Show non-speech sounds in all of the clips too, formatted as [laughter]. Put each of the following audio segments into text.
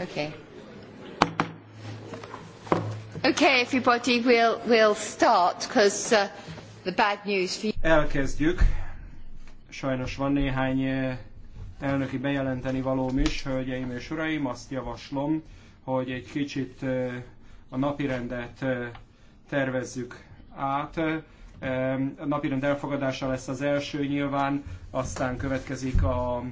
Okay. Okay, everybody, we'll, we'll start, because uh, the bad news for you. Elkezdjük. Sajnos van néhány eh, elnöki bejelenteni valóm is, hölgyeim és uraim. Azt javaslom, hogy egy kicsit eh, a napirendet eh, tervezzük át. A napirend elfogadása lesz az első nyilván, aztán következik a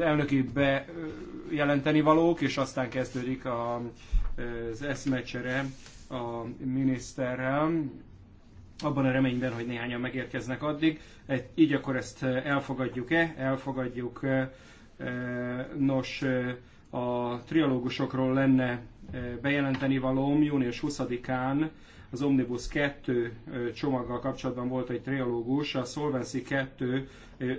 elnöki bejelenteni valók, és aztán kezdődik a, az eszmecsere a miniszterrel, abban a reményben, hogy néhányan megérkeznek addig. Így akkor ezt elfogadjuk-e? Elfogadjuk. E, e, nos, e, a trialógusokról lenne bejelenteni valóm június 20-án az Omnibus 2 csomaggal kapcsolatban volt egy trialógus, a Solvency 2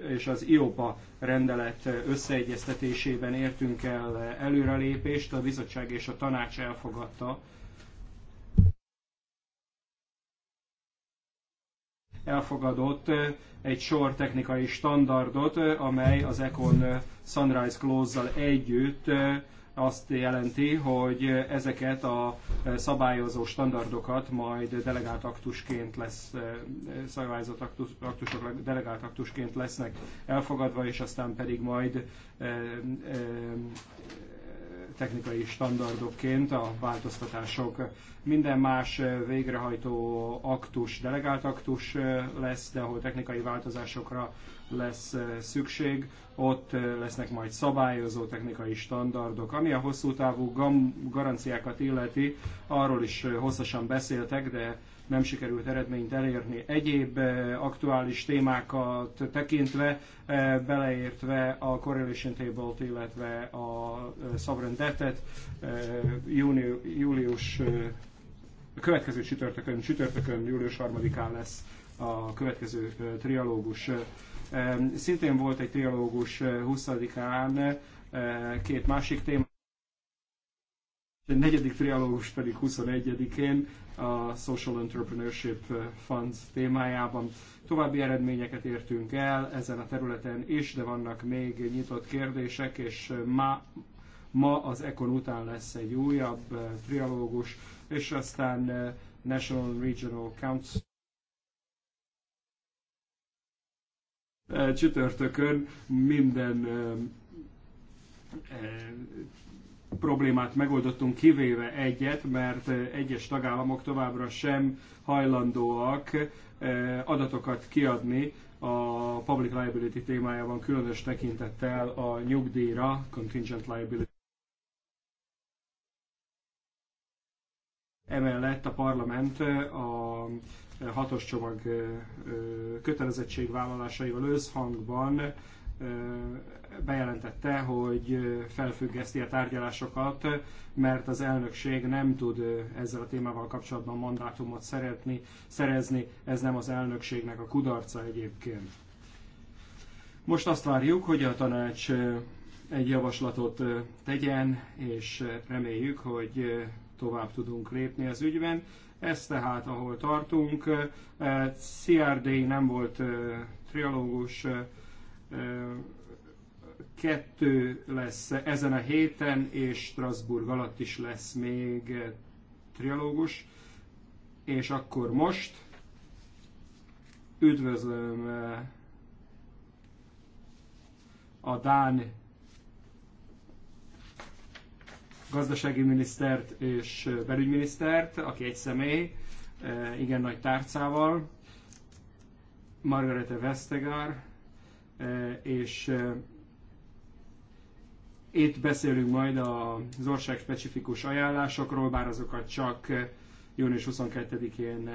és az IOPA rendelet összeegyeztetésében értünk el előrelépést, a bizottság és a tanács elfogadta elfogadott egy sor technikai standardot, amely az Econ Sunrise clause zal együtt azt jelenti, hogy ezeket a szabályozó standardokat majd delegált aktusként lesz, szabályozott aktus, aktusok delegált aktusként lesznek elfogadva, és aztán pedig majd e, e, technikai standardokként a változtatások. Minden más végrehajtó aktus delegált aktus e, lesz, de ahol technikai változásokra lesz szükség, ott lesznek majd szabályozó technikai standardok. Ami a hosszú távú garanciákat illeti, arról is hosszasan beszéltek, de nem sikerült eredményt elérni. Egyéb aktuális témákat tekintve, beleértve a Correlation Table-t, illetve a Sovereign Debt-et, július következő csütörtökön, csütörtökön július 3-án lesz a következő trialógus. Szintén volt egy trialógus 20-án eh, eh, két másik téma, a negyedik trialógus pedig 21-én a Social Entrepreneurship eh, Funds témájában. További eredményeket értünk el ezen a területen is, de vannak még nyitott kérdések, és ma, ma az Econ után lesz egy újabb trialógus, és aztán National Regional Council Eh, csütörtökön minden eh, eh, problémát megoldottunk, kivéve egyet, mert egyes tagállamok továbbra sem hajlandóak adatokat kiadni a public liability témájában, különös tekintettel a nyugdíjra, contingent liability. Emellett a parlament a hatos csomag kötelezettségvállalásaival összhangban bejelentette, hogy felfüggeszti a tárgyalásokat, mert az elnökség nem tud ezzel a témával kapcsolatban mandátumot szeretni, szerezni. Ez nem az elnökségnek a kudarca egyébként. Most azt várjuk, hogy a tanács egy javaslatot tegyen, és reméljük, hogy tovább tudunk lépni az ügyben. Ez tehát, ahol tartunk. CRD nem volt trialógus, kettő lesz ezen a héten, és Strasbourg alatt is lesz még trialógus. És akkor most üdvözlöm a Dán gazdasági minisztert és belügyminisztert, aki egy személy, igen nagy tárcával, Margarete Vestegar és itt beszélünk majd az ország specifikus ajánlásokról, bár azokat csak június 22-én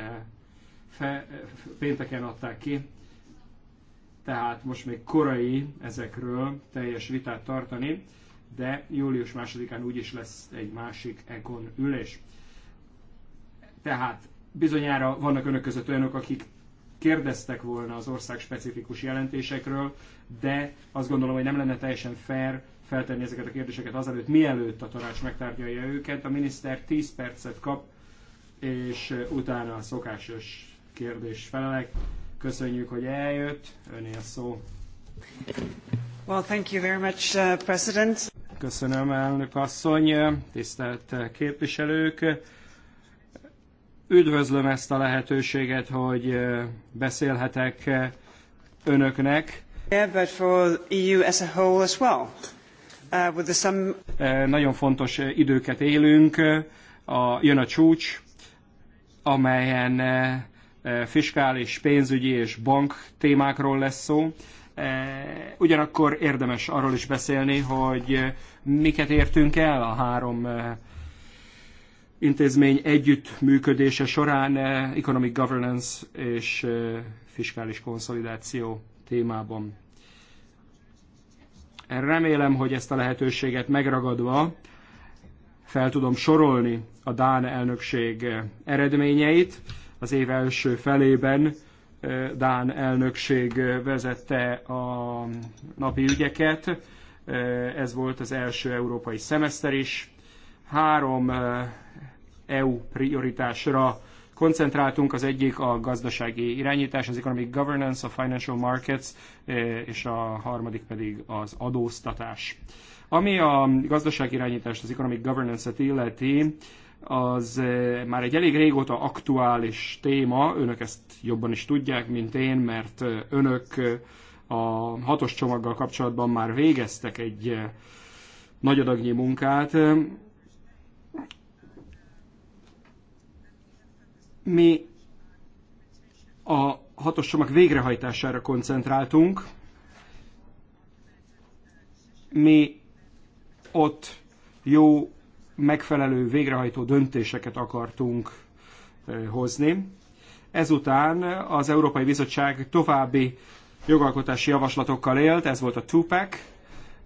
pénteken adták ki, tehát most még korai ezekről teljes vitát tartani de július másodikán úgyis lesz egy másik Econ ülés. Tehát bizonyára vannak önök között olyanok, akik kérdeztek volna az ország specifikus jelentésekről, de azt gondolom, hogy nem lenne teljesen fair feltenni ezeket a kérdéseket azelőtt, mielőtt a tanács megtárgyalja őket. A miniszter 10 percet kap, és utána a szokásos kérdés felelek. Köszönjük, hogy eljött. Öné a szó. Well, thank you very much, uh, President. Köszönöm, elnök asszony, tisztelt képviselők. Üdvözlöm ezt a lehetőséget, hogy beszélhetek önöknek. Yeah, but for EU as a whole as well. Uh, with the some... Eh, nagyon fontos időket élünk, a, jön a csúcs, amelyen eh, fiskális, pénzügyi és bank témákról lesz szó E, ugyanakkor érdemes arról is beszélni, hogy miket értünk el a három e, intézmény együttműködése során e, economic governance és fiskális konszolidáció témában. Remélem, hogy ezt a lehetőséget megragadva fel tudom sorolni a Dán elnökség eredményeit. Az év első felében Dán elnökség vezette a napi ügyeket. Ez volt az első európai szemeszter is. Három EU eh, e prioritásra koncentráltunk, az egyik a gazdasági irányítás, az economic governance, a financial markets, eh, és a harmadik pedig az adóztatás. Ami a gazdasági irányítást, az economic governance-et illeti, az eh, már egy elég régóta aktuális téma, önök ezt jobban is tudják, mint én, mert eh, önök eh, a hatos csomaggal kapcsolatban már végeztek egy nagy adagnyi munkát. Mi a hatos csomag végrehajtására koncentráltunk. Mi ott jó megfelelő végrehajtó döntéseket akartunk hozni. Ezután az Európai Bizottság további jogalkotási javaslatokkal élt, ez volt a TUPEC,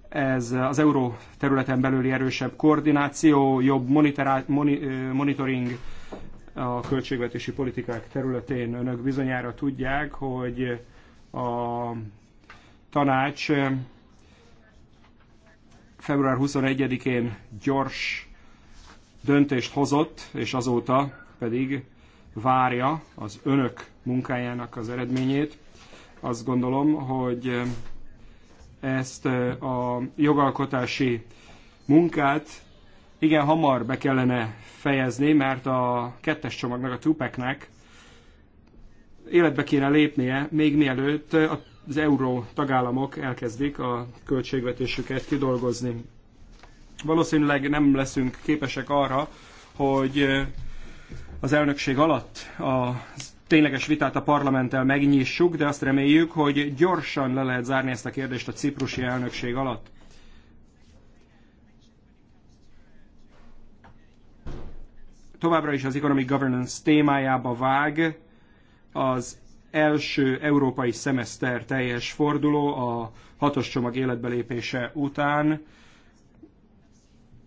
ez az euró területen belüli erősebb koordináció, jobb monitoring a költségvetési politikák területén. Önök bizonyára tudják, hogy a tanács február 21-én gyors döntést hozott, és azóta pedig várja az önök munkájának az eredményét. Azt gondolom, hogy eh, ezt eh, a jogalkotási munkát igen hamar be kellene fejezni, mert a kettes csomagnak, a Tupeknek életbe kéne lépnie, még mielőtt az euró tagállamok elkezdik a költségvetésüket kidolgozni valószínűleg nem leszünk képesek arra, hogy az elnökség alatt a tényleges vitát a parlamenttel megnyissuk, de azt reméljük, hogy gyorsan le lehet zárni ezt a kérdést a ciprusi elnökség alatt. Továbbra is az economic governance témájába vág az első európai szemeszter teljes forduló a hatos csomag életbelépése után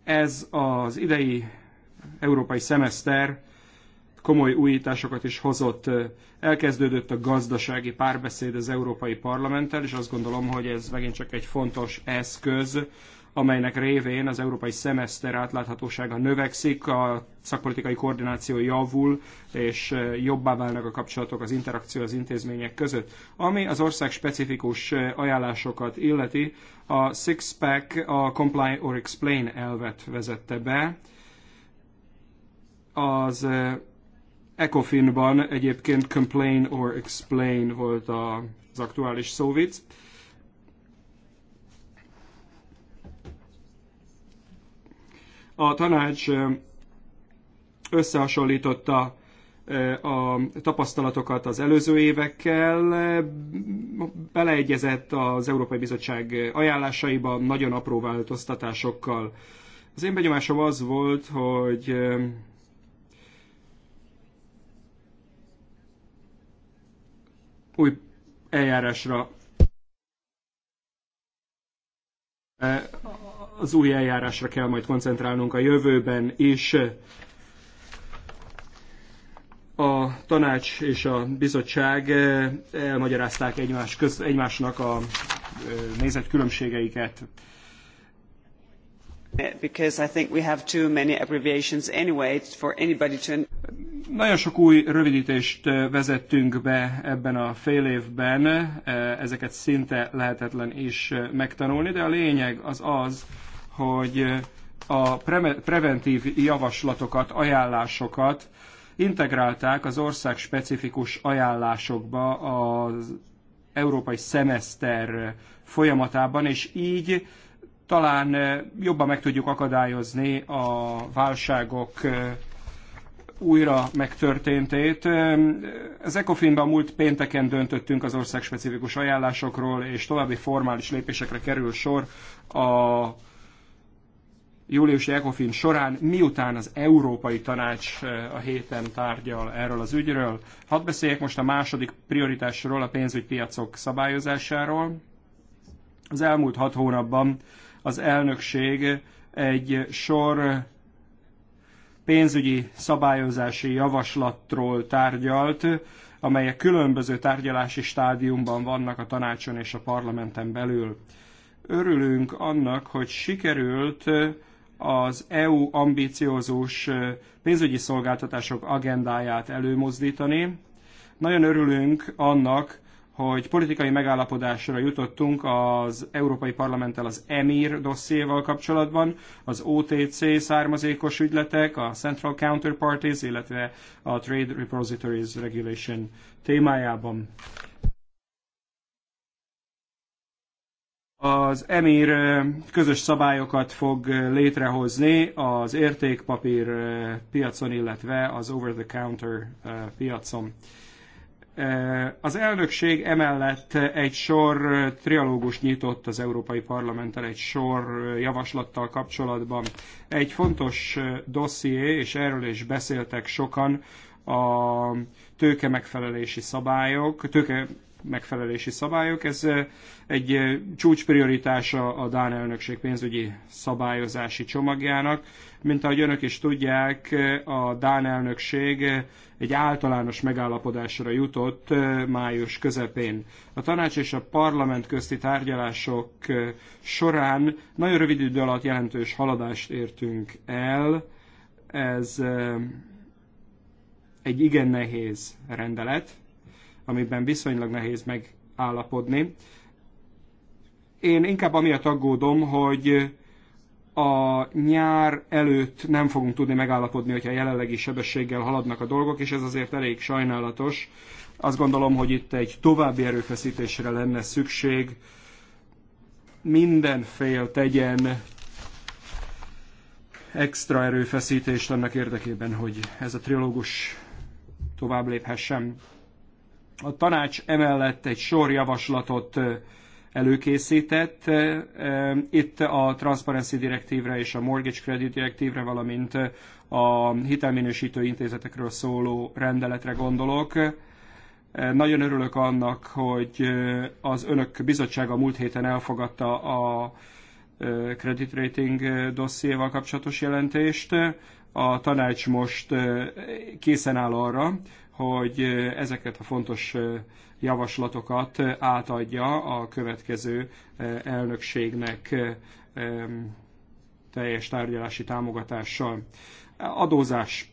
ez az idei európai szemeszter komoly újításokat is hozott. Elkezdődött a gazdasági párbeszéd az Európai Parlamenttel, és azt gondolom, hogy ez megint csak egy fontos eszköz amelynek révén az európai szemeszter átláthatósága növekszik, a szakpolitikai koordináció javul, és eh, jobbá válnak a kapcsolatok, az interakció az intézmények között. Ami az ország specifikus eh, ajánlásokat illeti, a Six-Pack a Comply or Explain elvet vezette be. Az eh, ECOFIN-ban egyébként Complain or Explain volt az aktuális szóvic. A tanács összehasonlította a tapasztalatokat az előző évekkel, beleegyezett az Európai Bizottság ajánlásaiba nagyon apró változtatásokkal. Az én benyomásom az volt, hogy új eljárásra az új eljárásra kell majd koncentrálnunk a jövőben, és a tanács és a bizottság eh, elmagyarázták egymás köz, egymásnak a eh, nézetkülönbségeiket. Because I think we have too many abbreviations anyway for anybody to... Nagyon sok új rövidítést eh, vezettünk be ebben a fél évben, ezeket szinte lehetetlen is megtanulni, de a lényeg az az, hogy a pre- preventív javaslatokat, ajánlásokat integrálták az ország specifikus ajánlásokba az európai szemeszter folyamatában, és így talán jobban meg tudjuk akadályozni a válságok újra megtörténtét. Az ECOFIN-ben múlt pénteken döntöttünk az országspecifikus ajánlásokról, és további formális lépésekre kerül sor a júliusi ECOFIN során, miután az Európai Tanács a héten tárgyal erről az ügyről. Hadd beszéljek most a második prioritásról, a pénzügypiacok szabályozásáról. Az elmúlt hat hónapban az elnökség egy sor pénzügyi szabályozási javaslatról tárgyalt, amelyek különböző tárgyalási stádiumban vannak a tanácson és a parlamenten belül. Örülünk annak, hogy sikerült az EU ambíciózus pénzügyi szolgáltatások agendáját előmozdítani. Nagyon örülünk annak, hogy politikai megállapodásra jutottunk az Európai Parlamenttel az EMIR dossziéval kapcsolatban, az OTC származékos ügyletek, a Central Counterparties, illetve a Trade Repositories Regulation témájában. Az EMIR közös szabályokat fog létrehozni az értékpapír piacon, illetve az over-the-counter piacon. Az elnökség emellett egy sor trialógus nyitott az Európai Parlamenttel egy sor javaslattal kapcsolatban. Egy fontos dosszié, és erről is beszéltek sokan, a tőke megfelelési szabályok, tőke megfelelési szabályok. Ez egy csúcsprioritása a Dán elnökség pénzügyi szabályozási csomagjának. Mint ahogy önök is tudják, a Dán elnökség egy általános megállapodásra jutott május közepén. A tanács és a parlament közti tárgyalások során nagyon rövid idő alatt jelentős haladást értünk el. Ez egy igen nehéz rendelet, amiben viszonylag nehéz megállapodni. Én inkább amiatt aggódom, hogy a nyár előtt nem fogunk tudni megállapodni, hogyha jelenlegi sebességgel haladnak a dolgok, és ez azért elég sajnálatos. Azt gondolom, hogy itt egy további erőfeszítésre lenne szükség. Minden fél tegyen extra erőfeszítést annak érdekében, hogy ez a trilógus tovább léphessen. A tanács emellett egy sor javaslatot előkészített. Itt a Transparency direktívre és a Mortgage Credit direktívre, valamint a hitelminősítő intézetekről szóló rendeletre gondolok. Nagyon örülök annak, hogy az önök bizottsága múlt héten elfogadta a credit rating dossziéval kapcsolatos jelentést. A tanács most készen áll arra, hogy ezeket a fontos javaslatokat átadja a következő elnökségnek teljes tárgyalási támogatással. Adózás.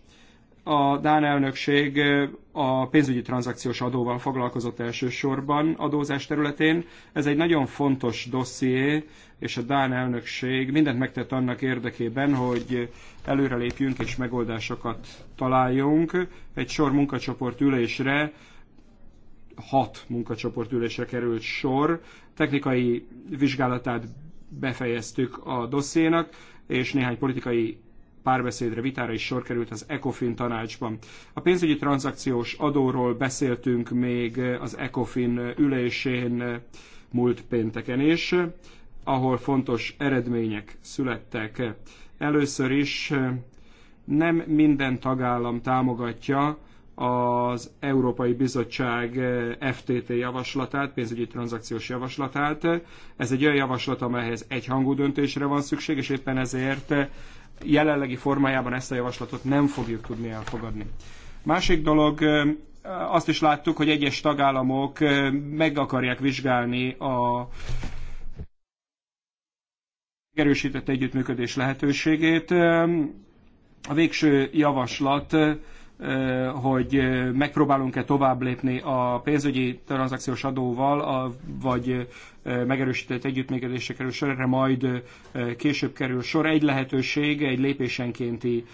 A Dán elnökség a pénzügyi tranzakciós adóval foglalkozott elsősorban adózás területén. Ez egy nagyon fontos dosszié, és a Dán elnökség mindent megtett annak érdekében, hogy előrelépjünk és megoldásokat találjunk. Egy sor munkacsoport ülésre, hat munkacsoport ülésre került sor. Technikai vizsgálatát befejeztük a dossziénak, és néhány politikai párbeszédre, vitára is sor került az ECOFIN tanácsban. A pénzügyi tranzakciós adóról beszéltünk még az ECOFIN ülésén múlt pénteken is ahol fontos eredmények születtek. Először is eh, nem minden tagállam támogatja az Európai Bizottság eh, FTT javaslatát, pénzügyi tranzakciós javaslatát. Ez egy olyan javaslat, amelyhez egyhangú döntésre van szükség, és éppen ezért eh, jelenlegi formájában ezt a javaslatot nem fogjuk tudni elfogadni. Másik dolog, azt is láttuk, hogy egyes tagállamok meg akarják vizsgálni a erősített együttműködés lehetőségét. A végső javaslat hogy megpróbálunk-e tovább lépni a pénzügyi tranzakciós adóval, a, vagy megerősített együttműködésre kerül sor, erre majd később kerül sor. Egy lehetőség, egy lépésenkénti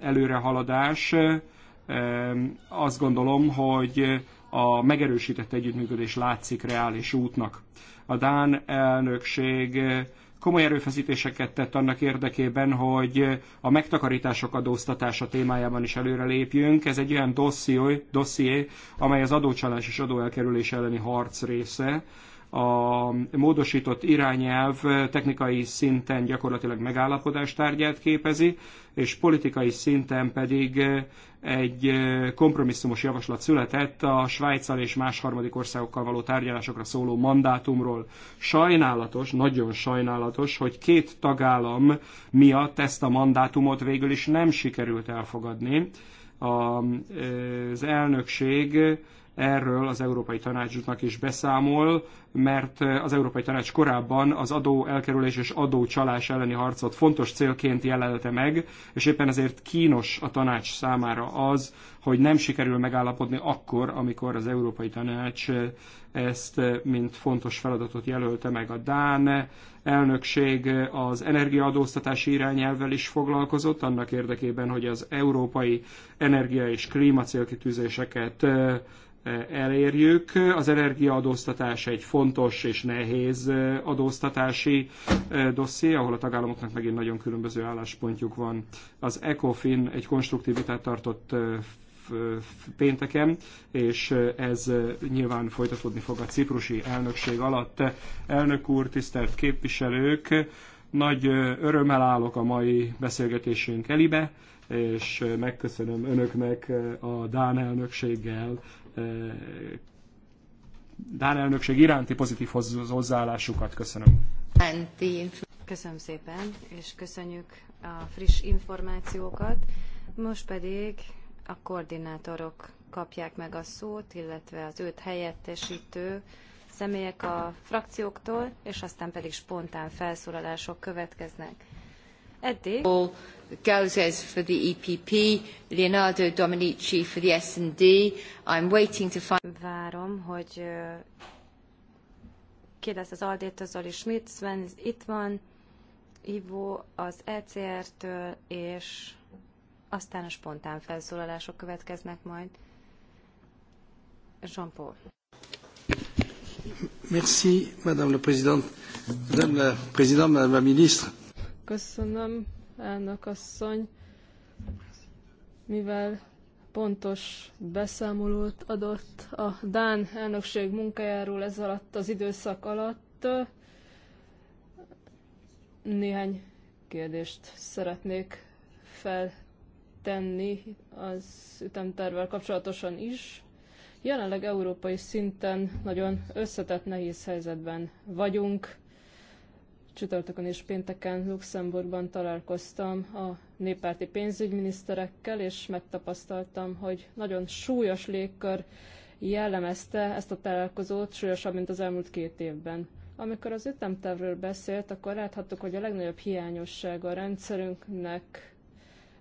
előrehaladás. Azt gondolom, hogy a megerősített együttműködés látszik reális útnak. A Dán elnökség komoly erőfeszítéseket tett annak érdekében, hogy a megtakarítások adóztatása témájában is előre lépjünk. Ez egy olyan dosszié, dosszié amely az adócsalás és adóelkerülés elleni harc része a módosított irányelv technikai szinten gyakorlatilag megállapodás tárgyát képezi, és politikai szinten pedig egy kompromisszumos javaslat született a Svájccal és más harmadik országokkal való tárgyalásokra szóló mandátumról. Sajnálatos, nagyon sajnálatos, hogy két tagállam miatt ezt a mandátumot végül is nem sikerült elfogadni. A, az elnökség erről az Európai Tanácsnak is beszámol, mert az Európai Tanács korábban az adó elkerülés és adócsalás elleni harcot fontos célként jelelte meg, és éppen ezért kínos a tanács számára az, hogy nem sikerül megállapodni akkor, amikor az Európai Tanács ezt, mint fontos feladatot jelölte meg a Dán elnökség az energiaadóztatási irányelvvel is foglalkozott, annak érdekében, hogy az európai energia és klímacélkitűzéseket elérjük. Az energiaadóztatás egy fontos és nehéz adóztatási dosszié, ahol a tagállamoknak megint nagyon különböző álláspontjuk van. Az ECOFIN egy konstruktív vitát tartott pénteken, és ez nyilván folytatódni fog a ciprusi elnökség alatt. Elnök úr, tisztelt képviselők, nagy örömmel állok a mai beszélgetésünk elibe, és megköszönöm önöknek a Dán elnökséggel Dán elnökség iránti pozitív hozzáállásukat. Köszönöm. Köszönöm szépen, és köszönjük a friss információkat. Most pedig a koordinátorok kapják meg a szót, illetve az őt helyettesítő személyek a frakcióktól, és aztán pedig spontán felszólalások következnek. Eddig. Gauzes for the EPP, Leonardo Dominici for the S&D. I'm waiting to find... Várom, hogy ki lesz az Aldétől, Zoli Schmidt, Sven itt van, Ivo az ECR-től, és aztán a spontán felszólalások következnek majd. Jean-Paul. Merci, Madame la Présidente. Madame la Présidente, Madame la Ministre, Köszönöm, elnök asszony. Mivel pontos beszámolót adott a Dán elnökség munkájáról ez alatt az időszak alatt, néhány kérdést szeretnék feltenni az ütemtervvel kapcsolatosan is. Jelenleg európai szinten nagyon összetett, nehéz helyzetben vagyunk. Csütörtökön és pénteken Luxemburgban találkoztam a néppárti pénzügyminiszterekkel, és megtapasztaltam, hogy nagyon súlyos légkör jellemezte ezt a találkozót, súlyosabb, mint az elmúlt két évben. Amikor az ütemtervről beszélt, akkor láthattuk, hogy a legnagyobb hiányossága a rendszerünknek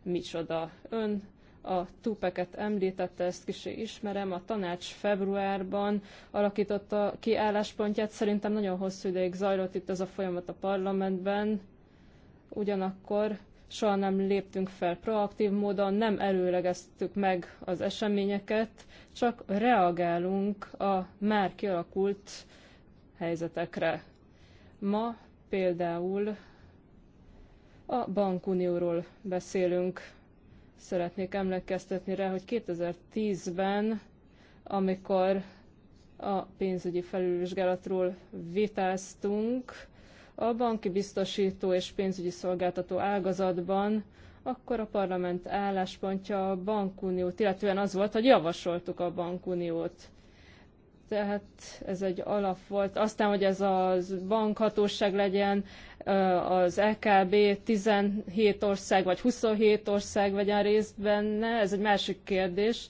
micsoda. Ön a tupeket említette, ezt kicsi ismerem, a tanács februárban alakította ki álláspontját. Szerintem nagyon hosszú ideig zajlott itt ez a folyamat a parlamentben, ugyanakkor soha nem léptünk fel proaktív módon, nem előlegeztük meg az eseményeket, csak reagálunk a már kialakult helyzetekre. Ma például a bankunióról beszélünk Szeretnék emlékeztetni rá, hogy 2010-ben, amikor a pénzügyi felülvizsgálatról vitáztunk, a banki biztosító és pénzügyi szolgáltató ágazatban, akkor a parlament álláspontja a bankuniót, illetően az volt, hogy javasoltuk a bankuniót. Tehát ez egy alap volt. Aztán, hogy ez a bankhatóság legyen, az EKB 17 ország vagy 27 ország vegyen részt benne, ez egy másik kérdés.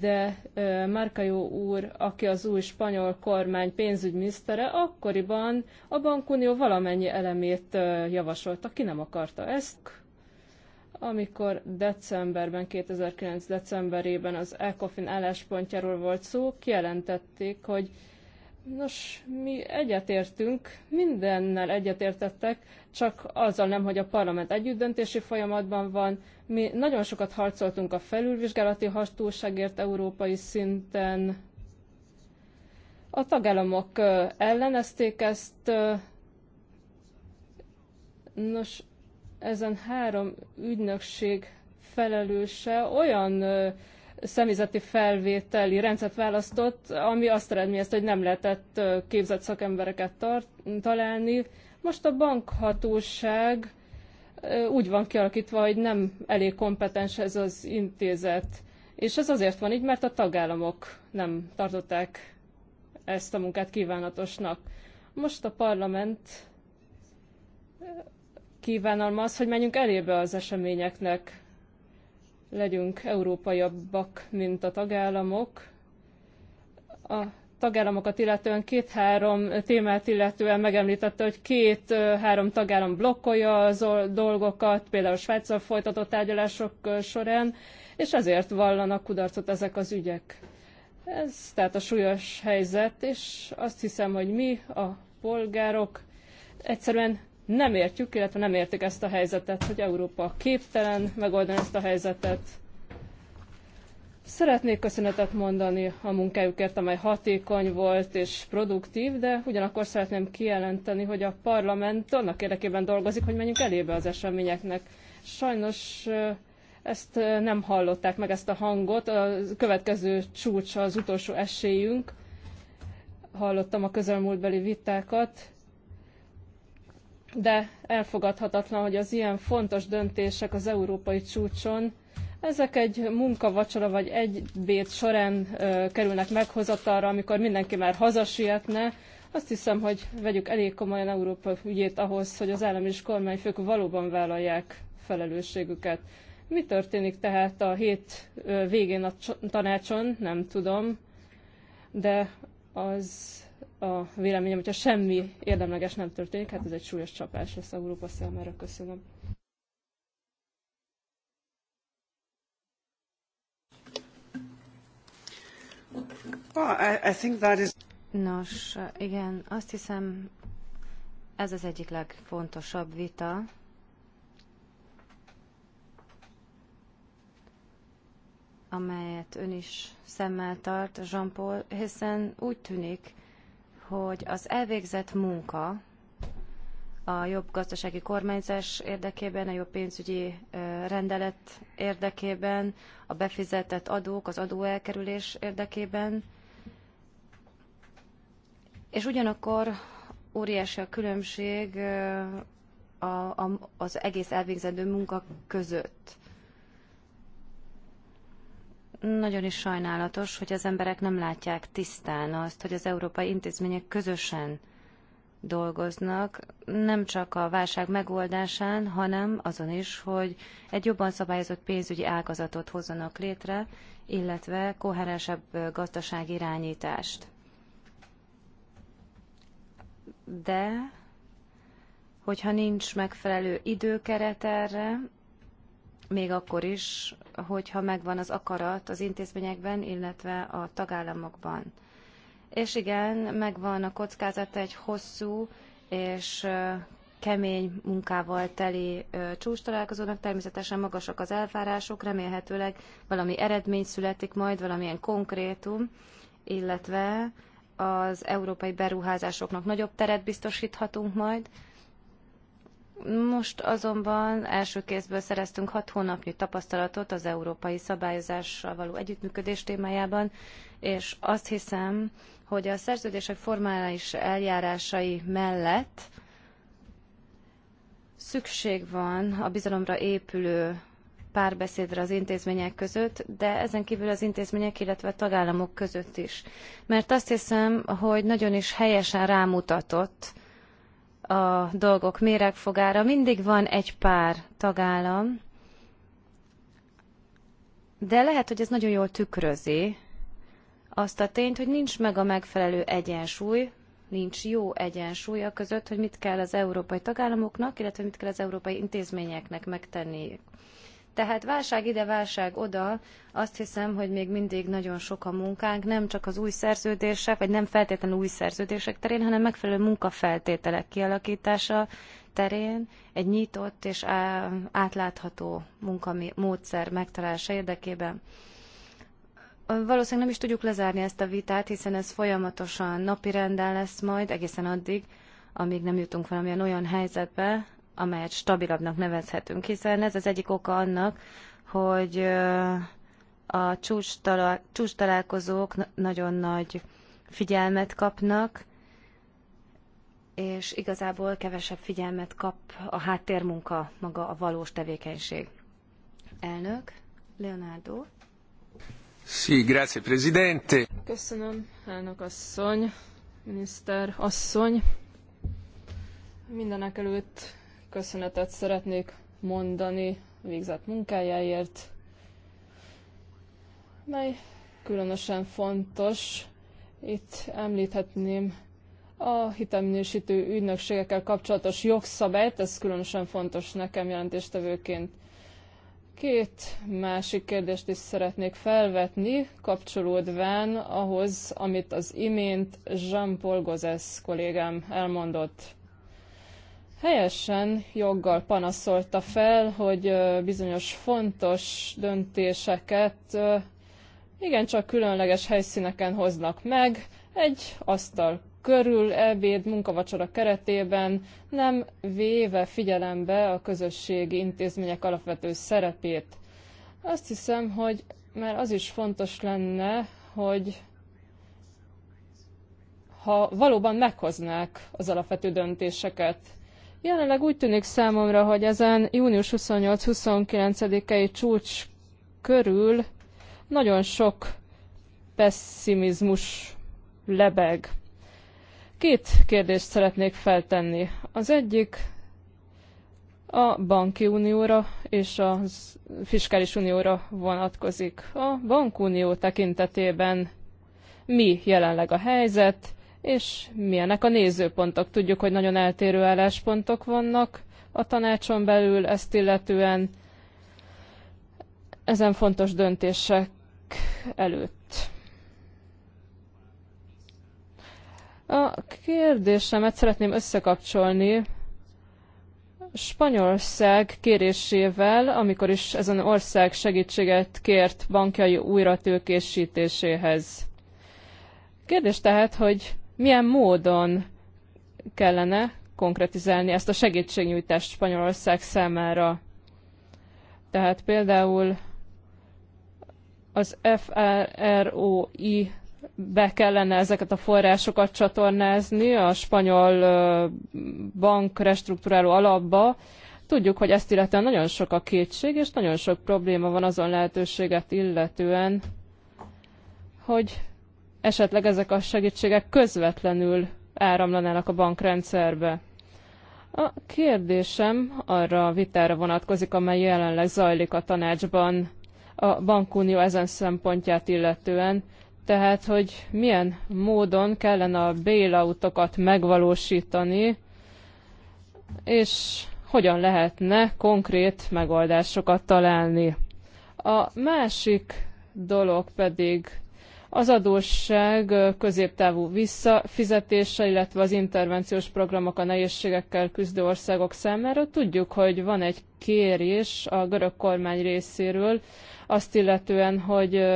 De Márkajó úr, aki az új spanyol kormány pénzügyminisztere, akkoriban a bankunió valamennyi elemét javasolta. Ki nem akarta ezt? amikor decemberben, 2009 decemberében az ECOFIN álláspontjáról volt szó, kijelentették, hogy Nos, mi egyetértünk, mindennel egyetértettek, csak azzal nem, hogy a parlament együttdöntési folyamatban van. Mi nagyon sokat harcoltunk a felülvizsgálati hatóságért európai szinten. A tagállamok ellenezték ezt. Nos, ezen három ügynökség felelőse olyan személyzeti felvételi rendszert választott, ami azt eredményezte, hogy nem lehetett képzett szakembereket találni. Most a bankhatóság úgy van kialakítva, hogy nem elég kompetens ez az intézet. És ez azért van így, mert a tagállamok nem tartották ezt a munkát kívánatosnak. Most a parlament kívánalma az, hogy menjünk elébe az eseményeknek, legyünk európaiabbak, mint a tagállamok. A tagállamokat illetően két-három témát illetően megemlítette, hogy két-három tagállam blokkolja az dolgokat, például Svájccal folytatott tárgyalások során, és ezért vallanak kudarcot ezek az ügyek. Ez tehát a súlyos helyzet, és azt hiszem, hogy mi, a polgárok, egyszerűen nem értjük, illetve nem értik ezt a helyzetet, hogy Európa képtelen megoldani ezt a helyzetet. Szeretnék köszönetet mondani a munkájukért, amely hatékony volt és produktív, de ugyanakkor szeretném kijelenteni, hogy a parlament annak érdekében dolgozik, hogy menjünk elébe az eseményeknek. Sajnos ezt nem hallották meg, ezt a hangot. A következő csúcs az utolsó esélyünk. Hallottam a közelmúltbeli vitákat, de elfogadhatatlan, hogy az ilyen fontos döntések az európai csúcson ezek egy munkavacsora vagy egy ebéd során ö, kerülnek meghozatalra, amikor mindenki már hazasietne. Azt hiszem, hogy vegyük elég komolyan Európa ügyét ahhoz, hogy az állam és kormányfők valóban vállalják felelősségüket. Mi történik tehát a hét végén a tanácson, nem tudom, de az a véleményem, hogyha semmi érdemleges nem történik, hát ez egy súlyos csapás lesz Európa számára. Köszönöm. Well, I think that is. Nos, igen, azt hiszem ez az egyik legfontosabb vita. amelyet ön is szemmel tart, Jean-Paul, hiszen úgy tűnik, hogy az elvégzett munka a jobb gazdasági kormányzás érdekében, a jobb pénzügyi rendelet érdekében, a befizetett adók, az adóelkerülés érdekében, és ugyanakkor óriási a különbség a, a, az egész elvégzendő munka között. Nagyon is sajnálatos, hogy az emberek nem látják tisztán azt, hogy az európai intézmények közösen dolgoznak, nem csak a válság megoldásán, hanem azon is, hogy egy jobban szabályozott pénzügyi ágazatot hozzanak létre, illetve koherensebb gazdasági irányítást. De hogyha nincs megfelelő időkeret erre, még akkor is, hogyha megvan az akarat az intézményekben, illetve a tagállamokban. És igen, megvan a kockázata egy hosszú és kemény munkával teli csúcs találkozónak. Természetesen magasak az elvárások, remélhetőleg valami eredmény születik majd, valamilyen konkrétum, illetve az európai beruházásoknak nagyobb teret biztosíthatunk majd, most azonban első kézből szereztünk hat hónapnyi tapasztalatot az európai szabályozással való együttműködés témájában, és azt hiszem, hogy a szerződések formális eljárásai mellett szükség van a bizalomra épülő párbeszédre az intézmények között, de ezen kívül az intézmények, illetve a tagállamok között is. Mert azt hiszem, hogy nagyon is helyesen rámutatott a dolgok méregfogára. Mindig van egy pár tagállam, de lehet, hogy ez nagyon jól tükrözi azt a tényt, hogy nincs meg a megfelelő egyensúly, nincs jó egyensúly a között, hogy mit kell az európai tagállamoknak, illetve mit kell az európai intézményeknek megtenni tehát válság ide, válság oda, azt hiszem, hogy még mindig nagyon sok a munkánk, nem csak az új szerződések, vagy nem feltétlenül új szerződések terén, hanem megfelelő munkafeltételek kialakítása terén egy nyitott és átlátható munkamódszer megtalálása érdekében. Valószínűleg nem is tudjuk lezárni ezt a vitát, hiszen ez folyamatosan napirenden lesz majd egészen addig, amíg nem jutunk valamilyen olyan helyzetbe, amelyet stabilabbnak nevezhetünk, hiszen ez az egyik oka annak, hogy a csúcs, találkozók nagyon nagy figyelmet kapnak, és igazából kevesebb figyelmet kap a háttérmunka, maga a valós tevékenység. Elnök, Leonardo. Sí, grazie, presidente. Köszönöm, elnök asszony, miniszter asszony. Mindenek előtt köszönetet szeretnék mondani végzett munkájáért, mely különösen fontos. Itt említhetném a hitelminősítő ügynökségekkel kapcsolatos jogszabályt, ez különösen fontos nekem jelentéstevőként. Két másik kérdést is szeretnék felvetni, kapcsolódván ahhoz, amit az imént Jean-Paul Gozes kollégám elmondott helyesen joggal panaszolta fel, hogy bizonyos fontos döntéseket igencsak különleges helyszíneken hoznak meg, egy asztal körül, ebéd, munkavacsora keretében, nem véve figyelembe a közösségi intézmények alapvető szerepét. Azt hiszem, hogy már az is fontos lenne, hogy ha valóban meghoznák az alapvető döntéseket, Jelenleg úgy tűnik számomra, hogy ezen június 28-29-i csúcs körül nagyon sok pessimizmus lebeg. Két kérdést szeretnék feltenni. Az egyik a banki unióra és a fiskális unióra vonatkozik. A bankunió tekintetében mi jelenleg a helyzet, és milyenek a nézőpontok. Tudjuk, hogy nagyon eltérő álláspontok vannak a tanácson belül ezt illetően ezen fontos döntések előtt. A kérdésemet szeretném összekapcsolni Spanyolország kérésével, amikor is ezen ország segítséget kért bankjai újratőkésítéséhez. Kérdés tehát, hogy milyen módon kellene konkretizálni ezt a segítségnyújtást Spanyolország számára. Tehát például az FROI be kellene ezeket a forrásokat csatornázni a spanyol bank restruktúráló alapba. Tudjuk, hogy ezt illetően nagyon sok a kétség, és nagyon sok probléma van azon lehetőséget illetően, hogy esetleg ezek a segítségek közvetlenül áramlanának a bankrendszerbe. A kérdésem arra a vitára vonatkozik, amely jelenleg zajlik a tanácsban a bankunió ezen szempontját illetően, tehát hogy milyen módon kellene a bailoutokat megvalósítani, és hogyan lehetne konkrét megoldásokat találni. A másik dolog pedig az adósság középtávú visszafizetése, illetve az intervenciós programok a nehézségekkel küzdő országok számára. Tudjuk, hogy van egy kérés a görög kormány részéről, azt illetően, hogy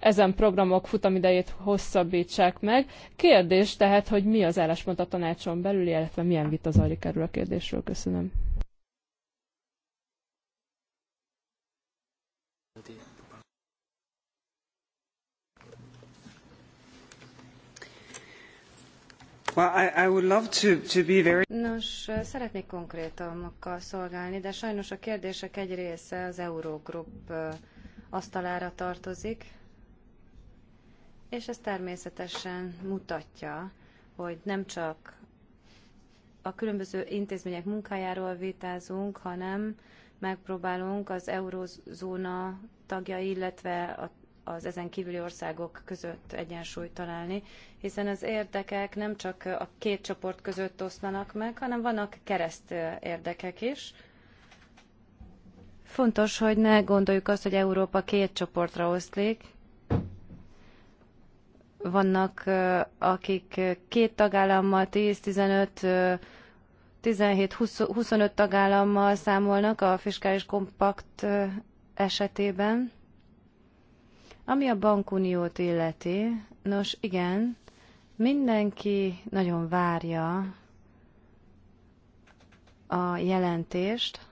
ezen programok futamidejét hosszabbítsák meg. Kérdés tehát, hogy mi az álláspont a tanácson belül, illetve milyen vita zajlik erről a kérdésről. Köszönöm. Nos, szeretnék konkrétumokkal szolgálni, de sajnos a kérdések egy része az Eurogroup asztalára tartozik, és ez természetesen mutatja, hogy nem csak a különböző intézmények munkájáról vitázunk, hanem megpróbálunk az eurozóna tagjai illetve a az ezen kívüli országok között egyensúlyt találni, hiszen az érdekek nem csak a két csoport között oszlanak meg, hanem vannak kereszt érdekek is. Fontos, hogy ne gondoljuk azt, hogy Európa két csoportra oszlik. Vannak, akik két tagállammal 10-15 17-25 tagállammal számolnak a fiskális kompakt esetében. Ami a bankuniót illeti, nos igen, mindenki nagyon várja a jelentést,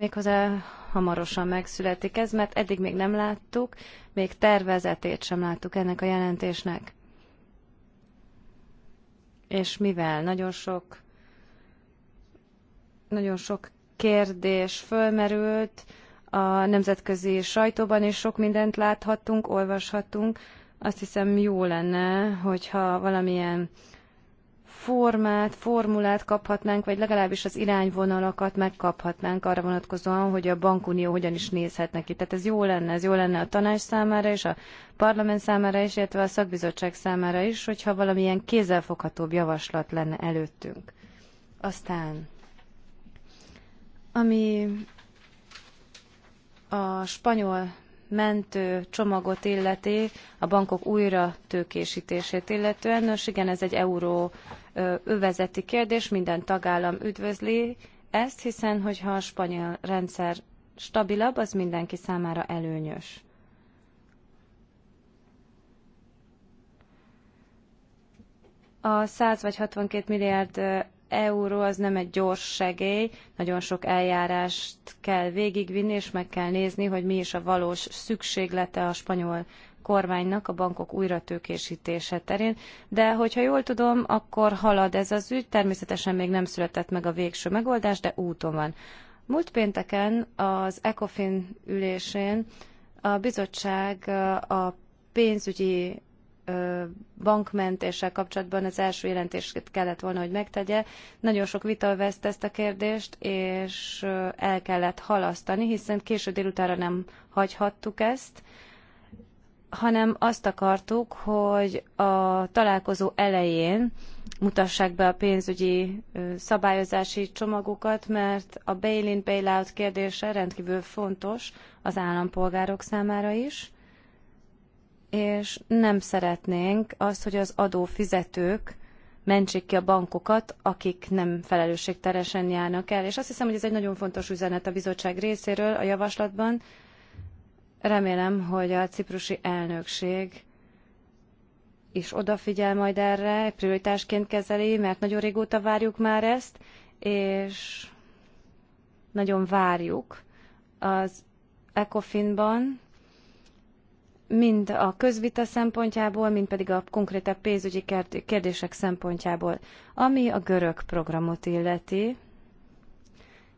méghozzá hamarosan megszületik ez, mert eddig még nem láttuk, még tervezetét sem láttuk ennek a jelentésnek. És mivel nagyon sok nagyon sok kérdés fölmerült, a nemzetközi sajtóban és sok mindent láthattunk, olvashattunk. Azt hiszem jó lenne, hogyha valamilyen formát, formulát kaphatnánk, vagy legalábbis az irányvonalakat megkaphatnánk arra vonatkozóan, hogy a bankunió hogyan is nézhet neki. Tehát ez jó lenne, ez jó lenne a tanács számára és a parlament számára is, illetve a szakbizottság számára is, hogyha valamilyen kézzelfoghatóbb javaslat lenne előttünk. Aztán ami a spanyol mentő csomagot illeti, a bankok újra tőkésítését illetően. Nos, igen, ez egy euró övezeti kérdés, minden tagállam üdvözli ezt, hiszen hogyha a spanyol rendszer stabilabb, az mindenki számára előnyös. A 100 vagy 62 milliárd euró az nem egy gyors segély, nagyon sok eljárást kell végigvinni, és meg kell nézni, hogy mi is a valós szükséglete a spanyol kormánynak a bankok újratőkésítése terén, de hogyha jól tudom, akkor halad ez az ügy, természetesen még nem született meg a végső megoldás, de úton van. Múlt pénteken az ECOFIN ülésén a bizottság a pénzügyi bankmentéssel kapcsolatban az első jelentést kellett volna, hogy megtegye. Nagyon sok vita veszt ezt a kérdést, és el kellett halasztani, hiszen késő délutára nem hagyhattuk ezt, hanem azt akartuk, hogy a találkozó elején mutassák be a pénzügyi szabályozási csomagokat, mert a bail-in, bail-out kérdése rendkívül fontos az állampolgárok számára is és nem szeretnénk azt, hogy az adófizetők mentsék ki a bankokat, akik nem felelősségteresen járnak el. És azt hiszem, hogy ez egy nagyon fontos üzenet a bizottság részéről a javaslatban. Remélem, hogy a ciprusi elnökség is odafigyel majd erre, prioritásként kezeli, mert nagyon régóta várjuk már ezt, és nagyon várjuk az ECOFIN-ban, mind a közvita szempontjából, mind pedig a konkrétabb pénzügyi kérdések szempontjából. Ami a görög programot illeti,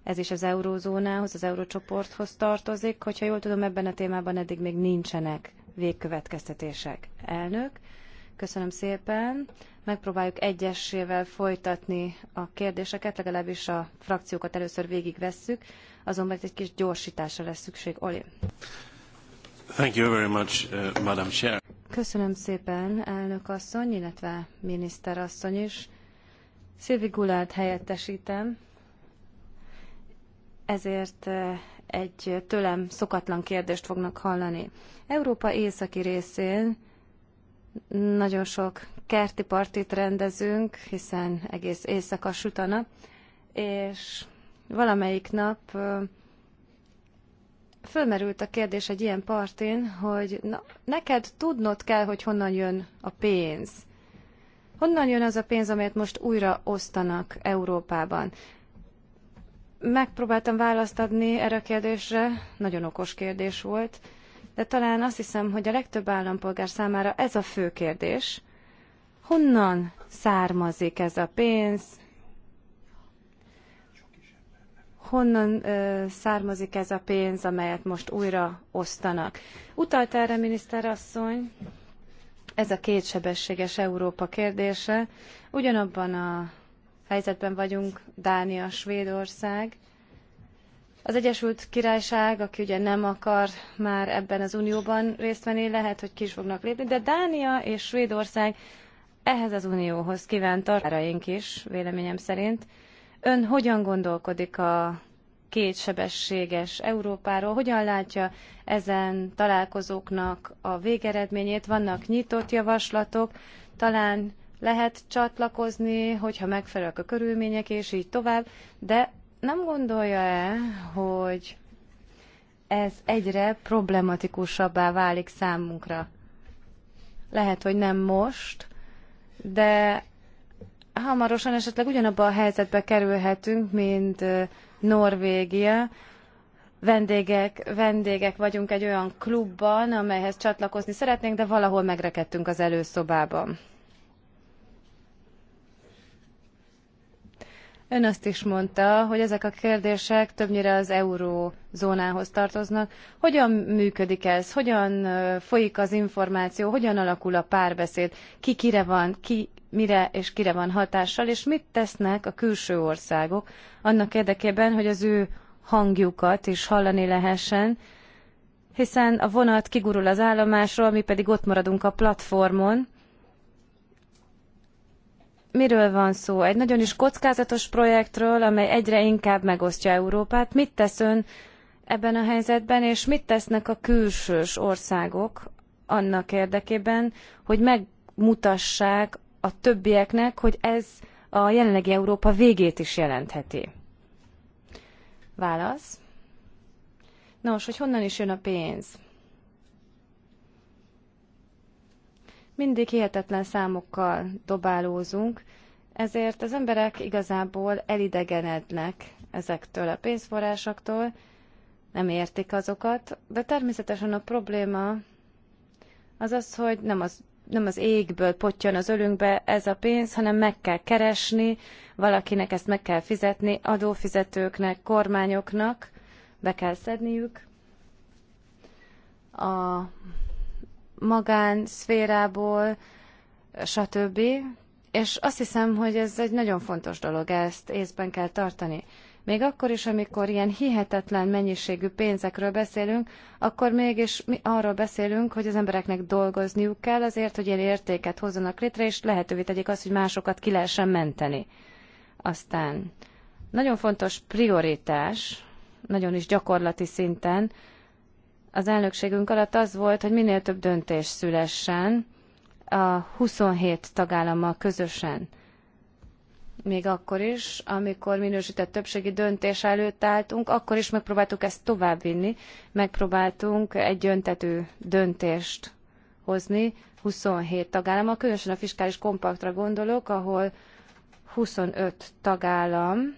ez is az eurózónához, az eurócsoporthoz tartozik. Hogyha jól tudom, ebben a témában eddig még nincsenek végkövetkeztetések. Elnök, köszönöm szépen. Megpróbáljuk egyesével folytatni a kérdéseket, legalábbis a frakciókat először végigvesszük, azonban egy kis gyorsításra lesz szükség. Oli. Thank you very much, uh, Madam Chair. Köszönöm szépen, elnök asszony, illetve miniszter asszony is. Szilvi Gulát helyettesítem, ezért uh, egy tőlem szokatlan kérdést fognak hallani. Európa északi részén nagyon sok kerti partit rendezünk, hiszen egész éjszaka süt a nap, és valamelyik nap uh, fölmerült a kérdés egy ilyen partén, hogy na, neked tudnod kell, hogy honnan jön a pénz. Honnan jön az a pénz, amelyet most újra osztanak Európában? Megpróbáltam választ adni erre a kérdésre, nagyon okos kérdés volt, de talán azt hiszem, hogy a legtöbb állampolgár számára ez a fő kérdés. Honnan származik ez a pénz, honnan származik ez a pénz, amelyet most újra osztanak. Utalt erre miniszterasszony, ez a kétsebességes Európa kérdése. Ugyanabban a helyzetben vagyunk, Dánia, Svédország. Az Egyesült Királyság, aki ugye nem akar már ebben az unióban részt venni, lehet, hogy ki is fognak lépni, de Dánia és Svédország ehhez az unióhoz kíván tartaláraink is, véleményem szerint. Ön hogyan gondolkodik a kétsebességes Európáról? Hogyan látja ezen találkozóknak a végeredményét? Vannak nyitott javaslatok, talán lehet csatlakozni, hogyha megfelelnek a körülmények, és így tovább, de nem gondolja-e, hogy ez egyre problematikusabbá válik számunkra? Lehet, hogy nem most, de hamarosan esetleg ugyanabba a helyzetbe kerülhetünk, mint Norvégia. Vendégek, vendégek vagyunk egy olyan klubban, amelyhez csatlakozni szeretnénk, de valahol megrekedtünk az előszobában. Ön azt is mondta, hogy ezek a kérdések többnyire az eurózónához tartoznak. Hogyan működik ez? Hogyan folyik az információ? Hogyan alakul a párbeszéd? Ki kire van? Ki mire és kire van hatással, és mit tesznek a külső országok annak érdekében, hogy az ő hangjukat is hallani lehessen, hiszen a vonat kigurul az állomásról, mi pedig ott maradunk a platformon. Miről van szó? Egy nagyon is kockázatos projektről, amely egyre inkább megosztja Európát. Mit tesz ön ebben a helyzetben, és mit tesznek a külsős országok annak érdekében, hogy megmutassák a többieknek, hogy ez a jelenlegi Európa végét is jelentheti. Válasz. Nos, hogy honnan is jön a pénz? Mindig hihetetlen számokkal dobálózunk, ezért az emberek igazából elidegenednek ezektől a pénzforrásoktól, nem értik azokat, de természetesen a probléma az az, hogy nem az nem az égből potjon az ölünkbe ez a pénz, hanem meg kell keresni, valakinek ezt meg kell fizetni, adófizetőknek, kormányoknak, be kell szedniük. A magánszférából, stb. És azt hiszem, hogy ez egy nagyon fontos dolog, ezt észben kell tartani. Még akkor is, amikor ilyen hihetetlen mennyiségű pénzekről beszélünk, akkor mégis mi arról beszélünk, hogy az embereknek dolgozniuk kell azért, hogy ilyen értéket hozzanak létre, és lehetővé tegyék azt, hogy másokat ki lehessen menteni. Aztán nagyon fontos prioritás, nagyon is gyakorlati szinten, az elnökségünk alatt az volt, hogy minél több döntés szülessen a 27 tagállammal közösen még akkor is, amikor minősített többségi döntés előtt álltunk, akkor is megpróbáltuk ezt továbbvinni, megpróbáltunk egy öntetű döntést hozni 27 tagállammal, különösen a fiskális kompaktra gondolok, ahol 25 tagállam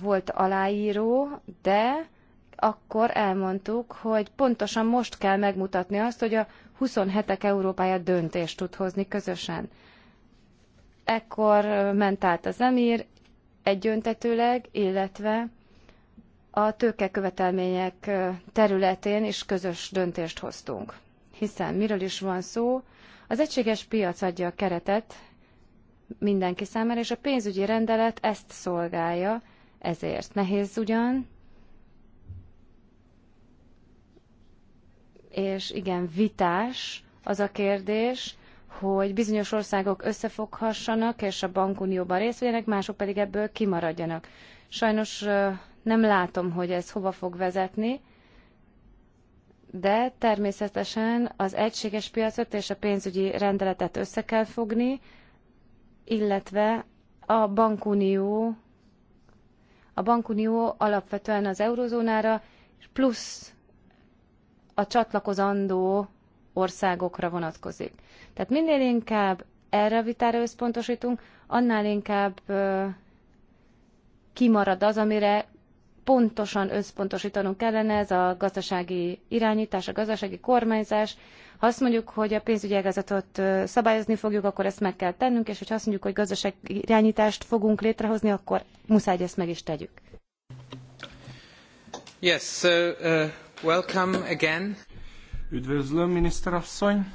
volt aláíró, de akkor elmondtuk, hogy pontosan most kell megmutatni azt, hogy a 27-ek Európája döntést tud hozni közösen. Ekkor ment át az emír egyöntetőleg, illetve a tőkekövetelmények területén is közös döntést hoztunk. Hiszen miről is van szó? Az egységes piac adja a keretet mindenki számára, és a pénzügyi rendelet ezt szolgálja, ezért nehéz ugyan, és igen, vitás az a kérdés, hogy bizonyos országok összefoghassanak és a bankunióban részt vegyenek, mások pedig ebből kimaradjanak. Sajnos nem látom, hogy ez hova fog vezetni, de természetesen az egységes piacot és a pénzügyi rendeletet össze kell fogni, illetve a bankunió, a bankunió alapvetően az eurozónára, plusz a csatlakozandó országokra vonatkozik. Tehát minél inkább erre a vitára összpontosítunk, annál inkább kimarad az, amire pontosan összpontosítanunk kellene, ez a gazdasági irányítás, a gazdasági kormányzás. Ha azt mondjuk, hogy a pénzügyi ágazatot szabályozni fogjuk, akkor ezt meg kell tennünk, és ha azt mondjuk, hogy gazdasági irányítást fogunk létrehozni, akkor muszáj ezt meg is tegyük. Yes, so, uh, welcome again. Üdvözlöm, miniszterasszony!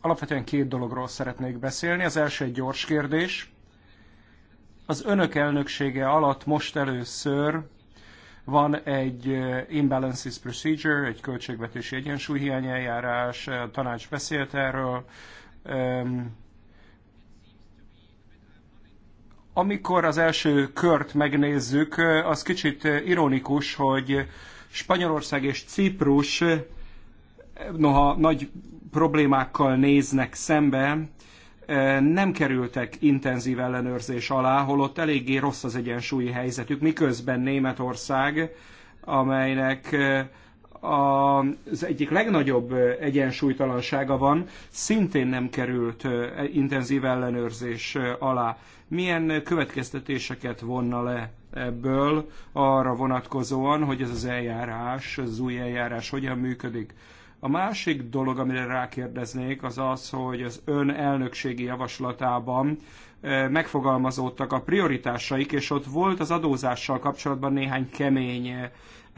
Alapvetően két dologról szeretnék beszélni. Az első egy gyors kérdés. Az önök elnöksége alatt most először van egy imbalances procedure, egy költségvetési egyensúlyhiány eljárás, a tanács beszélt erről. Amikor az első kört megnézzük, az kicsit ironikus, hogy Spanyolország és Ciprus eh, noha nagy problémákkal néznek szembe, eh, nem kerültek intenzív ellenőrzés alá, holott eléggé rossz az egyensúlyi helyzetük, miközben Németország, amelynek eh, az egyik legnagyobb egyensúlytalansága van, szintén nem került intenzív ellenőrzés alá. Milyen következtetéseket vonna le ebből arra vonatkozóan, hogy ez az eljárás, az új eljárás hogyan működik? A másik dolog, amire rákérdeznék, az az, hogy az ön elnökségi javaslatában megfogalmazódtak a prioritásaik, és ott volt az adózással kapcsolatban néhány kemény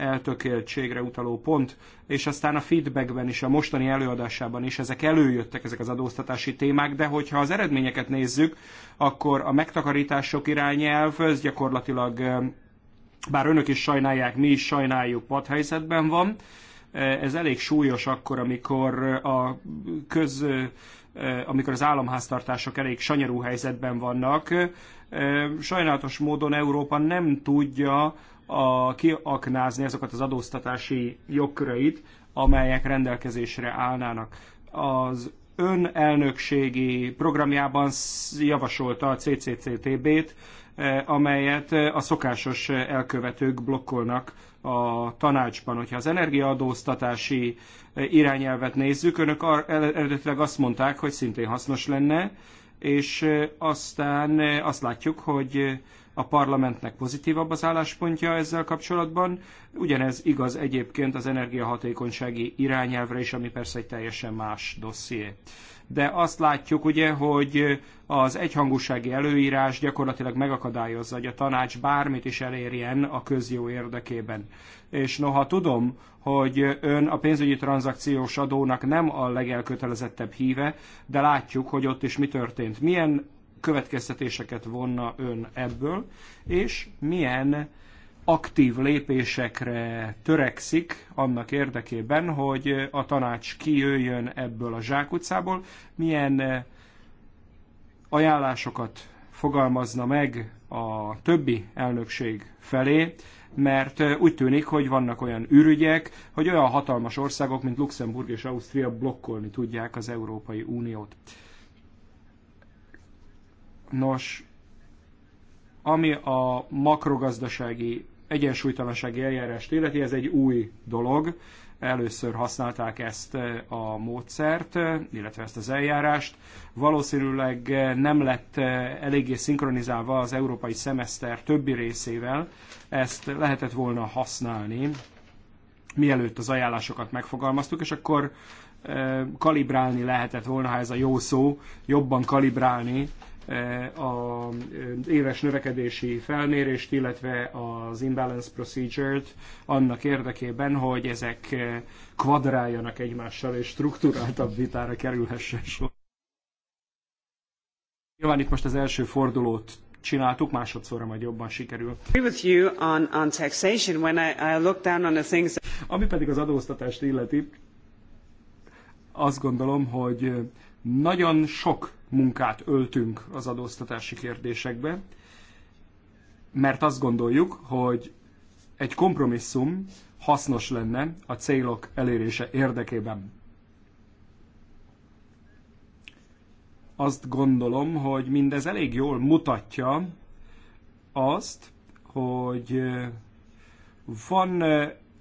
eltökéltségre utaló pont, és aztán a feedbackben is, a mostani előadásában is ezek előjöttek, ezek az adóztatási témák, de hogyha az eredményeket nézzük, akkor a megtakarítások irányelv, ez gyakorlatilag, bár önök is sajnálják, mi is sajnáljuk, padhelyzetben van, ez elég súlyos akkor, amikor a köz amikor az államháztartások elég sanyarú helyzetben vannak. Sajnálatos módon Európa nem tudja a, kiaknázni azokat az adóztatási jogköreit, amelyek rendelkezésre állnának. Az ön elnökségi programjában javasolta a CCCTB-t, eh, amelyet eh, a szokásos elkövetők blokkolnak a tanácsban. Hogyha az energiaadóztatási eh, irányelvet nézzük, önök eredetileg azt mondták, hogy szintén hasznos lenne, és aztán azt látjuk, hogy a parlamentnek pozitívabb az álláspontja ezzel kapcsolatban. Ugyanez igaz egyébként az energiahatékonysági irányelvre is, ami persze egy teljesen más dosszié. De azt látjuk ugye, hogy az egyhangúsági előírás gyakorlatilag megakadályozza, hogy a tanács bármit is elérjen a közjó érdekében. És noha tudom, hogy ön a pénzügyi tranzakciós adónak nem a legelkötelezettebb híve, de látjuk, hogy ott is mi történt. Milyen következtetéseket vonna ön ebből, és milyen aktív lépésekre törekszik annak érdekében, hogy a tanács kijöjjön ebből a zsákutcából, milyen eh, ajánlásokat fogalmazna meg a többi elnökség felé, mert eh, úgy tűnik, hogy vannak olyan ürügyek, hogy olyan hatalmas országok, mint Luxemburg és Ausztria blokkolni tudják az Európai Uniót. Nos, ami a makrogazdasági egyensúlytalansági eljárást illeti, ez egy új dolog. Először használták ezt eh, a módszert, eh, illetve ezt az eljárást. Valószínűleg eh, nem lett eléggé szinkronizálva az európai szemeszter többi részével. Ezt lehetett volna használni, mielőtt az ajánlásokat megfogalmaztuk, és akkor kalibrálni lehetett volna, ha ez a jó szó, jobban kalibrálni a éves növekedési felmérést, illetve az imbalance procedure-t annak érdekében, hogy ezek eh, kvadráljanak egymással, és struktúráltabb vitára kerülhessen sor. Nyilván itt most az első fordulót csináltuk, másodszorra majd jobban sikerül. Ami pedig az adóztatást illeti, azt gondolom, hogy nagyon sok munkát öltünk az adóztatási kérdésekbe, mert azt gondoljuk, hogy egy kompromisszum hasznos lenne a célok elérése érdekében. Azt gondolom, hogy mindez elég jól mutatja azt, hogy van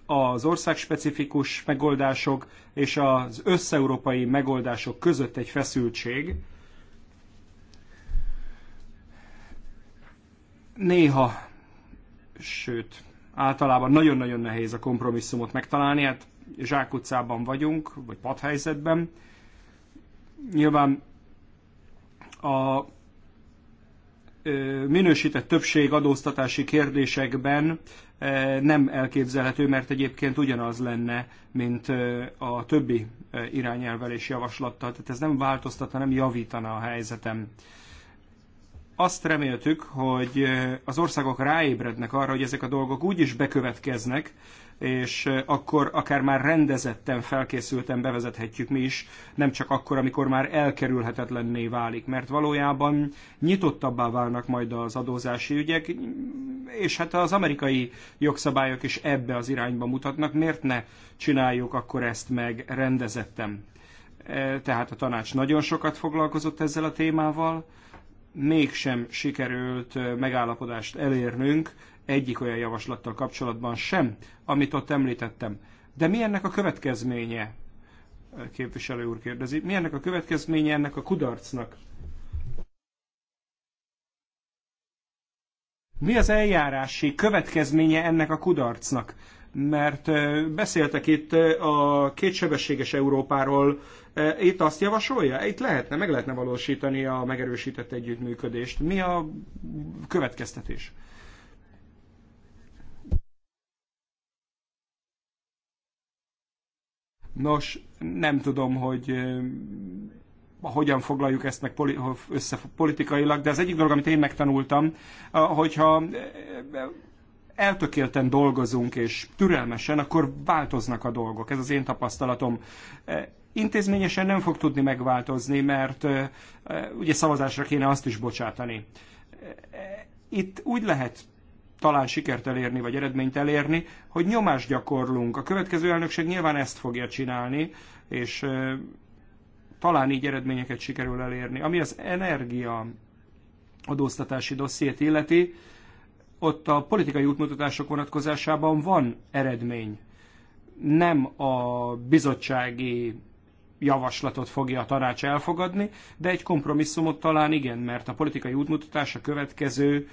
az országspecifikus megoldások és az összeurópai megoldások között egy feszültség, néha, sőt, általában nagyon-nagyon nehéz a kompromisszumot megtalálni, hát zsákutcában vagyunk, vagy padhelyzetben. Nyilván a minősített többség adóztatási kérdésekben nem elképzelhető, mert egyébként ugyanaz lenne, mint a többi irányelvelés javaslattal. Tehát ez nem változtatna, nem javítana a helyzetem azt reméltük, hogy eh, az országok ráébrednek arra, hogy ezek a dolgok úgy is bekövetkeznek, és eh, akkor akár már rendezetten, felkészülten bevezethetjük mi is, nem csak akkor, amikor már elkerülhetetlenné válik, mert valójában nyitottabbá válnak majd az adózási ügyek, és hát az amerikai jogszabályok is ebbe az irányba mutatnak, miért ne csináljuk akkor ezt meg rendezetten? Eh, tehát a tanács nagyon sokat foglalkozott ezzel a témával, mégsem sikerült megállapodást elérnünk egyik olyan javaslattal kapcsolatban sem, amit ott említettem. De mi ennek a következménye? Képviselő úr kérdezi. Mi ennek a következménye ennek a kudarcnak? Mi az eljárási következménye ennek a kudarcnak? Mert beszéltek itt a kétsebességes Európáról, itt azt javasolja? Itt lehetne, meg lehetne valósítani a megerősített együttműködést. Mi a következtetés? Nos, nem tudom, hogy hogyan foglaljuk ezt meg poli, össze politikailag, de az egyik dolog, amit én megtanultam, hogyha eltökélten dolgozunk és türelmesen, akkor változnak a dolgok. Ez az én tapasztalatom intézményesen nem fog tudni megváltozni, mert ugye szavazásra kéne azt is bocsátani. Itt úgy lehet talán sikert elérni, vagy eredményt elérni, hogy nyomást gyakorlunk. A következő elnökség nyilván ezt fogja csinálni, és talán így eredményeket sikerül elérni. Ami az energia adóztatási dossziét illeti, ott a politikai útmutatások vonatkozásában van eredmény. Nem a bizottsági javaslatot fogja a tanács elfogadni, de egy kompromisszumot talán igen, mert a politikai útmutatás a következő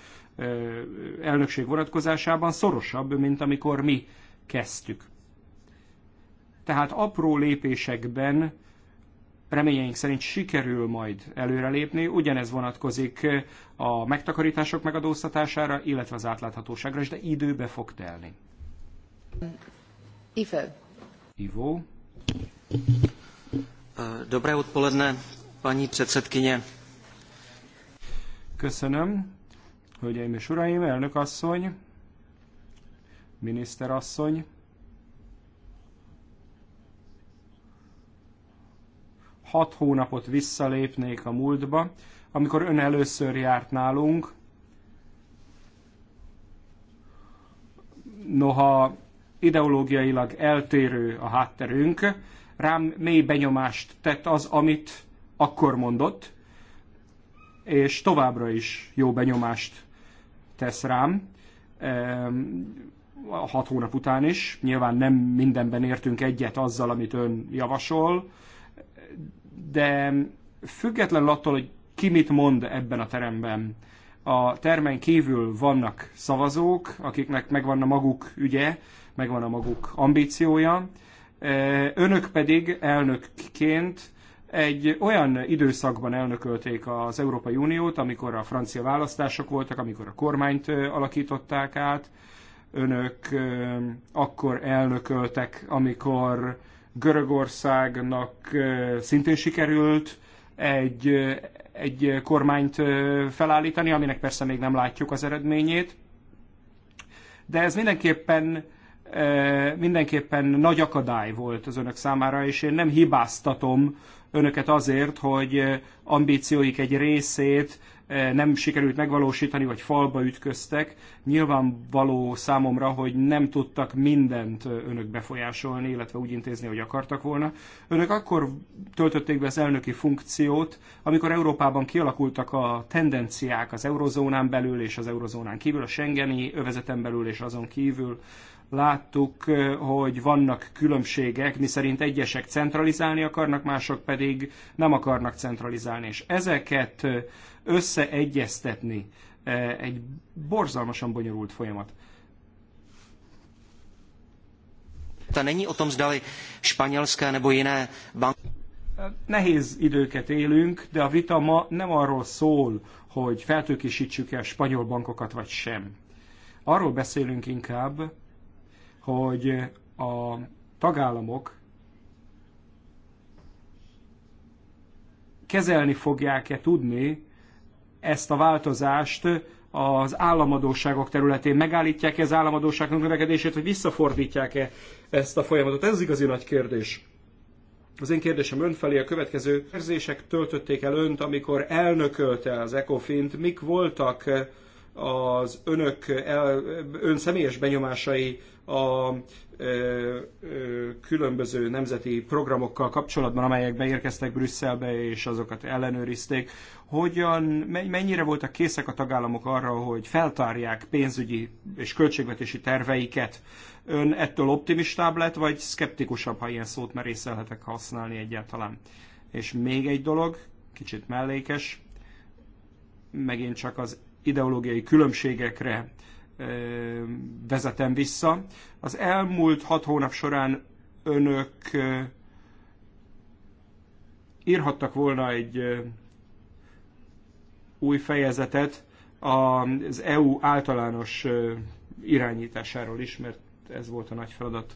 elnökség vonatkozásában szorosabb, mint amikor mi kezdtük. Tehát apró lépésekben reményeink szerint sikerül majd előrelépni. Ugyanez vonatkozik a megtakarítások megadóztatására, illetve az átláthatóságra és de időbe fog telni. Ivo. Ivo. Dobré odpoledne, paní předsedkyně. Köszönöm. Hölgyeim és uraim, elnök asszony, miniszter asszony. Hat hónapot visszalépnék a múltba, amikor ön először járt nálunk. Noha ideológiailag eltérő a hátterünk, Rám mély benyomást tett az, amit akkor mondott, és továbbra is jó benyomást tesz rám, hat hónap után is. Nyilván nem mindenben értünk egyet azzal, amit ön javasol, de függetlenül attól, hogy ki mit mond ebben a teremben, a termen kívül vannak szavazók, akiknek megvan a maguk ügye, megvan a maguk ambíciója, Önök pedig elnökként egy olyan időszakban elnökölték az Európai Uniót, amikor a francia választások voltak, amikor a kormányt alakították át, önök akkor elnököltek, amikor Görögországnak szintén sikerült egy, egy kormányt felállítani, aminek persze még nem látjuk az eredményét. De ez mindenképpen mindenképpen nagy akadály volt az önök számára, és én nem hibáztatom önöket azért, hogy ambícióik egy részét nem sikerült megvalósítani, vagy falba ütköztek. Nyilvánvaló számomra, hogy nem tudtak mindent önök befolyásolni, illetve úgy intézni, hogy akartak volna. Önök akkor töltötték be az elnöki funkciót, amikor Európában kialakultak a tendenciák az eurozónán belül és az eurozónán kívül, a Schengeni övezeten belül és azon kívül láttuk, hogy vannak különbségek, miszerint egyesek centralizálni akarnak, mások pedig nem akarnak centralizálni. És ezeket összeegyeztetni egy borzalmasan bonyolult folyamat. Ta není o tom, zdali španělské nebo jiné bank... Nehéz időket élünk, de a vita ma nem arról szól, hogy feltőkésítsük-e a spanyol bankokat vagy sem. Arról beszélünk inkább, hogy a tagállamok kezelni fogják-e tudni ezt a változást az államadóságok területén? Megállítják-e az államadóságnak növekedését, vagy visszafordítják-e ezt a folyamatot? Ez az igazi nagy kérdés. Az én kérdésem felé a következő érzések töltötték el önt, amikor elnökölte az ECOFINT, mik voltak az önök el, ön személyes benyomásai a ö, ö, különböző nemzeti programokkal kapcsolatban, amelyek beérkeztek Brüsszelbe, és azokat ellenőrizték, hogyan, mennyire voltak készek a tagállamok arra, hogy feltárják pénzügyi és költségvetési terveiket? Ön ettől optimistább lett, vagy szkeptikusabb, ha ilyen szót merészelhetek használni egyáltalán? És még egy dolog, kicsit mellékes, megint csak az ideológiai különbségekre vezetem vissza. Az elmúlt hat hónap során önök írhattak volna egy új fejezetet az EU általános irányításáról is, mert ez volt a nagy feladat.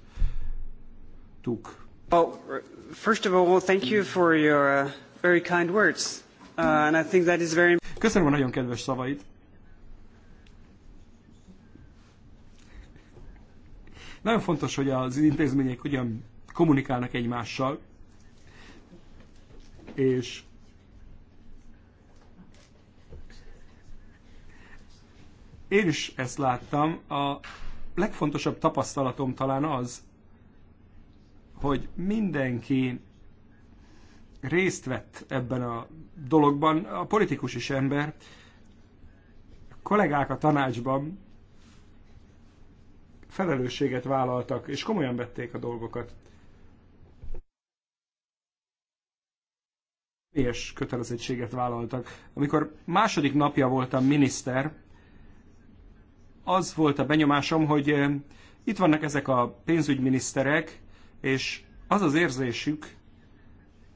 Tuk. Well, first of all, thank you for your uh, very kind words. Uh, and I think that is very... Köszönöm a nagyon kedves szavait. Nagyon fontos, hogy az intézmények hogyan kommunikálnak egymással, és én is ezt láttam. A legfontosabb tapasztalatom talán az, hogy mindenki részt vett ebben a dologban, a politikus is ember, a kollégák a tanácsban felelősséget vállaltak, és komolyan vették a dolgokat. és kötelezettséget vállaltak. Amikor második napja voltam miniszter, az volt a benyomásom, hogy eh, itt vannak ezek a pénzügyminiszterek, és az az érzésük,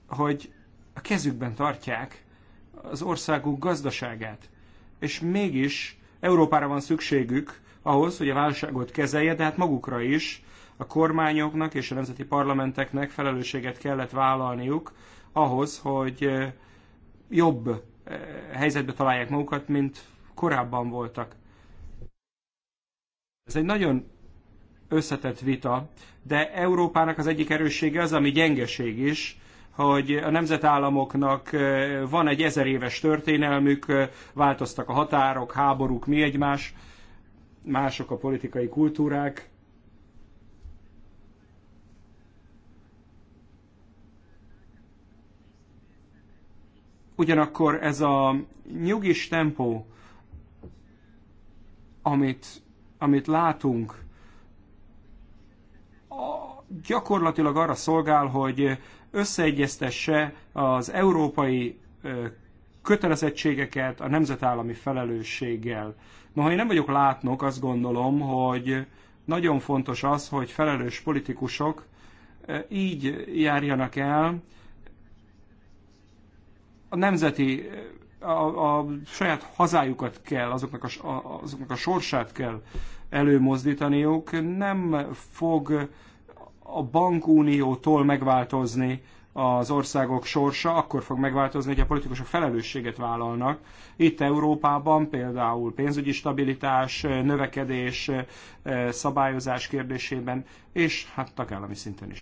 hogy a kezükben tartják az országuk gazdaságát. És mégis Európára van szükségük, ahhoz, hogy a válságot kezelje, de hát magukra is a kormányoknak és a nemzeti parlamenteknek felelősséget kellett vállalniuk ahhoz, hogy jobb helyzetbe találják magukat, mint korábban voltak. Ez egy nagyon összetett vita, de Európának az egyik erőssége az, ami gyengeség is, hogy a nemzetállamoknak van egy ezer éves történelmük, változtak a határok, háborúk, mi egymás, mások a politikai kultúrák, ugyanakkor ez a nyugis tempó, amit, amit látunk, a, gyakorlatilag arra szolgál, hogy összeegyeztesse az európai kötelezettségeket a nemzetállami felelősséggel. Noha én nem vagyok látnok, azt gondolom, hogy nagyon fontos az, hogy felelős politikusok eh, így járjanak el a nemzeti, eh, a, a saját hazájukat kell, azoknak a, a, azoknak a sorsát kell előmozdítaniuk. Nem fog a bankuniótól megváltozni az országok sorsa akkor fog megváltozni, hogy a politikusok felelősséget vállalnak. Itt Európában például pénzügyi stabilitás, növekedés, eh, szabályozás kérdésében, és hát tagállami szinten is.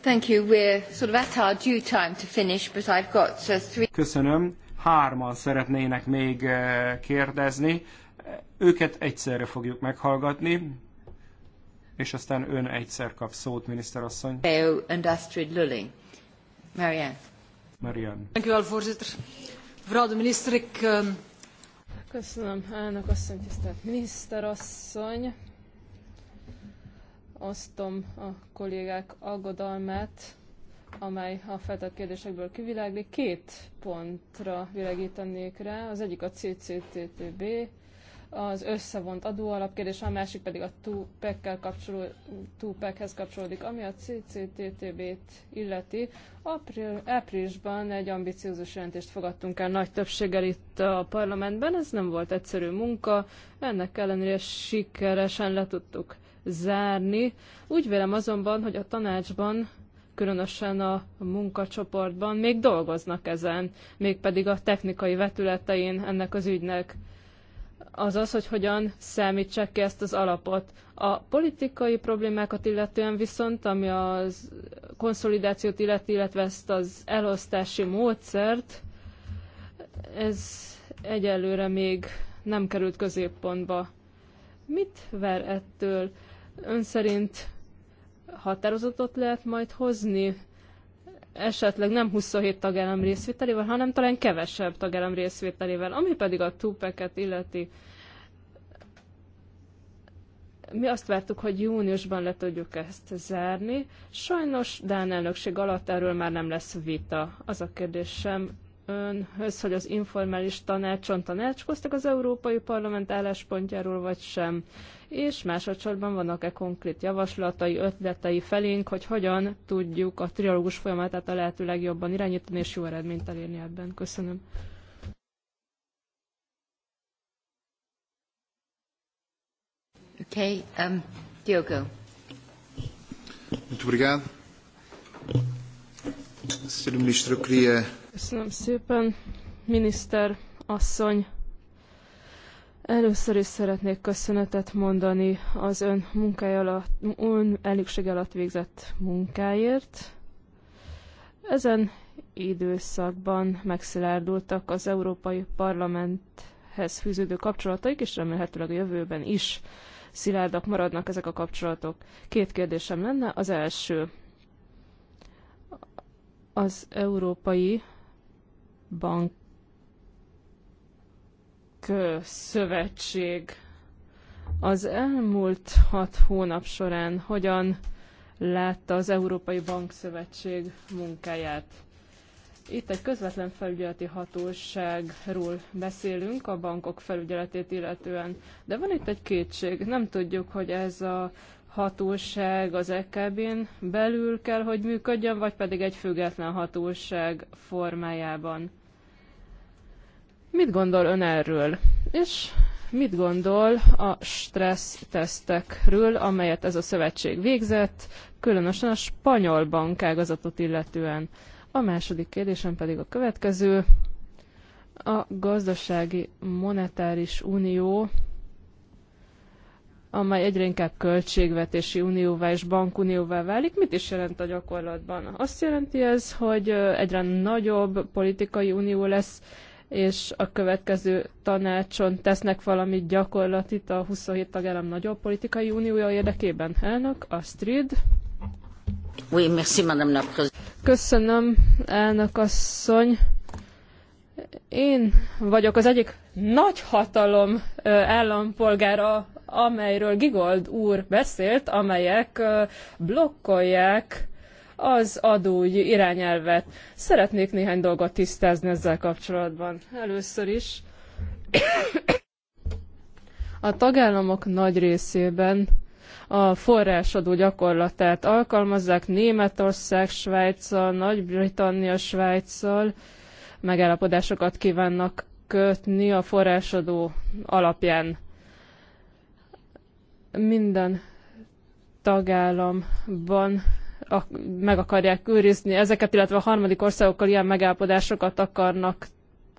Thank you. We're sort of at our due time to finish, but I've got uh, three... Köszönöm. Hárman szeretnének még eh, kérdezni. Őket egyszerre fogjuk meghallgatni és aztán ön egyszer kap szót, miniszterasszony. Theo and Astrid Lulling. Marianne. Marianne. voorzitter. Mevrouw de minister, ik... Um... Köszönöm, elnök asszony, tisztelt miniszterasszony. Osztom a kollégák aggodalmát, amely a feltett kérdésekből kiviláglik. Két pontra világítanék rá. Az egyik a CCTTB, az összevont adóalapkérdés, a másik pedig a TUPEC-hez kapcsoló, kapcsolódik, ami a CCTTB-t illeti. April, áprilisban egy ambiciózus jelentést fogadtunk el nagy többséggel itt a parlamentben, ez nem volt egyszerű munka, ennek ellenére sikeresen le tudtuk zárni. Úgy vélem azonban, hogy a tanácsban különösen a munkacsoportban még dolgoznak ezen, mégpedig a technikai vetületein ennek az ügynek az az, hogy hogyan számítsák ki ezt az alapot. A politikai problémákat illetően viszont, ami a konszolidációt illeti, illetve ezt az elosztási módszert, ez egyelőre még nem került középpontba. Mit ver ettől? Ön szerint határozatot lehet majd hozni esetleg nem 27 tagállam részvételével, hanem talán kevesebb tagállam részvételével, ami pedig a túpeket illeti. Mi azt vártuk, hogy júniusban le tudjuk ezt zárni. Sajnos Dán elnökség alatt erről már nem lesz vita. Az a kérdésem önhöz, hogy az informális tanácson tanácskoztak az Európai Parlament álláspontjáról, vagy sem és másodszorban vannak-e konkrét javaslatai, ötletei felénk, hogy hogyan tudjuk a trialógus folyamatát a lehető legjobban irányítani és jó eredményt elérni ebben. Köszönöm. Okay, um, Diogo. Muito obrigado. Sr. Ministro, eu queria... Köszönöm szépen, miniszter asszony. Először is szeretnék köszönetet mondani az ön munkája alatt, ön elnökség alatt végzett munkáért. Ezen időszakban megszilárdultak az Európai Parlamenthez fűződő kapcsolataik, és remélhetőleg a jövőben is szilárdak maradnak ezek a kapcsolatok. Két kérdésem lenne. Az első, az Európai Bank Szövetség az elmúlt hat hónap során hogyan látta az Európai Bankszövetség munkáját. Itt egy közvetlen felügyeleti hatóságról beszélünk, a bankok felügyeletét illetően. De van itt egy kétség. Nem tudjuk, hogy ez a hatóság az EKB-n belül kell, hogy működjön, vagy pedig egy független hatóság formájában. Mit gondol ön erről? És mit gondol a stressz tesztekről, amelyet ez a szövetség végzett, különösen a spanyol bankágazatot illetően? A második kérdésem pedig a következő. A gazdasági monetáris unió, amely egyre inkább költségvetési unióvá és bankunióvá válik, mit is jelent a gyakorlatban? Azt jelenti ez, hogy egyre nagyobb politikai unió lesz, és a következő tanácson tesznek valamit gyakorlatit a 27 tagállam nagyobb politikai uniója érdekében. Elnök, Astrid. Oui, merci, madame la Köszönöm, elnök asszony. Én vagyok az egyik nagy hatalom állampolgára, amelyről Gigold úr beszélt, amelyek blokkolják az adóügy irányelvet. Szeretnék néhány dolgot tisztázni ezzel kapcsolatban. Először is a tagállamok nagy részében a forrásadó gyakorlatát alkalmazzák Németország, Svájccal, Nagy-Britannia, Svájccal, megállapodásokat kívánnak kötni a forrásadó alapján. Minden tagállamban meg akarják őrizni ezeket, illetve a harmadik országokkal ilyen megállapodásokat akarnak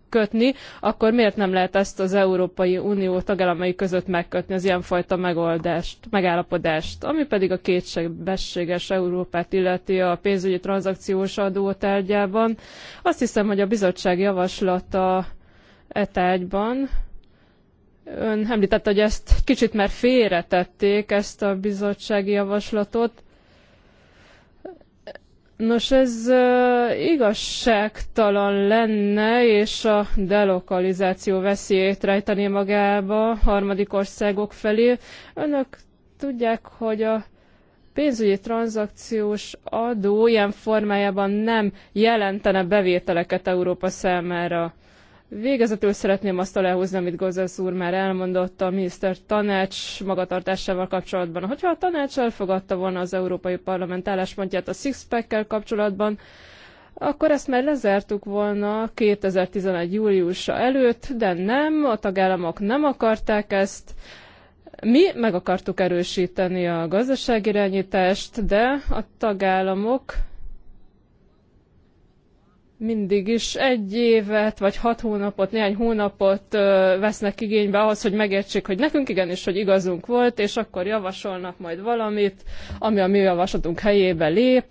kötni, akkor miért nem lehet ezt az Európai Unió tagállamai között megkötni, az ilyenfajta megoldást, megállapodást, ami pedig a kétségbességes Európát illeti a pénzügyi tranzakciós adó tárgyában. Azt hiszem, hogy a bizottság javaslata e tárgyban, ön említette, hogy ezt kicsit már félretették, ezt a bizottsági javaslatot, Nos, ez igazságtalan lenne, és a delokalizáció veszélyét rejteni magába harmadik országok felé. Önök tudják, hogy a pénzügyi tranzakciós adó ilyen formájában nem jelentene bevételeket Európa számára. Végezetül szeretném azt aláhúzni, amit Gozesz úr már elmondott a miniszter tanács magatartásával kapcsolatban. Hogyha a tanács elfogadta volna az Európai Parlament álláspontját a Sixpack-kel kapcsolatban, akkor ezt már lezártuk volna 2011. júliusa előtt, de nem, a tagállamok nem akarták ezt. Mi meg akartuk erősíteni a gazdaságirányítást, de a tagállamok mindig is egy évet, vagy hat hónapot, néhány hónapot ö, vesznek igénybe ahhoz, hogy megértsék, hogy nekünk igenis, hogy igazunk volt, és akkor javasolnak majd valamit, ami a mi javaslatunk helyébe lép.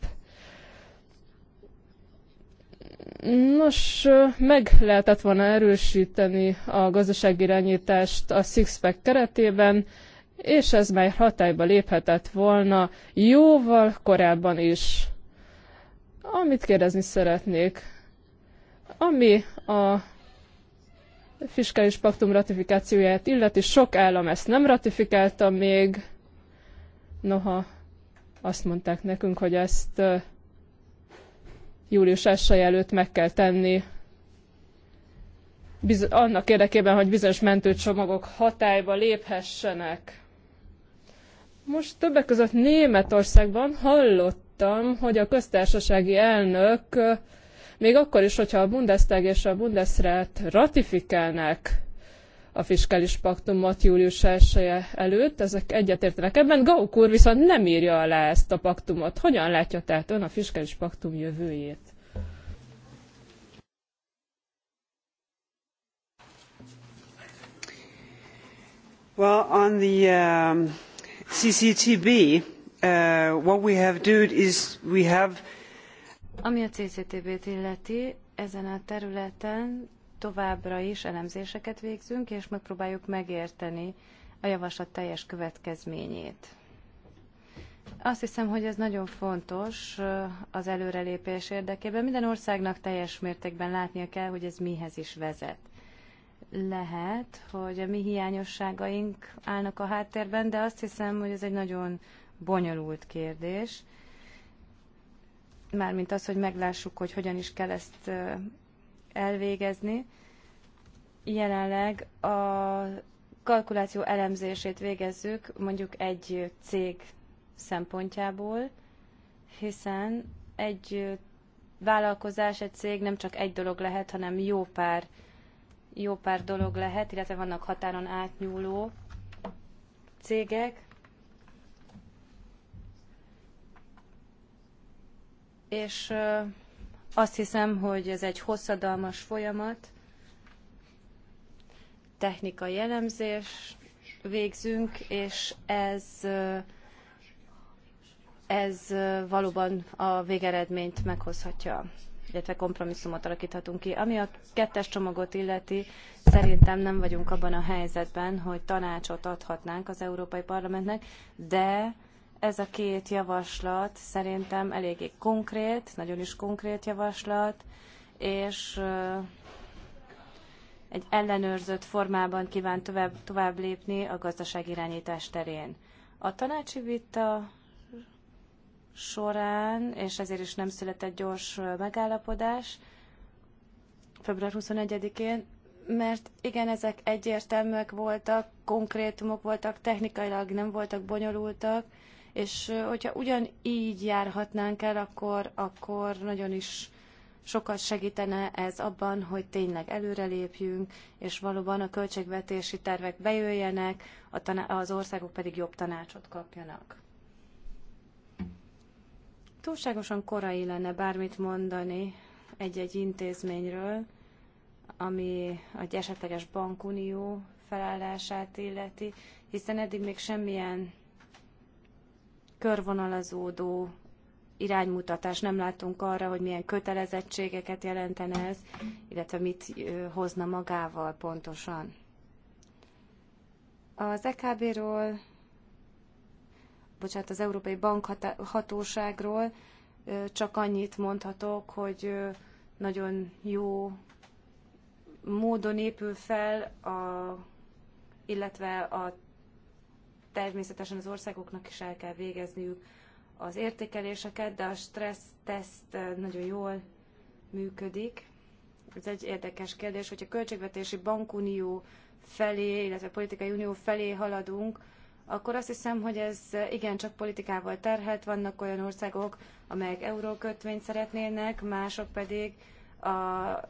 Nos, meg lehetett volna erősíteni a gazdaságirányítást a Sixpack keretében, és ez már hatályba léphetett volna jóval korábban is. Amit kérdezni szeretnék, ami a fiskális paktum ratifikációját illeti, sok állam ezt nem ratifikálta még, noha azt mondták nekünk, hogy ezt július 1 előtt meg kell tenni, Biz- annak érdekében, hogy bizonyos mentőcsomagok hatályba léphessenek. Most többek között Németországban hallottam, hogy a köztársasági elnök még akkor is, hogyha a Bundestag és a Bundesrat ratifikálnák a fiskális paktumot július 1 előtt, ezek egyetértenek ebben. Gauk úr viszont nem írja alá ezt a paktumot. Hogyan látja tehát ön a fiskális paktum jövőjét? Well, on the um, CCTB, uh, what we have done is we have ami a cctv t illeti, ezen a területen továbbra is elemzéseket végzünk, és megpróbáljuk megérteni a javaslat teljes következményét. Azt hiszem, hogy ez nagyon fontos az előrelépés érdekében. Minden országnak teljes mértékben látnia kell, hogy ez mihez is vezet. Lehet, hogy a mi hiányosságaink állnak a háttérben, de azt hiszem, hogy ez egy nagyon bonyolult kérdés mármint az, hogy meglássuk, hogy hogyan is kell ezt elvégezni. Jelenleg a kalkuláció elemzését végezzük mondjuk egy cég szempontjából, hiszen egy vállalkozás, egy cég nem csak egy dolog lehet, hanem jó pár, jó pár dolog lehet, illetve vannak határon átnyúló cégek, és azt hiszem, hogy ez egy hosszadalmas folyamat, technikai elemzés végzünk, és ez, ez valóban a végeredményt meghozhatja illetve kompromisszumot alakíthatunk ki. Ami a kettes csomagot illeti, szerintem nem vagyunk abban a helyzetben, hogy tanácsot adhatnánk az Európai Parlamentnek, de ez a két javaslat szerintem eléggé konkrét, nagyon is konkrét javaslat, és egy ellenőrzött formában kíván tovább, tovább lépni a irányítás terén. A tanácsi vita során, és ezért is nem született gyors megállapodás február 21-én, mert igen, ezek egyértelműek voltak, konkrétumok voltak, technikailag nem voltak bonyolultak, és hogyha ugyanígy járhatnánk el, akkor, akkor nagyon is sokat segítene ez abban, hogy tényleg előrelépjünk, és valóban a költségvetési tervek bejöjjenek, az országok pedig jobb tanácsot kapjanak. Túlságosan korai lenne bármit mondani egy-egy intézményről, ami egy esetleges bankunió felállását illeti, hiszen eddig még semmilyen körvonalazódó iránymutatás, nem látunk arra, hogy milyen kötelezettségeket jelentene ez, illetve mit hozna magával pontosan. Az EKB-ról, bocsánat, az Európai Bankhatóságról csak annyit mondhatok, hogy nagyon jó módon épül fel, a, illetve a természetesen az országoknak is el kell végezniük az értékeléseket, de a stressz teszt eh, nagyon jól működik. Ez egy érdekes kérdés, hogy a költségvetési bankunió felé, illetve politikai unió felé haladunk, akkor azt hiszem, hogy ez eh, igencsak politikával terhelt. Vannak olyan országok, amelyek eurókötvényt szeretnének, mások pedig a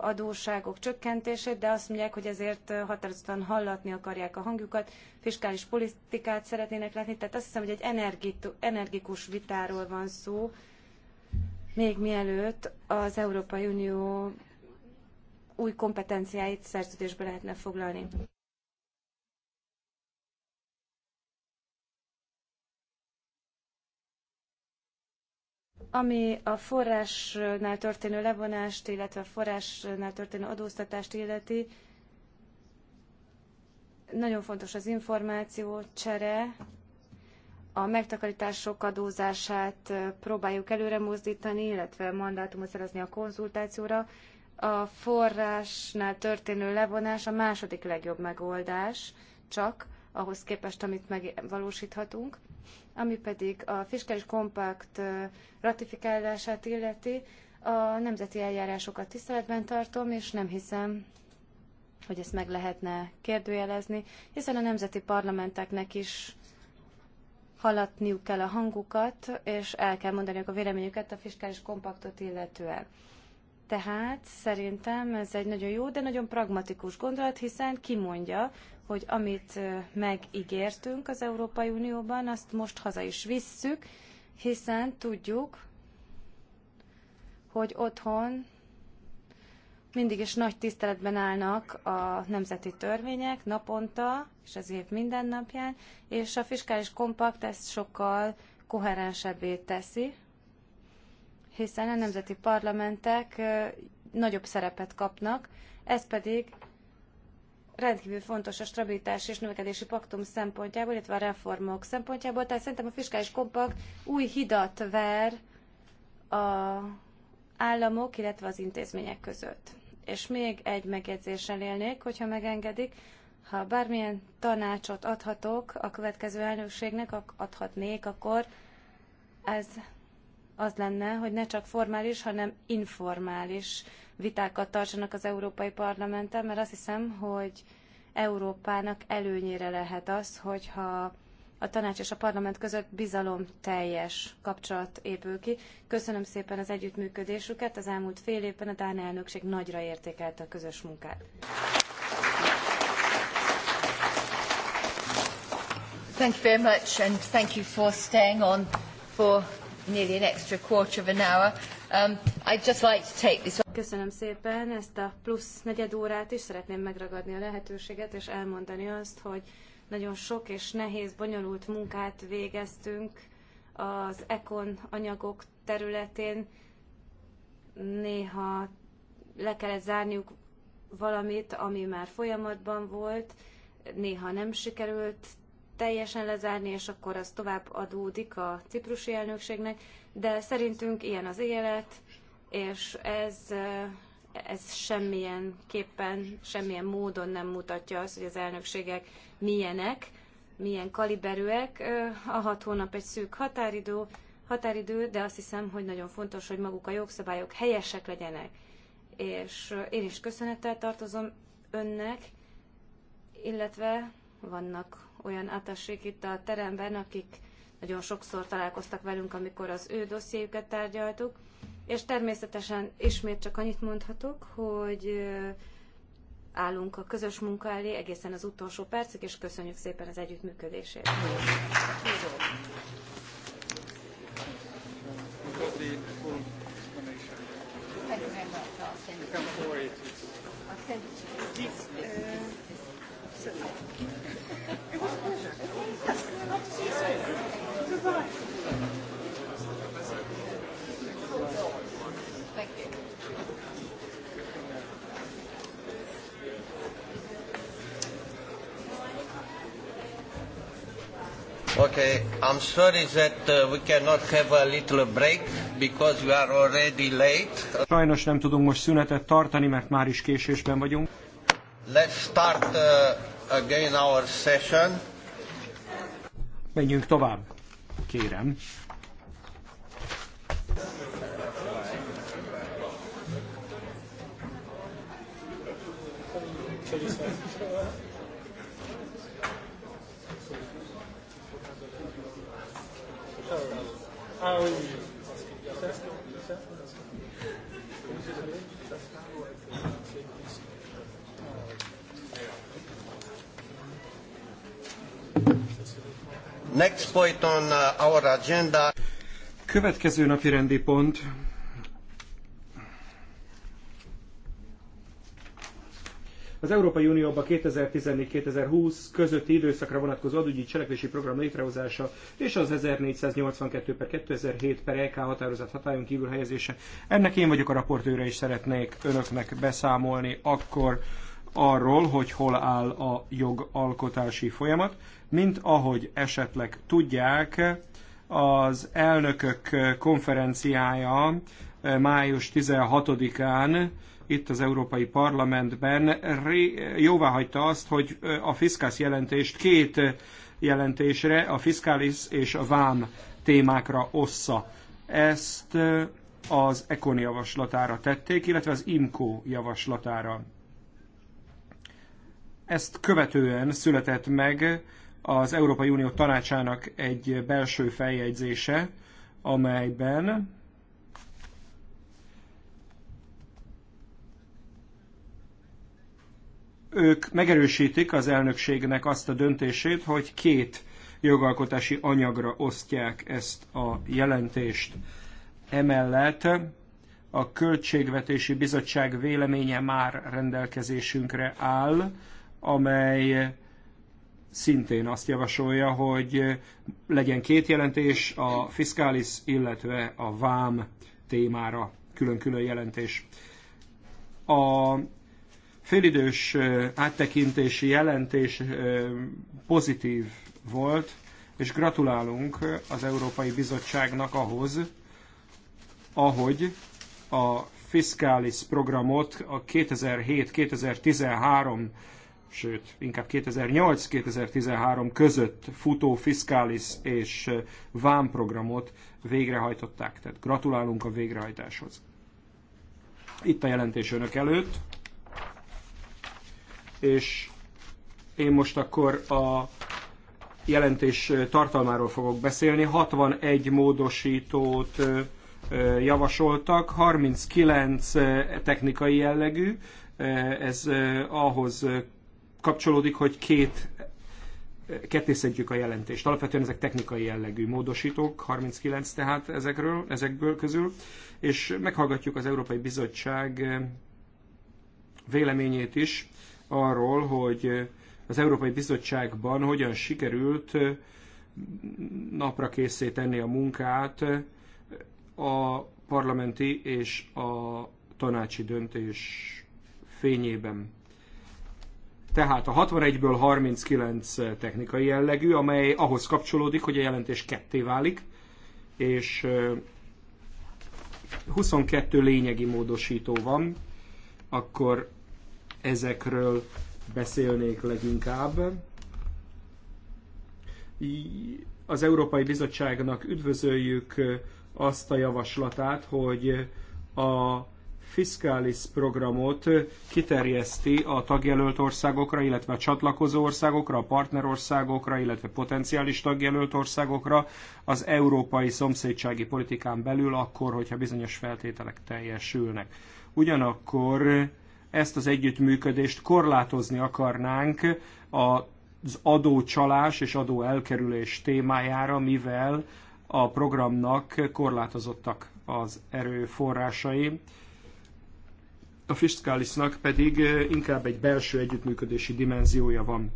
adósságok csökkentését, de azt mondják, hogy ezért határozottan hallatni akarják a hangjukat, fiskális politikát szeretnének látni, tehát azt hiszem, hogy egy energikus vitáról van szó, még mielőtt az Európai Unió új kompetenciáit szerződésbe lehetne foglalni. Ami a forrásnál történő levonást, illetve a forrásnál történő adóztatást illeti, nagyon fontos az információ csere, a megtakarítások adózását próbáljuk előre mozdítani, illetve mandátumot szerezni a konzultációra. A forrásnál történő levonás a második legjobb megoldás, csak ahhoz képest, amit megvalósíthatunk. Ami pedig a fiskális kompakt ratifikálását illeti, a nemzeti eljárásokat tiszteletben tartom, és nem hiszem, hogy ezt meg lehetne kérdőjelezni, hiszen a nemzeti parlamenteknek is hallatniuk kell a hangukat, és el kell mondaniuk a véleményüket a fiskális kompaktot illetően. Tehát szerintem ez egy nagyon jó, de nagyon pragmatikus gondolat, hiszen kimondja, hogy amit megígértünk az Európai Unióban, azt most haza is visszük, hiszen tudjuk, hogy otthon mindig is nagy tiszteletben állnak a nemzeti törvények naponta, és az év minden napján, és a fiskális kompakt ezt sokkal koherensebbé teszi, hiszen a nemzeti parlamentek nagyobb szerepet kapnak, ez pedig rendkívül fontos a stabilitás és növekedési paktum szempontjából, illetve a reformok szempontjából. Tehát szerintem a fiskális kompakt új hidat ver a államok, illetve az intézmények között. És még egy megjegyzéssel élnék, hogyha megengedik, ha bármilyen tanácsot adhatok a következő elnökségnek, adhatnék, akkor ez az lenne, hogy ne csak formális, hanem informális vitákat tartsanak az Európai Parlamenten, mert azt hiszem, hogy Európának előnyére lehet az, hogyha a tanács és a parlament között bizalom teljes kapcsolat épül ki. Köszönöm szépen az együttműködésüket. Az elmúlt fél évben a Dán elnökség nagyra értékelte a közös munkát. Thank you very much and thank you for staying on for nearly an extra quarter of an hour. Um, I'd just like to take this Köszönöm szépen ezt a plusz negyed órát is. Szeretném megragadni a lehetőséget, és elmondani azt, hogy nagyon sok és nehéz, bonyolult munkát végeztünk az ekon anyagok területén. Néha le kellett zárniuk valamit, ami már folyamatban volt, néha nem sikerült teljesen lezárni, és akkor az tovább adódik a ciprusi elnökségnek, de szerintünk ilyen az élet, és ez, ez semmilyen képpen, semmilyen módon nem mutatja azt, hogy az elnökségek milyenek, milyen kaliberűek. A hat hónap egy szűk határidő, határidő, de azt hiszem, hogy nagyon fontos, hogy maguk a jogszabályok helyesek legyenek. És én is köszönettel tartozom önnek, illetve vannak olyan atasék itt a teremben, akik nagyon sokszor találkoztak velünk, amikor az ő dossziéjüket tárgyaltuk, és természetesen ismét csak annyit mondhatok, hogy állunk a közös munka elé egészen az utolsó percig, és köszönjük szépen az együttműködését. Köszönjük. Okay, I'm sorry that uh, we cannot have a little break because we are already late. Sajnos nem tudunk most szünetet tartani, mert már is késésben vagyunk. Let's start uh, again our session. Menjünk tovább, kérem. Thank Köszönöm. Next point on uh, our agenda. Következő napi rendi pont Az Európai Unióban 2014-2020 közötti időszakra vonatkozó adógyi cselekvési program létrehozása és az 1482 per 2007 per EK határozat hatályon kívül helyezése. Ennek én vagyok a raportőre, és szeretnék önöknek beszámolni akkor arról, hogy hol áll a jogalkotási folyamat, mint ahogy esetleg tudják, az elnökök konferenciája május 16-án itt az Európai Parlamentben jóváhagyta azt, hogy a fiskális jelentést két jelentésre, a fiskális és a vám témákra ossza. Ezt az Econ javaslatára tették, illetve az IMCO javaslatára. Ezt követően született meg az Európai Unió tanácsának egy belső feljegyzése, amelyben ők megerősítik az elnökségnek azt a döntését, hogy két jogalkotási anyagra osztják ezt a jelentést. Emellett a Költségvetési Bizottság véleménye már rendelkezésünkre áll, amely szintén azt javasolja, hogy legyen két jelentés, a fiskális, illetve a vám témára külön-külön jelentés. A félidős áttekintési jelentés pozitív volt, és gratulálunk az Európai Bizottságnak ahhoz, ahogy a fiskális programot a 2007-2013, sőt, inkább 2008-2013 között futó fiskális és vámprogramot végrehajtották. Tehát gratulálunk a végrehajtáshoz. Itt a jelentés önök előtt és én most akkor a jelentés tartalmáról fogok beszélni. 61 módosítót javasoltak, 39 technikai jellegű, ez ahhoz kapcsolódik, hogy két kettészedjük a jelentést. Alapvetően ezek technikai jellegű módosítók, 39 tehát ezekről, ezekből közül, és meghallgatjuk az Európai Bizottság véleményét is arról, hogy az Európai Bizottságban hogyan sikerült napra készíteni tenni a munkát a parlamenti és a tanácsi döntés fényében. Tehát a 61-ből 39 technikai jellegű, amely ahhoz kapcsolódik, hogy a jelentés ketté válik, és 22 lényegi módosító van, akkor ezekről beszélnék leginkább. Az Európai Bizottságnak üdvözöljük azt a javaslatát, hogy a fiskális programot kiterjeszti a tagjelölt országokra, illetve a csatlakozó országokra, a partnerországokra, illetve potenciális tagjelölt országokra az európai szomszédsági politikán belül akkor, hogyha bizonyos feltételek teljesülnek. Ugyanakkor ezt az együttműködést korlátozni akarnánk az adócsalás és adóelkerülés témájára, mivel a programnak korlátozottak az erőforrásai. A Fiskálisnak pedig eh, inkább egy belső együttműködési dimenziója van.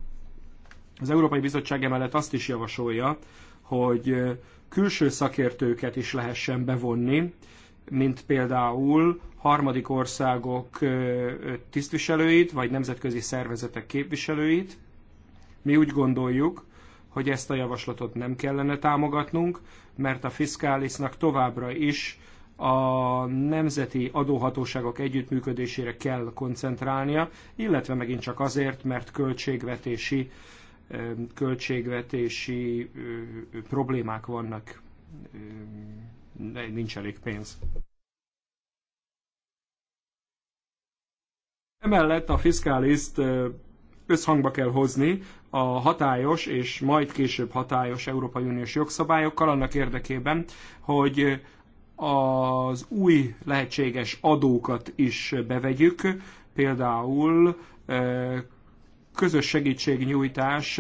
Az Európai Bizottság emellett azt is javasolja, hogy eh, külső szakértőket is lehessen bevonni, mint például harmadik országok tisztviselőit, vagy nemzetközi szervezetek képviselőit. Mi úgy gondoljuk, hogy ezt a javaslatot nem kellene támogatnunk, mert a fiskálisnak továbbra is a nemzeti adóhatóságok együttműködésére kell koncentrálnia, illetve megint csak azért, mert költségvetési, költségvetési problémák vannak nincs elég pénz. Emellett a fiskáliszt összhangba kell hozni a hatályos és majd később hatályos Európai Uniós jogszabályokkal annak érdekében, hogy az új lehetséges adókat is bevegyük, például közös segítségnyújtás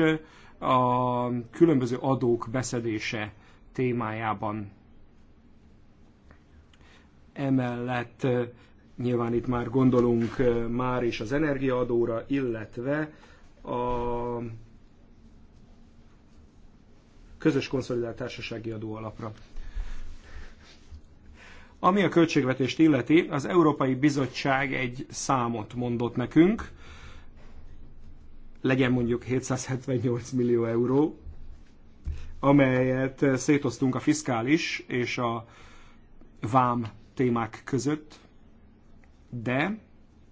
a különböző adók beszedése témájában. Emellett nyilván itt már gondolunk már is az energiaadóra, illetve a közös konszolidált társasági alapra. Ami a költségvetést illeti, az Európai Bizottság egy számot mondott nekünk, legyen mondjuk 778 millió euró, amelyet szétoztunk a fiskális és a vám témák között, de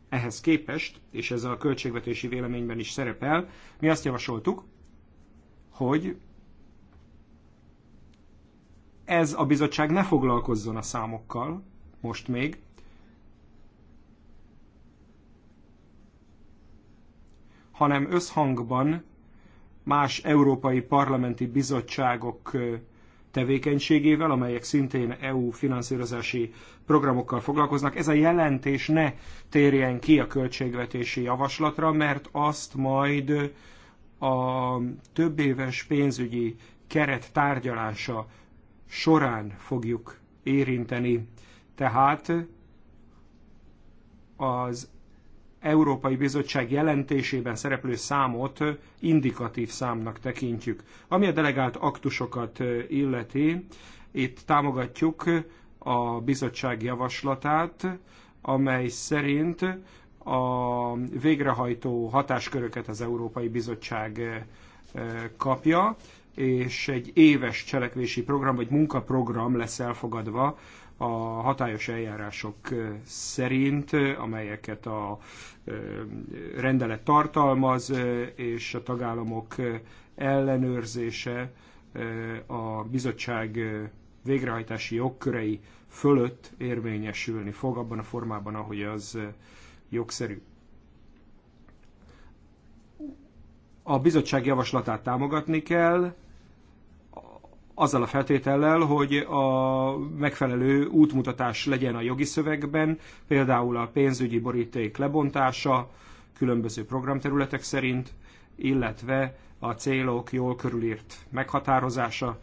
ehhez képest, és ez a költségvetési véleményben is szerepel, mi azt javasoltuk, hogy ez a bizottság ne foglalkozzon a számokkal most még, hanem összhangban más európai parlamenti bizottságok tevékenységével, amelyek szintén EU finanszírozási programokkal foglalkoznak. Ez a jelentés ne térjen ki a költségvetési javaslatra, mert azt majd a több éves pénzügyi keret tárgyalása során fogjuk érinteni. Tehát az Európai Bizottság jelentésében szereplő számot indikatív számnak tekintjük. Ami a delegált aktusokat illeti, itt támogatjuk a bizottság javaslatát, amely szerint a végrehajtó hatásköröket az Európai Bizottság kapja, és egy éves cselekvési program vagy munkaprogram lesz elfogadva a hatályos eljárások szerint, amelyeket a rendelet tartalmaz, és a tagállamok ellenőrzése a bizottság végrehajtási jogkörei fölött érvényesülni fog abban a formában, ahogy az jogszerű. A bizottság javaslatát támogatni kell, azzal a feltétellel, hogy a megfelelő útmutatás legyen a jogi szövegben, például a pénzügyi boríték lebontása különböző programterületek szerint, illetve a célok jól körülírt meghatározása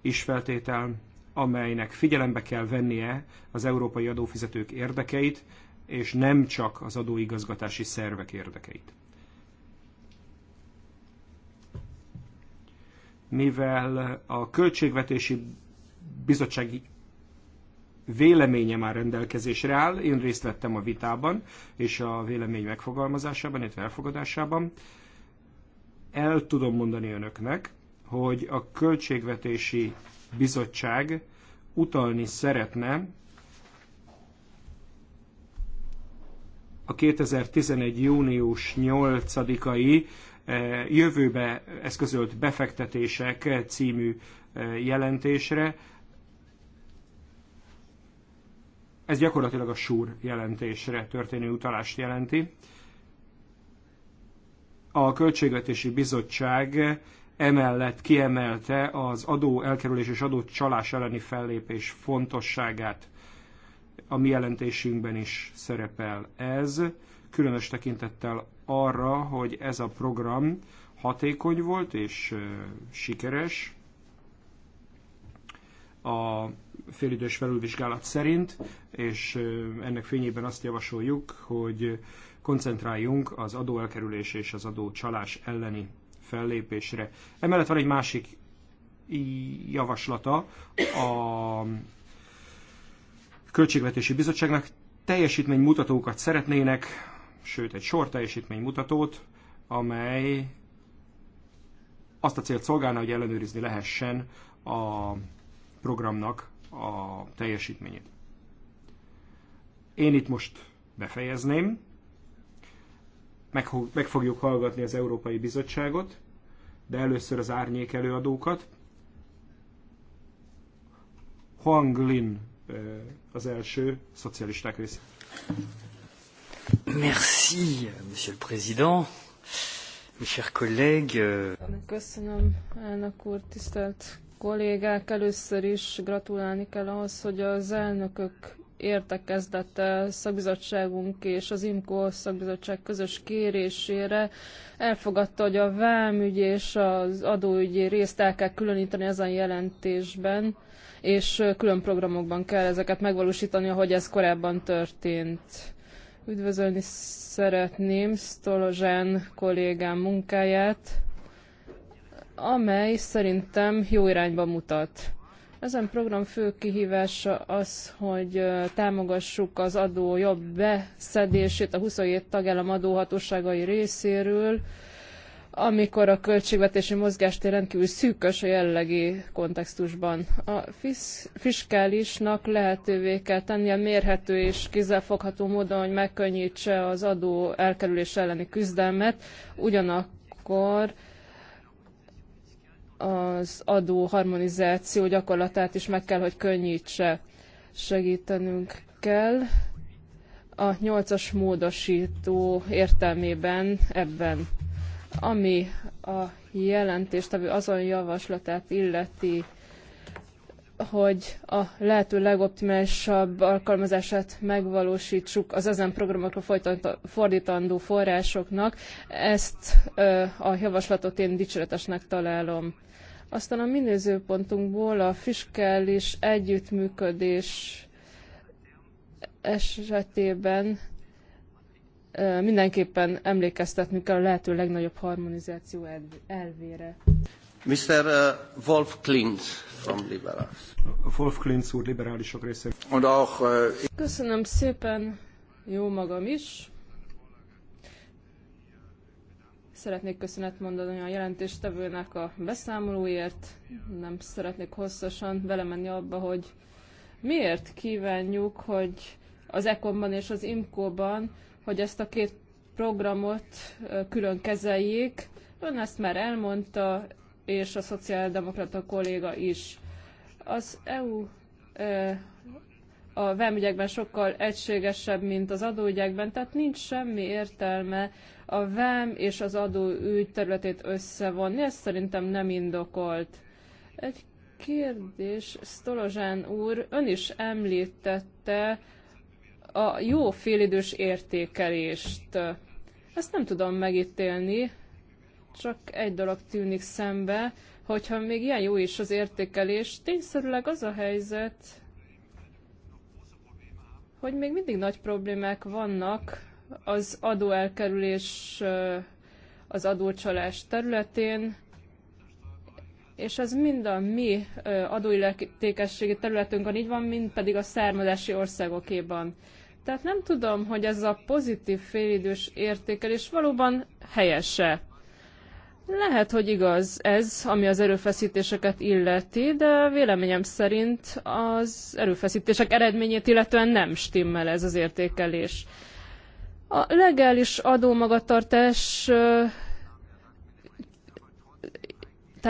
is feltétel, amelynek figyelembe kell vennie az európai adófizetők érdekeit, és nem csak az adóigazgatási szervek érdekeit. mivel a Költségvetési Bizottsági véleménye már rendelkezésre áll, én részt vettem a vitában és a vélemény megfogalmazásában, illetve elfogadásában. El tudom mondani önöknek, hogy a Költségvetési Bizottság utalni szeretne a 2011. június 8-ai jövőbe eszközölt befektetések című e, jelentésre. Ez gyakorlatilag a SUR jelentésre történő utalást jelenti. A Költségvetési Bizottság emellett kiemelte az adó elkerülés és adó csalás elleni fellépés fontosságát. A mi jelentésünkben is szerepel ez, különös tekintettel arra, hogy ez a program hatékony volt és sikeres a félidős felülvizsgálat szerint, és ennek fényében azt javasoljuk, hogy koncentráljunk az adóelkerülés és az adócsalás elleni fellépésre. Emellett van egy másik javaslata a Költségvetési Bizottságnak, teljesítménymutatókat szeretnének sőt egy sor teljesítménymutatót, amely azt a célt szolgálna, hogy ellenőrizni lehessen a programnak a teljesítményét. Én itt most befejezném, meg, meg fogjuk hallgatni az Európai Bizottságot, de először az árnyék előadókat. Huang Lin az első szocialisták rész. Merci, Monsieur le Président. Mes chers collègues. Euh, Köszönöm, elnök úr, tisztelt kollégák. Először is gratulálni kell ahhoz, hogy az elnökök értekezlete szakbizottságunk és az IMCO szakbizottság közös kérésére elfogadta, hogy a vámügy és az adóügyi részt el kell különíteni ezen jelentésben, és külön programokban kell ezeket megvalósítani, ahogy ez korábban történt Üdvözölni szeretném Stolozsán kollégám munkáját, amely szerintem jó irányba mutat. Ezen program fő kihívása az, hogy támogassuk az adó jobb beszedését a 27 tagállam adóhatóságai részéről, amikor a költségvetési mozgástér rendkívül szűkös a jelenlegi kontextusban. A fiskálisnak lehetővé kell tennie mérhető és kézzelfogható módon, hogy megkönnyítse az adó elkerülés elleni küzdelmet, ugyanakkor az adó harmonizáció gyakorlatát is meg kell, hogy könnyítse. Segítenünk kell a nyolcas módosító értelmében ebben. Ami a jelentéstevő azon javaslatát illeti, hogy a lehető legoptimálisabb alkalmazását megvalósítsuk az ezen programokra fordítandó forrásoknak. Ezt a javaslatot én dicséretesnek találom. Aztán a minőzőpontunkból a fiskális együttműködés esetében mindenképpen emlékeztetni kell a lehető legnagyobb harmonizáció elvére. Mr. Uh, Wolf Klintz from Liberals. Wolf Klintz úr liberálisok része. Uh, Köszönöm szépen, jó magam is. Szeretnék köszönet mondani a jelentéstevőnek a beszámolóért. Nem szeretnék hosszasan belemenni abba, hogy miért kívánjuk, hogy az ECOM-ban és az IMCO-ban hogy ezt a két programot külön kezeljék. Ön ezt már elmondta, és a szociáldemokrata kolléga is. Az EU a vámügyekben sokkal egységesebb, mint az adóügyekben, tehát nincs semmi értelme a vám és az adóügy területét összevonni, ez szerintem nem indokolt. Egy kérdés, Stolozsán úr, ön is említette a jó félidős értékelést. Ezt nem tudom megítélni, csak egy dolog tűnik szembe, hogyha még ilyen jó is az értékelés, tényszerűleg az a helyzet, hogy még mindig nagy problémák vannak az adóelkerülés, az adócsalás területén, és ez mind a mi adóilletékességi területünkön így van, mind pedig a származási országokéban. Tehát nem tudom, hogy ez a pozitív félidős értékelés valóban helyese. Lehet, hogy igaz ez, ami az erőfeszítéseket illeti, de véleményem szerint az erőfeszítések eredményét illetően nem stimmel ez az értékelés. A legális adómagatartás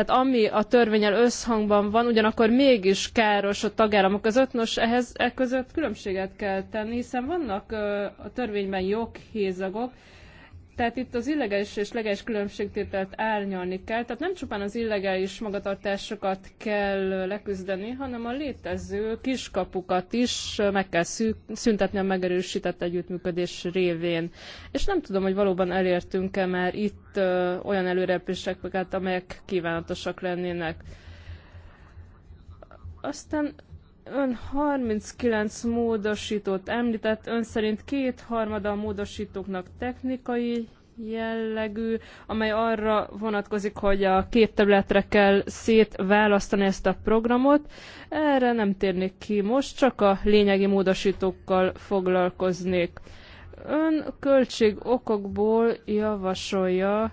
tehát ami a törvényel összhangban van, ugyanakkor mégis káros a tagállamok között. Nos, ehhez e között különbséget kell tenni, hiszen vannak a törvényben joghézagok, tehát itt az illegális és legális különbségtételt árnyalni kell, tehát nem csupán az illegális magatartásokat kell leküzdeni, hanem a létező kiskapukat is meg kell szüntetni a megerősített együttműködés révén. És nem tudom, hogy valóban elértünk-e már itt ö, olyan előrepéseket, amelyek kívánatosak lennének. Aztán Ön 39 módosítót említett, ön szerint kétharmada a módosítóknak technikai jellegű, amely arra vonatkozik, hogy a két területre kell szétválasztani ezt a programot. Erre nem térnék ki most, csak a lényegi módosítókkal foglalkoznék. Ön költség okokból javasolja,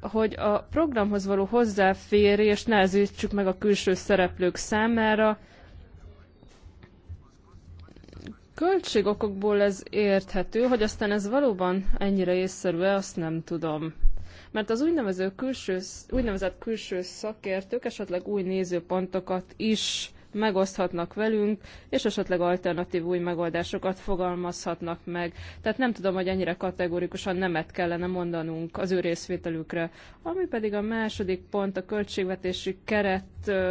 hogy a programhoz való hozzáférést nehezítsük meg a külső szereplők számára, Költségokokból ez érthető, hogy aztán ez valóban ennyire észszerű-e, azt nem tudom. Mert az úgynevező külső, úgynevezett külső szakértők esetleg új nézőpontokat is megoszthatnak velünk, és esetleg alternatív új megoldásokat fogalmazhatnak meg. Tehát nem tudom, hogy ennyire kategorikusan nemet kellene mondanunk az ő részvételükre. Ami pedig a második pont, a költségvetési keret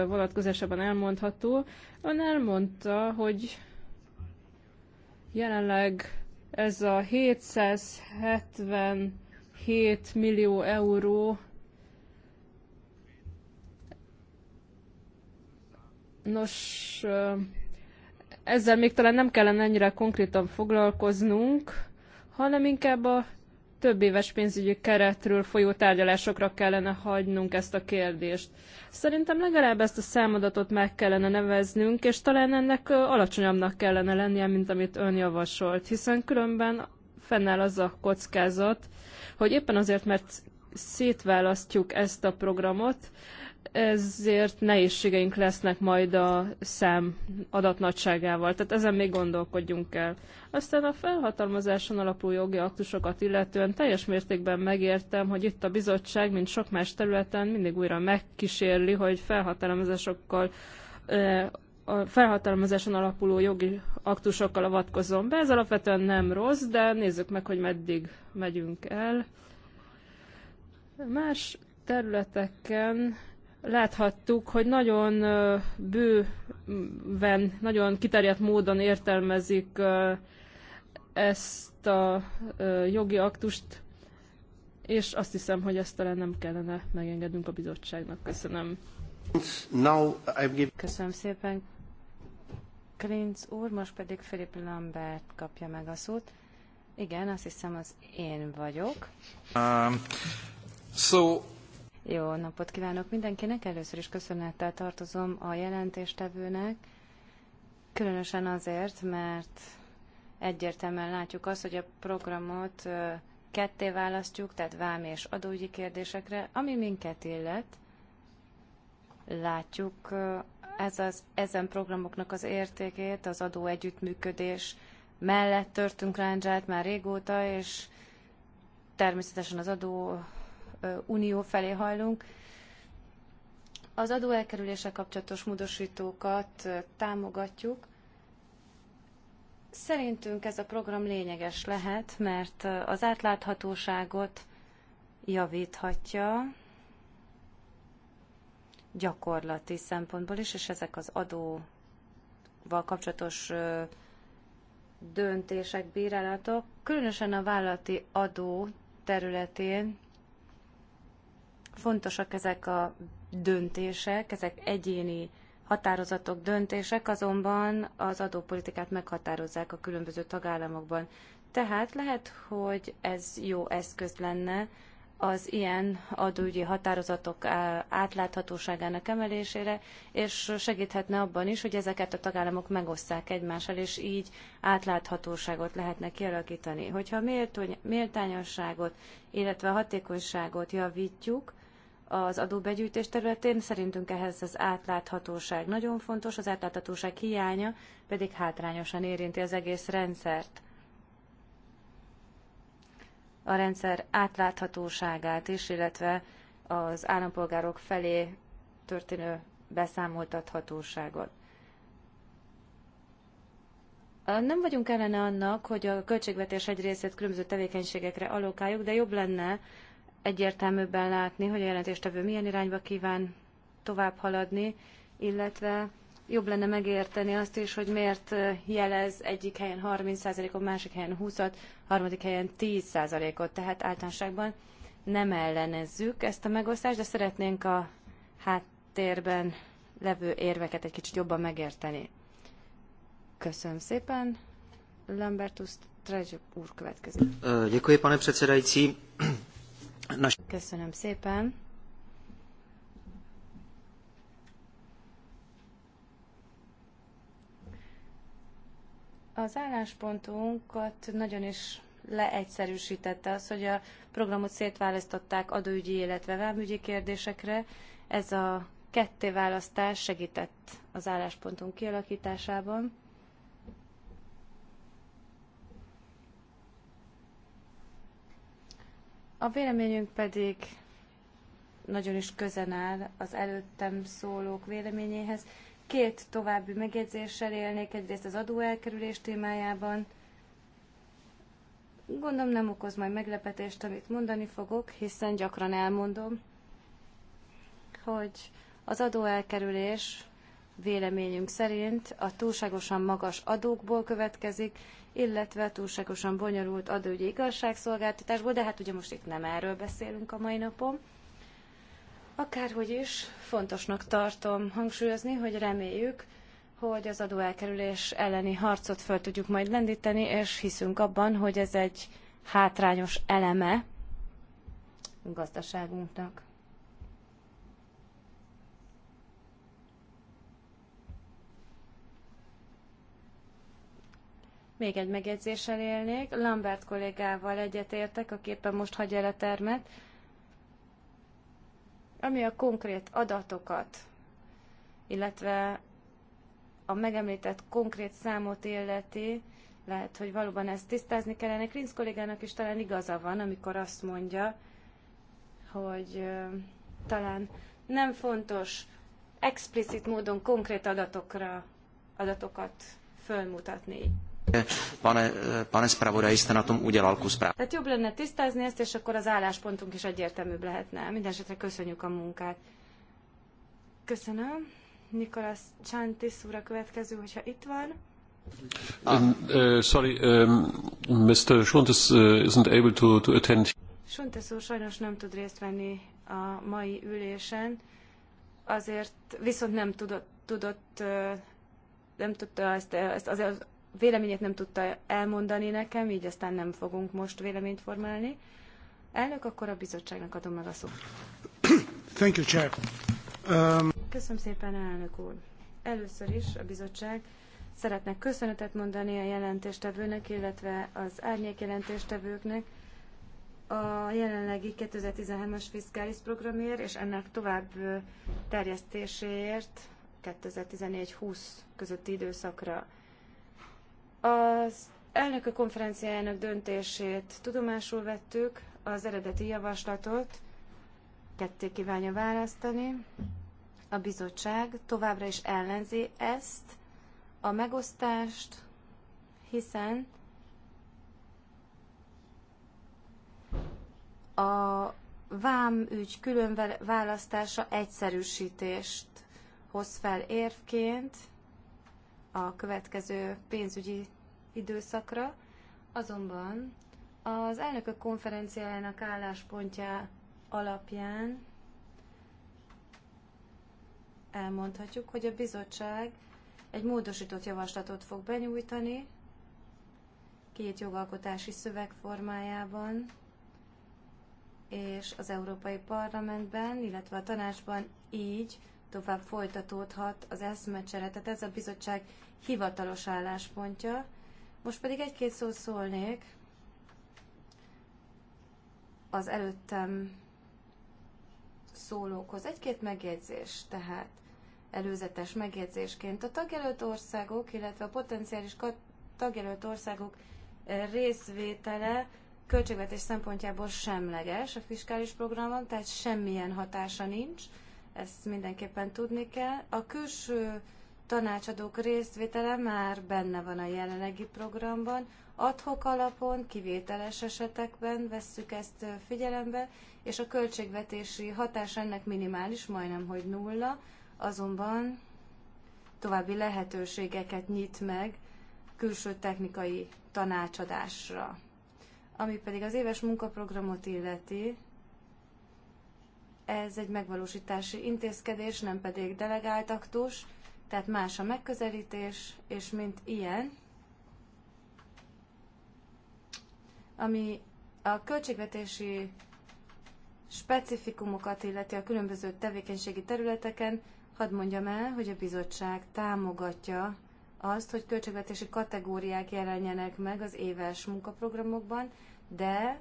vonatkozásában elmondható, ön elmondta, hogy Jelenleg ez a 777 millió euró Nos, ezzel még talán nem kellene ennyire konkrétan foglalkoznunk, hanem inkább a több éves pénzügyi keretről folyó tárgyalásokra kellene hagynunk ezt a kérdést. Szerintem legalább ezt a számadatot meg kellene neveznünk, és talán ennek alacsonyabbnak kellene lennie, mint amit ön javasolt, hiszen különben fennáll az a kockázat, hogy éppen azért, mert szétválasztjuk ezt a programot, ezért nehézségeink lesznek majd a szám adatnagyságával. Tehát ezen még gondolkodjunk el. Aztán a felhatalmazáson alapú jogi aktusokat illetően teljes mértékben megértem, hogy itt a bizottság, mint sok más területen mindig újra megkísérli, hogy felhatalmazásokkal a felhatalmazáson alapuló jogi aktusokkal avatkozom be. Ez alapvetően nem rossz, de nézzük meg, hogy meddig megyünk el. Más területeken láthattuk, hogy nagyon bőven, nagyon kiterjedt módon értelmezik ezt a jogi aktust, és azt hiszem, hogy ezt talán nem kellene megengednünk a bizottságnak. Köszönöm. Köszönöm szépen. Klinc úr, most pedig Filip Lambert kapja meg a szót. Igen, azt hiszem az én vagyok. Um, so jó napot kívánok mindenkinek! Először is köszönettel tartozom a jelentéstevőnek, különösen azért, mert egyértelműen látjuk azt, hogy a programot ketté választjuk, tehát vám és adógyi kérdésekre, ami minket illet. Látjuk ez az, ezen programoknak az értékét, az adó együttműködés mellett törtünk ráncsát már régóta, és természetesen az adó unió felé hajlunk. Az adóelkerülése kapcsolatos módosítókat támogatjuk. Szerintünk ez a program lényeges lehet, mert az átláthatóságot javíthatja gyakorlati szempontból is, és ezek az adóval kapcsolatos döntések, bírálatok, különösen a vállalati adó területén Fontosak ezek a döntések, ezek egyéni határozatok, döntések, azonban az adópolitikát meghatározzák a különböző tagállamokban. Tehát lehet, hogy ez jó eszköz lenne az ilyen adóügyi határozatok átláthatóságának emelésére, és segíthetne abban is, hogy ezeket a tagállamok megosszák egymással, és így átláthatóságot lehetne kialakítani. Hogyha méltányosságot, illetve hatékonyságot javítjuk, az adóbegyűjtés területén. Szerintünk ehhez az átláthatóság nagyon fontos, az átláthatóság hiánya pedig hátrányosan érinti az egész rendszert. A rendszer átláthatóságát is, illetve az állampolgárok felé történő beszámoltathatóságot. Nem vagyunk ellene annak, hogy a költségvetés egy részét különböző tevékenységekre alokáljuk, de jobb lenne, egyértelműbben látni, hogy a jelentéstevő milyen irányba kíván tovább haladni, illetve jobb lenne megérteni azt is, hogy miért jelez egyik helyen 30%-ot, másik helyen 20-at, harmadik helyen 10%-ot. Tehát általánosságban nem ellenezzük ezt a megosztást, de szeretnénk a háttérben levő érveket egy kicsit jobban megérteni. Köszönöm szépen. Lambertus Trezsuk úr következik. Děkuji, pane předsedající. Nos. Köszönöm szépen. Az álláspontunkat nagyon is leegyszerűsítette az, hogy a programot szétválasztották adóügyi, illetve vámügyi kérdésekre. Ez a kettéválasztás segített az álláspontunk kialakításában. A véleményünk pedig nagyon is közen áll az előttem szólók véleményéhez. Két további megjegyzéssel élnék, egyrészt az adóelkerülés témájában. Gondolom nem okoz majd meglepetést, amit mondani fogok, hiszen gyakran elmondom, hogy az adóelkerülés véleményünk szerint a túlságosan magas adókból következik, illetve túlságosan bonyolult adőgyi igazságszolgáltatásból, de hát ugye most itt nem erről beszélünk a mai napon. Akárhogy is fontosnak tartom hangsúlyozni, hogy reméljük, hogy az adóelkerülés elleni harcot föl tudjuk majd lendíteni, és hiszünk abban, hogy ez egy hátrányos eleme gazdaságunknak. Még egy megjegyzéssel élnék. Lambert kollégával egyetértek, aki éppen most hagyja el a termet. Ami a konkrét adatokat, illetve a megemlített konkrét számot illeti, lehet, hogy valóban ezt tisztázni kellene. Klinz kollégának is talán igaza van, amikor azt mondja, hogy talán nem fontos explicit módon konkrét adatokra, adatokat fölmutatni. Pane, pane spravodaj, jste na tom udělal kus práv. Tehát jobb lenne tisztázni ezt, és akkor az álláspontunk is egyértelműbb lehetne. Mindenesetre köszönjük a munkát. Köszönöm. Nikolas Csántis úr a következő, hogyha itt van. Ah. Um, uh, sorry, um, Mr. Schontes uh, isn't able to, to attend. Schontes úr sajnos nem tud részt venni a mai ülésen, azért viszont nem tudott, tudott uh, nem tudta ezt, ezt az véleményét nem tudta elmondani nekem, így aztán nem fogunk most véleményt formálni. Elnök, akkor a bizottságnak adom meg a szót. Thank you, Chair. Um... Köszönöm szépen, elnök úr. Először is a bizottság szeretne köszönetet mondani a jelentéstevőnek, illetve az árnyék jelentéstevőknek a jelenlegi 2013-as fiskális programért és ennek tovább terjesztéséért 2014-20 közötti időszakra. Az elnökök konferenciájának döntését tudomásul vettük, az eredeti javaslatot ketté kívánja választani. A bizottság továbbra is ellenzi ezt, a megosztást, hiszen a ügy külön választása egyszerűsítést hoz fel érvként, a következő pénzügyi időszakra, azonban az elnökök konferenciájának álláspontja alapján elmondhatjuk, hogy a bizottság egy módosított javaslatot fog benyújtani két jogalkotási szöveg formájában, és az Európai Parlamentben, illetve a tanácsban így tovább folytatódhat az eszmecsere. Tehát ez a bizottság hivatalos álláspontja. Most pedig egy-két szót szólnék az előttem szólókhoz. Egy-két megjegyzés tehát előzetes megjegyzésként. A tagjelölt országok, illetve a potenciális tagjelölt országok részvétele költségvetés szempontjából semleges a fiskális programon, tehát semmilyen hatása nincs ezt mindenképpen tudni kell. A külső tanácsadók részvétele már benne van a jelenlegi programban. Adhok alapon, kivételes esetekben vesszük ezt figyelembe, és a költségvetési hatás ennek minimális, majdnem, hogy nulla, azonban további lehetőségeket nyit meg külső technikai tanácsadásra. Ami pedig az éves munkaprogramot illeti, ez egy megvalósítási intézkedés, nem pedig delegált aktus, tehát más a megközelítés, és mint ilyen, ami a költségvetési specifikumokat illeti a különböző tevékenységi területeken, hadd mondjam el, hogy a bizottság támogatja azt, hogy költségvetési kategóriák jelenjenek meg az éves munkaprogramokban, de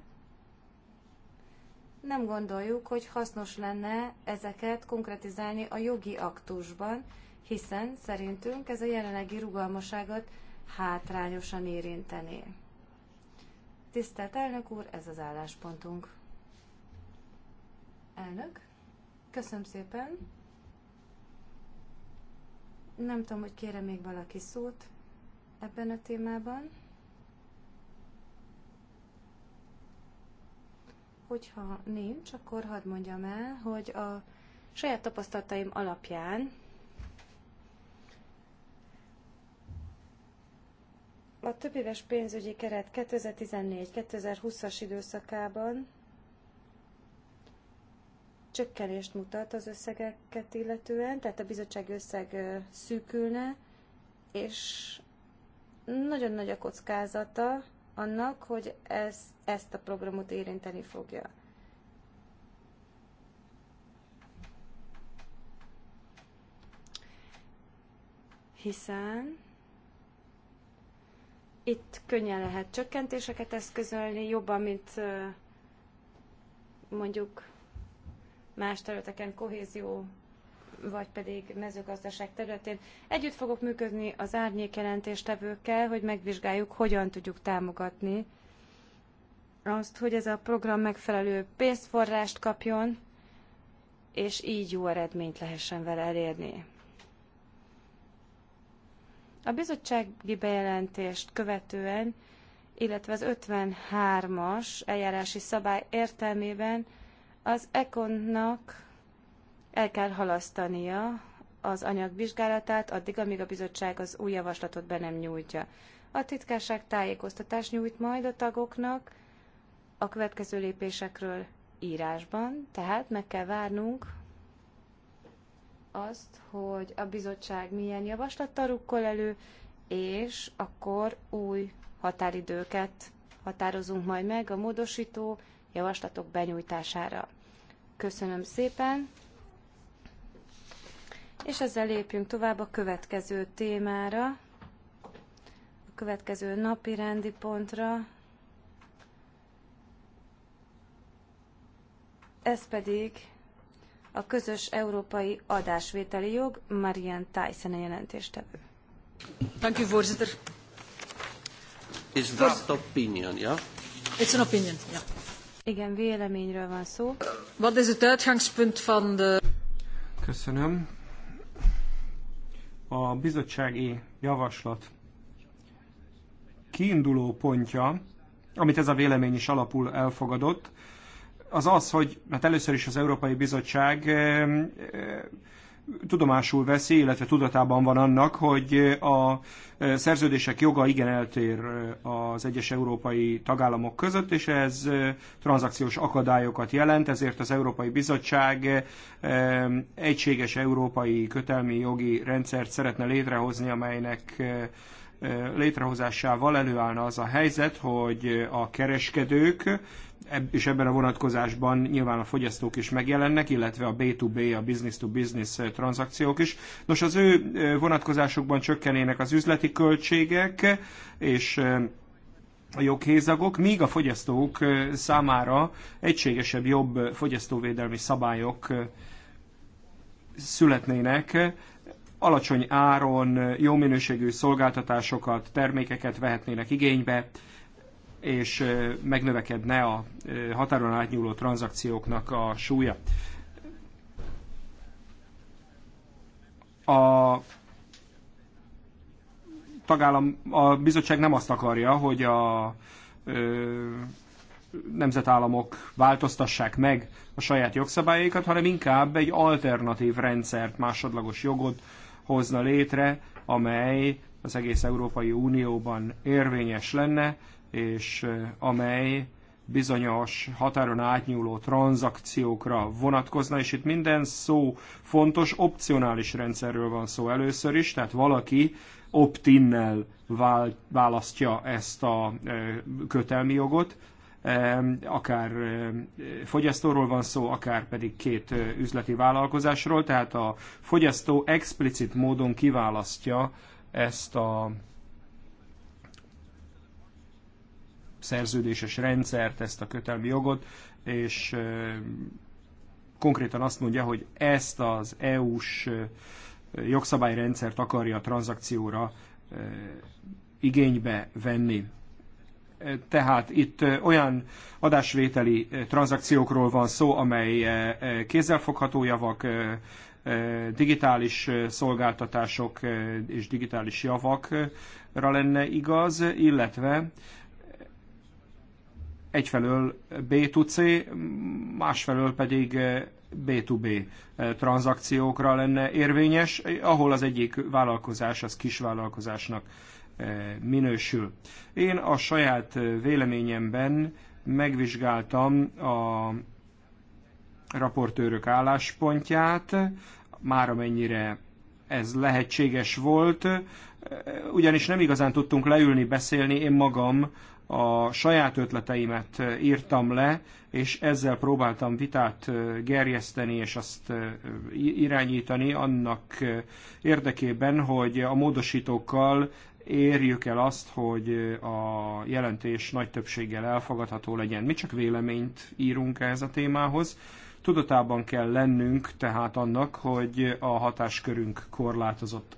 nem gondoljuk, hogy hasznos lenne ezeket konkretizálni a jogi aktusban, hiszen szerintünk ez a jelenlegi rugalmaságot hátrányosan érintené. Tisztelt elnök úr, ez az álláspontunk. Elnök, köszönöm szépen. Nem tudom, hogy kérem még valaki szót ebben a témában. hogyha nincs, akkor hadd mondjam el, hogy a saját tapasztalataim alapján a éves pénzügyi keret 2014-2020-as időszakában csökkenést mutat az összegeket illetően, tehát a bizottság összeg szűkülne, és nagyon nagy a kockázata, annak, hogy ez, ezt a programot érinteni fogja. Hiszen itt könnyen lehet csökkentéseket eszközölni, jobban, mint mondjuk más területeken kohézió vagy pedig mezőgazdaság területén. Együtt fogok működni az árnyék jelentéstevőkkel, hogy megvizsgáljuk, hogyan tudjuk támogatni azt, hogy ez a program megfelelő pénzforrást kapjon, és így jó eredményt lehessen vele elérni. A bizottsági bejelentést követően, illetve az 53-as eljárási szabály értelmében az Econnak el kell halasztania az anyag vizsgálatát addig, amíg a bizottság az új javaslatot be nem nyújtja. A titkárság tájékoztatást nyújt majd a tagoknak a következő lépésekről írásban, tehát meg kell várnunk azt, hogy a bizottság milyen javaslattal rukkol elő, és akkor új határidőket határozunk majd meg a módosító javaslatok benyújtására. Köszönöm szépen! És ezzel lépjünk tovább a következő témára, a következő napi rendi pontra. Ez pedig a közös európai adásvételi jog, Marian Tyson a jelentéstevő. Thank you, Vorzitter. Is that opinion, yeah? It's an opinion, yeah. Igen, véleményről van szó. What is het uitgangspunt van de... Köszönöm a bizottsági javaslat kiinduló pontja, amit ez a vélemény is alapul elfogadott, az az, hogy hát először is az Európai Bizottság eh, eh, tudomásul veszi, illetve tudatában van annak, hogy a e, szerződések joga igen eltér e, az egyes európai tagállamok között, és ez e, tranzakciós akadályokat jelent, ezért az Európai Bizottság egységes európai kötelmi jogi rendszert szeretne létrehozni, amelynek létrehozásával előállna az a helyzet, hogy a kereskedők, és ebben a vonatkozásban nyilván a fogyasztók is megjelennek, illetve a B2B, a business-to-business tranzakciók is. Nos, az ő vonatkozásokban csökkenének az üzleti költségek, és a joghézagok, míg a fogyasztók számára egységesebb, jobb fogyasztóvédelmi szabályok születnének, alacsony áron jó minőségű szolgáltatásokat, termékeket vehetnének igénybe, és megnövekedne a határon átnyúló tranzakcióknak a súlya. A tagállam, a bizottság nem azt akarja, hogy a ö, nemzetállamok változtassák meg a saját jogszabályaikat, hanem inkább egy alternatív rendszert, másodlagos jogot hozna létre, amely az egész Európai Unióban érvényes lenne, és eh, amely bizonyos határon átnyúló tranzakciókra vonatkozna, és itt minden szó fontos, opcionális rendszerről van szó először is, tehát valaki opt-innel választja ezt a eh, kötelmi jogot, akár fogyasztóról van szó, akár pedig két üzleti vállalkozásról, tehát a fogyasztó explicit módon kiválasztja ezt a szerződéses rendszert, ezt a kötelmi jogot, és konkrétan azt mondja, hogy ezt az EU-s jogszabályrendszert akarja a tranzakcióra igénybe venni. Tehát itt olyan adásvételi tranzakciókról van szó, amely kézzelfogható javak, digitális szolgáltatások és digitális javakra lenne igaz, illetve egyfelől B2C, másfelől pedig B2B tranzakciókra lenne érvényes, ahol az egyik vállalkozás az kisvállalkozásnak minősül. Én a saját véleményemben megvizsgáltam a raportőrök álláspontját, már amennyire ez lehetséges volt, ugyanis nem igazán tudtunk leülni, beszélni, én magam a saját ötleteimet írtam le, és ezzel próbáltam vitát gerjeszteni, és azt irányítani annak érdekében, hogy a módosítókkal érjük el azt, hogy a jelentés nagy többséggel elfogadható legyen. Mi csak véleményt írunk ehhez a témához. Tudatában kell lennünk tehát annak, hogy a hatáskörünk korlátozott.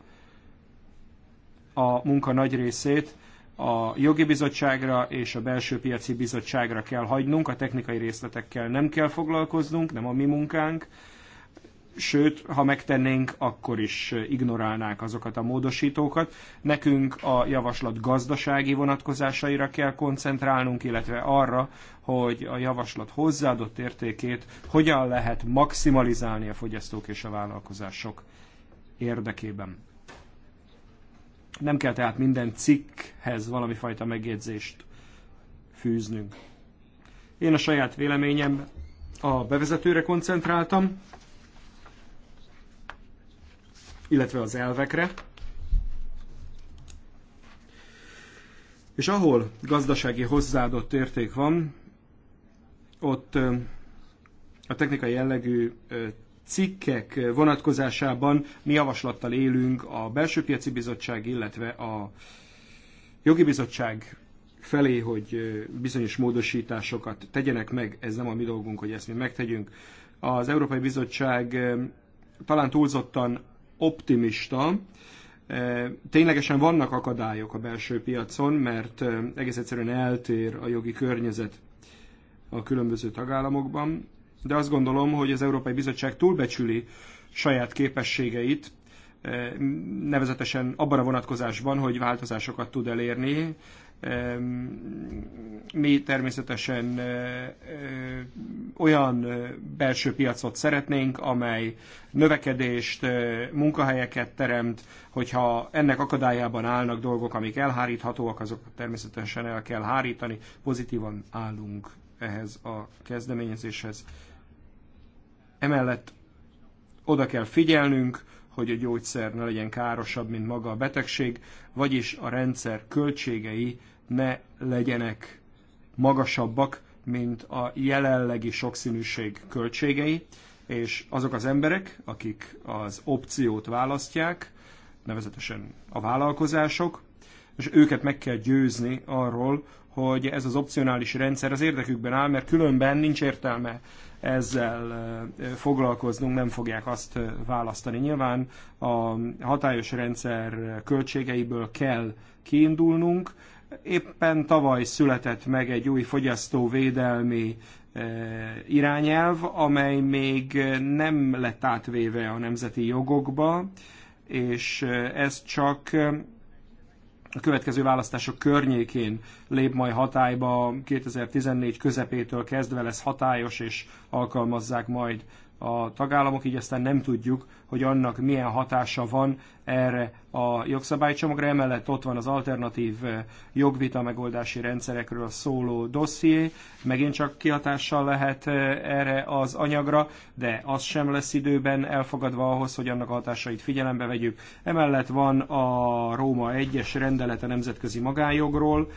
A munka nagy részét a jogi bizottságra és a belső piaci bizottságra kell hagynunk, a technikai részletekkel nem kell foglalkoznunk, nem a mi munkánk, sőt, ha megtennénk, akkor is ignorálnák azokat a módosítókat. Nekünk a javaslat gazdasági vonatkozásaira kell koncentrálnunk, illetve arra, hogy a javaslat hozzáadott értékét hogyan lehet maximalizálni a fogyasztók és a vállalkozások érdekében. Nem kell tehát minden cikkhez valami fajta megjegyzést fűznünk. Én a saját véleményem a bevezetőre koncentráltam, illetve az elvekre. És ahol gazdasági hozzáadott érték van, ott a technikai jellegű cikkek vonatkozásában mi javaslattal élünk a Belső Piaci Bizottság, illetve a Jogi Bizottság felé, hogy bizonyos módosításokat tegyenek meg, ez nem a mi dolgunk, hogy ezt mi megtegyünk. Az Európai Bizottság talán túlzottan optimista. E, ténylegesen vannak akadályok a belső piacon, mert e, egész egyszerűen eltér a jogi környezet a különböző tagállamokban, de azt gondolom, hogy az Európai Bizottság túlbecsüli saját képességeit, e, nevezetesen abban a vonatkozásban, hogy változásokat tud elérni, mi természetesen olyan belső piacot szeretnénk, amely növekedést, munkahelyeket teremt, hogyha ennek akadályában állnak dolgok, amik elháríthatóak, azokat természetesen el kell hárítani. Pozitívan állunk ehhez a kezdeményezéshez. Emellett oda kell figyelnünk, hogy a gyógyszer ne legyen károsabb, mint maga a betegség, vagyis a rendszer költségei ne legyenek magasabbak, mint a jelenlegi sokszínűség költségei, és azok az emberek, akik az opciót választják, nevezetesen a vállalkozások, és őket meg kell győzni arról, hogy ez az opcionális rendszer az érdekükben áll, mert különben nincs értelme ezzel foglalkoznunk, nem fogják azt választani. Nyilván a hatályos rendszer költségeiből kell kiindulnunk, Éppen tavaly született meg egy új fogyasztóvédelmi e, irányelv, amely még nem lett átvéve a nemzeti jogokba, és e, ez csak e, a következő választások környékén lép majd hatályba, 2014 közepétől kezdve lesz hatályos, és alkalmazzák majd a tagállamok, így aztán nem tudjuk, hogy annak milyen hatása van erre a jogszabálycsomagra. Emellett ott van az alternatív eh, jogvita megoldási rendszerekről szóló dosszié, megint csak kihatással lehet eh, erre az anyagra, de az sem lesz időben elfogadva ahhoz, hogy annak a hatásait figyelembe vegyük. Emellett van a Róma 1-es rendelet a nemzetközi magánjogról,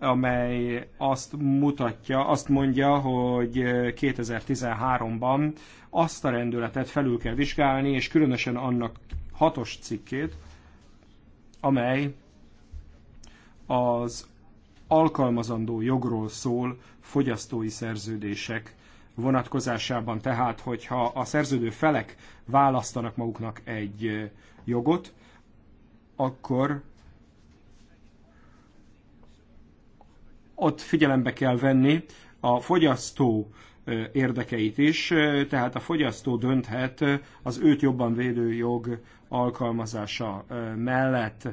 amely azt mutatja, azt mondja, hogy 2013-ban eh, azt a rendületet felül kell vizsgálni, és különösen annak hatos cikkét, amely az alkalmazandó jogról szól fogyasztói szerződések vonatkozásában. Tehát, hogyha a szerződő felek választanak maguknak egy jogot, akkor ott figyelembe kell venni a fogyasztó érdekeit is, tehát a fogyasztó dönthet az őt jobban védő jog alkalmazása mellett.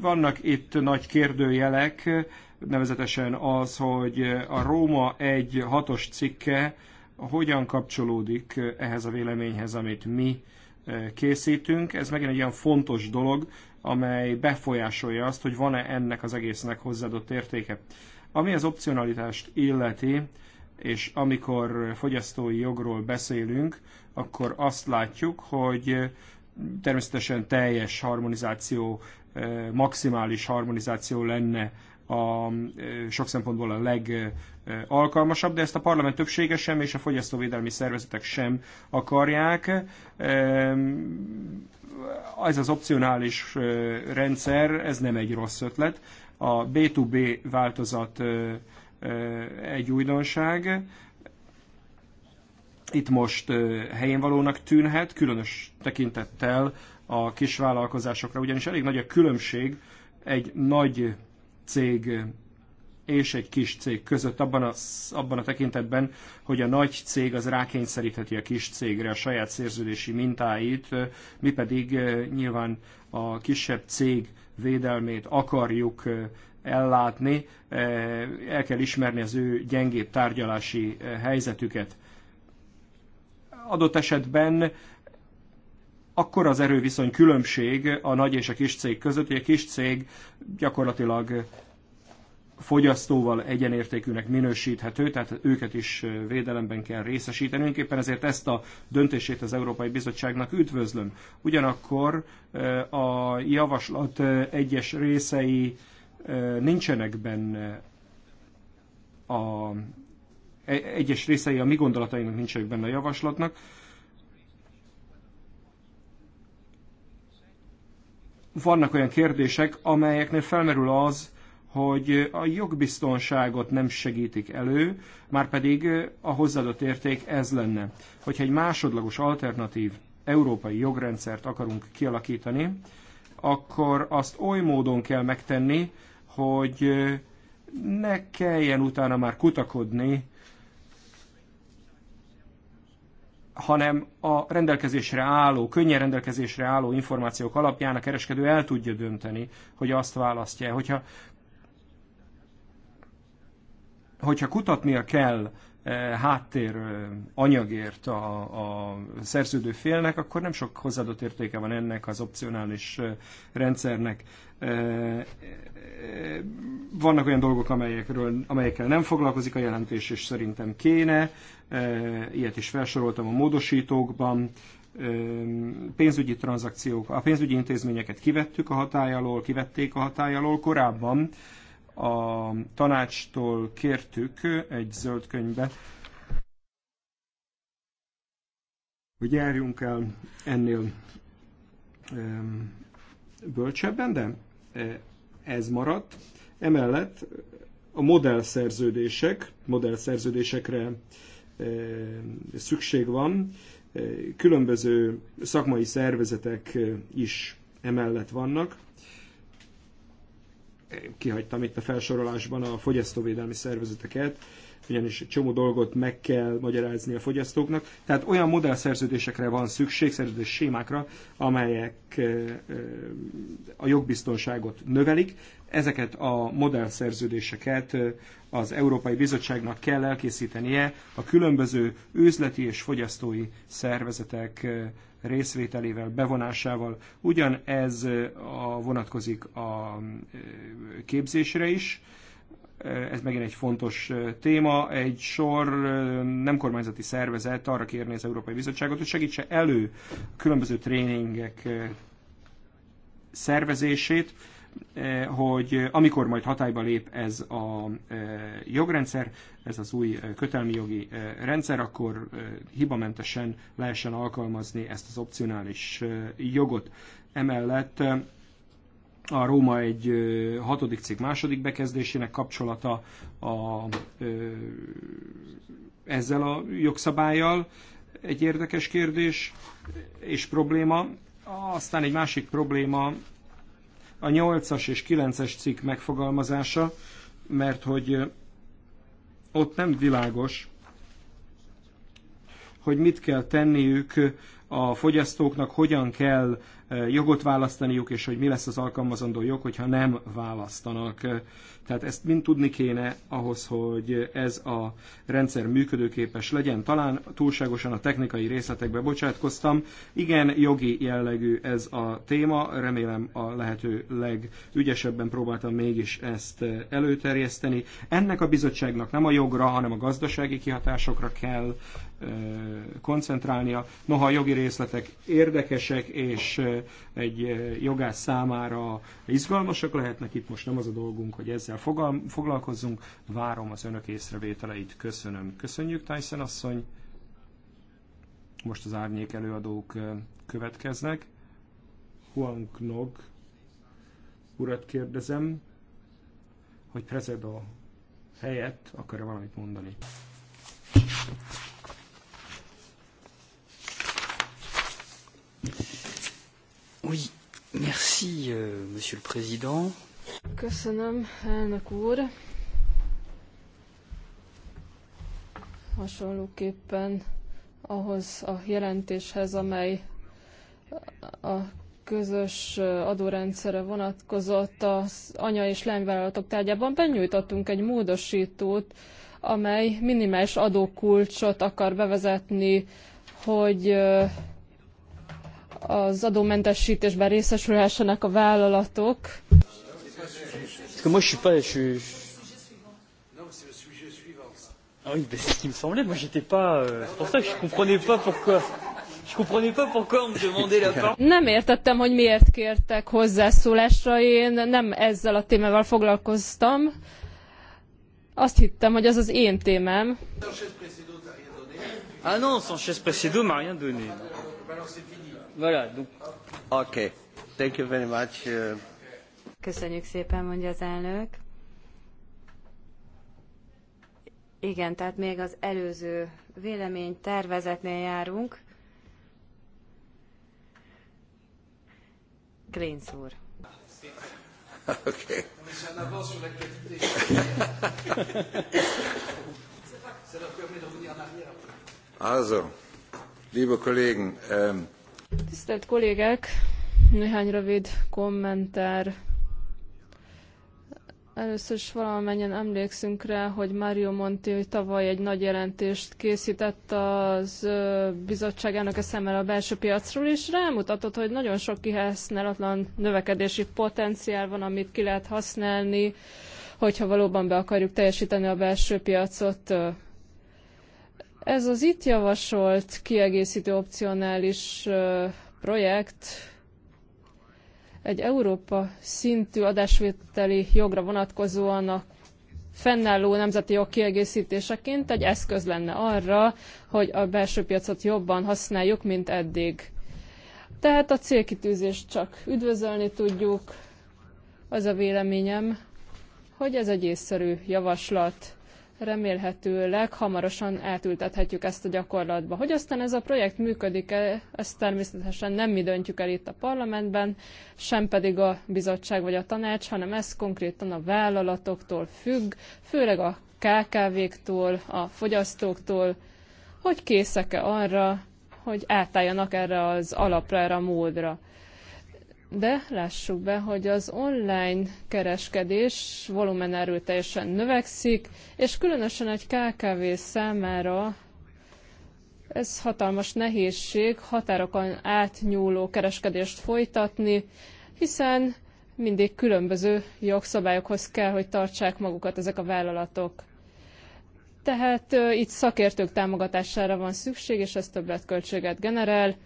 Vannak itt nagy kérdőjelek, nevezetesen az, hogy a Róma egy hatos cikke hogyan kapcsolódik ehhez a véleményhez, amit mi készítünk. Ez megint egy olyan fontos dolog, amely befolyásolja azt, hogy van-e ennek az egésznek hozzáadott értéke. Ami az opcionalitást illeti, és amikor fogyasztói jogról beszélünk, akkor azt látjuk, hogy eh, természetesen teljes harmonizáció, eh, maximális harmonizáció lenne a, eh, sok szempontból a legalkalmasabb, de ezt a parlament többsége sem, és a fogyasztóvédelmi szervezetek sem akarják. Ehm, ez az opcionális rendszer, ez nem egy rossz ötlet. A B2B változat egy újdonság. Itt most helyén valónak tűnhet, különös tekintettel a kisvállalkozásokra, ugyanis elég nagy a különbség egy nagy cég és egy kis cég között abban a, abban a tekintetben, hogy a nagy cég az rákényszerítheti a kis cégre a saját szerződési mintáit, mi pedig nyilván a kisebb cég védelmét akarjuk ellátni, eh, el kell ismerni az ő gyengébb tárgyalási eh, helyzetüket. Adott esetben akkor az erőviszony különbség a nagy és a kis cég között, hogy a kis cég gyakorlatilag fogyasztóval egyenértékűnek minősíthető, tehát őket is eh, védelemben kell részesítenünk. Éppen ezért ezt a döntését az Európai Bizottságnak üdvözlöm. Ugyanakkor a javaslat egyes részei nincsenek benne a e, egyes részei a mi gondolatainak nincsenek benne a javaslatnak. Vannak olyan kérdések, amelyeknél felmerül az, hogy a jogbiztonságot nem segítik elő, már pedig a hozzáadott érték ez lenne. Hogyha egy másodlagos alternatív európai jogrendszert akarunk kialakítani, akkor azt oly módon kell megtenni, hogy ne kelljen utána már kutakodni, hanem a rendelkezésre álló, könnyen rendelkezésre álló információk alapján a kereskedő el tudja dönteni, hogy azt választja. Hogyha, hogyha kutatnia kell E, háttér e, anyagért a, a szerződő félnek, akkor nem sok hozzáadott értéke van ennek az opcionális e, rendszernek. Vannak olyan dolgok, amelyekről, amelyekkel nem foglalkozik a jelentés, és szerintem kéne. Ilyet is felsoroltam a módosítókban pénzügyi tranzakciók, a pénzügyi intézményeket kivettük a hatály alól, kivették a hatály alól korábban, a tanácstól kértük egy zöld könyvbe, hogy járjunk el ennél bölcsebben, de e, ez maradt. Emellett a modellszerződések, modellszerződésekre e, szükség van, e, különböző szakmai szervezetek is emellett vannak kihagytam itt a felsorolásban a fogyasztóvédelmi szervezeteket, ugyanis egy csomó dolgot meg kell magyarázni a fogyasztóknak. Tehát olyan modellszerződésekre van szükség, szerződés sémákra, amelyek a jogbiztonságot növelik. Ezeket a modellszerződéseket az Európai Bizottságnak kell elkészítenie a különböző üzleti és fogyasztói szervezetek részvételével, bevonásával. Ugyanez a, vonatkozik a képzésre is, Eh, ez megint egy fontos eh, téma, egy sor eh, nem kormányzati szervezet arra kérni az Európai Bizottságot, hogy segítse elő a különböző tréningek szervezését, hogy amikor majd hatályba lép ez a jogrendszer, ez az új kötelmi jogi rendszer, akkor hibamentesen lehessen alkalmazni ezt az opcionális jogot. Emellett a Róma egy hatodik cikk második bekezdésének kapcsolata a, ezzel a jogszabályjal egy érdekes kérdés és probléma. Aztán egy másik probléma a 8-as és 9-es cikk megfogalmazása, mert hogy ott nem világos, hogy mit kell tenniük a fogyasztóknak, hogyan kell jogot választaniuk, és hogy mi lesz az alkalmazandó jog, hogyha nem választanak. Tehát ezt mind tudni kéne ahhoz, hogy ez a rendszer működőképes legyen. Talán túlságosan a technikai részletekbe bocsátkoztam. Igen, jogi jellegű ez a téma, remélem a lehető legügyesebben próbáltam mégis ezt előterjeszteni. Ennek a bizottságnak nem a jogra, hanem a gazdasági kihatásokra kell koncentrálnia. Noha a jogi részletek érdekesek és egy eh, jogász számára izgalmasak lehetnek. Itt most nem az a dolgunk, hogy ezzel foglalkozzunk. Várom az önök észrevételeit. Köszönöm. Köszönjük, Tyson asszony. Most az árnyék előadók eh, következnek. Huang Nog urat kérdezem, hogy Prezedo helyett akar-e valamit mondani. Oui, merci, euh, Monsieur le Président. Köszönöm, elnök úr. Hasonlóképpen ahhoz a jelentéshez, amely a közös adórendszerre vonatkozott az anya és lányvállalatok tárgyában benyújtottunk egy módosítót, amely minimális adókulcsot akar bevezetni, hogy az adómentesítésben részesülhessenek a vállalatok. Ah oui, ben, c'est ce qui me semblait. Moi, j'étais pas. Euh, pour ça que je comprenais pas pourquoi. Je comprenais pas pourquoi on me demandait la parole. Nem értettem, hogy miért kértek hozzászólásra. Én nem ezzel a témával foglalkoztam. Azt hittem, hogy az az én témám. Ah non, Sanchez Presedo m'a rien donné. Alors c'est fini. Voilà, donc. Okay. Thank you very much. Uh, Köszönjük szépen, mondja az elnök. Igen, tehát még az előző vélemény tervezetnél járunk. Klinz úr. Okay. [laughs] Also, liebe Kollegen, ähm, Tisztelt kollégák, néhány rövid kommentár. Először is valamennyien emlékszünk rá, hogy Mario Monti tavaly egy nagy jelentést készített az bizottságának a szemmel a belső piacról, és rámutatott, hogy nagyon sok kihasználatlan növekedési potenciál van, amit ki lehet használni, hogyha valóban be akarjuk teljesíteni a belső piacot ez az itt javasolt kiegészítő opcionális projekt egy Európa szintű adásvételi jogra vonatkozóan a fennálló nemzeti jog kiegészítéseként egy eszköz lenne arra, hogy a belső piacot jobban használjuk, mint eddig. Tehát a célkitűzést csak üdvözölni tudjuk. Az a véleményem, hogy ez egy észszerű javaslat remélhetőleg hamarosan átültethetjük ezt a gyakorlatba. Hogy aztán ez a projekt működik-e, ezt természetesen nem mi döntjük el itt a parlamentben, sem pedig a bizottság vagy a tanács, hanem ez konkrétan a vállalatoktól függ, főleg a KKV-któl, a fogyasztóktól, hogy készek-e arra, hogy átálljanak erre az alapra, erre a módra. De lássuk be, hogy az online kereskedés volumen erőteljesen növekszik, és különösen egy KKV számára ez hatalmas nehézség határokon átnyúló kereskedést folytatni, hiszen mindig különböző jogszabályokhoz kell, hogy tartsák magukat ezek a vállalatok. Tehát uh, itt szakértők támogatására van szükség, és ez többletköltséget generál.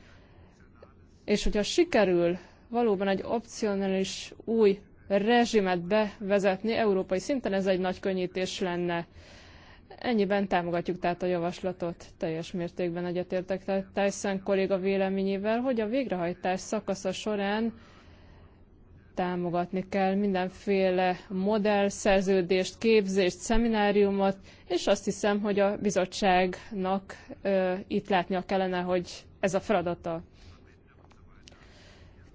És hogyha sikerül valóban egy opcionális új rezsimet bevezetni európai szinten, ez egy nagy könnyítés lenne. Ennyiben támogatjuk tehát a javaslatot. Teljes mértékben egyetértek Tyson kolléga véleményével, hogy a végrehajtás szakasza során támogatni kell mindenféle modell, szerződést, képzést, szemináriumot, és azt hiszem, hogy a bizottságnak ö, itt látnia kellene, hogy ez a feladata.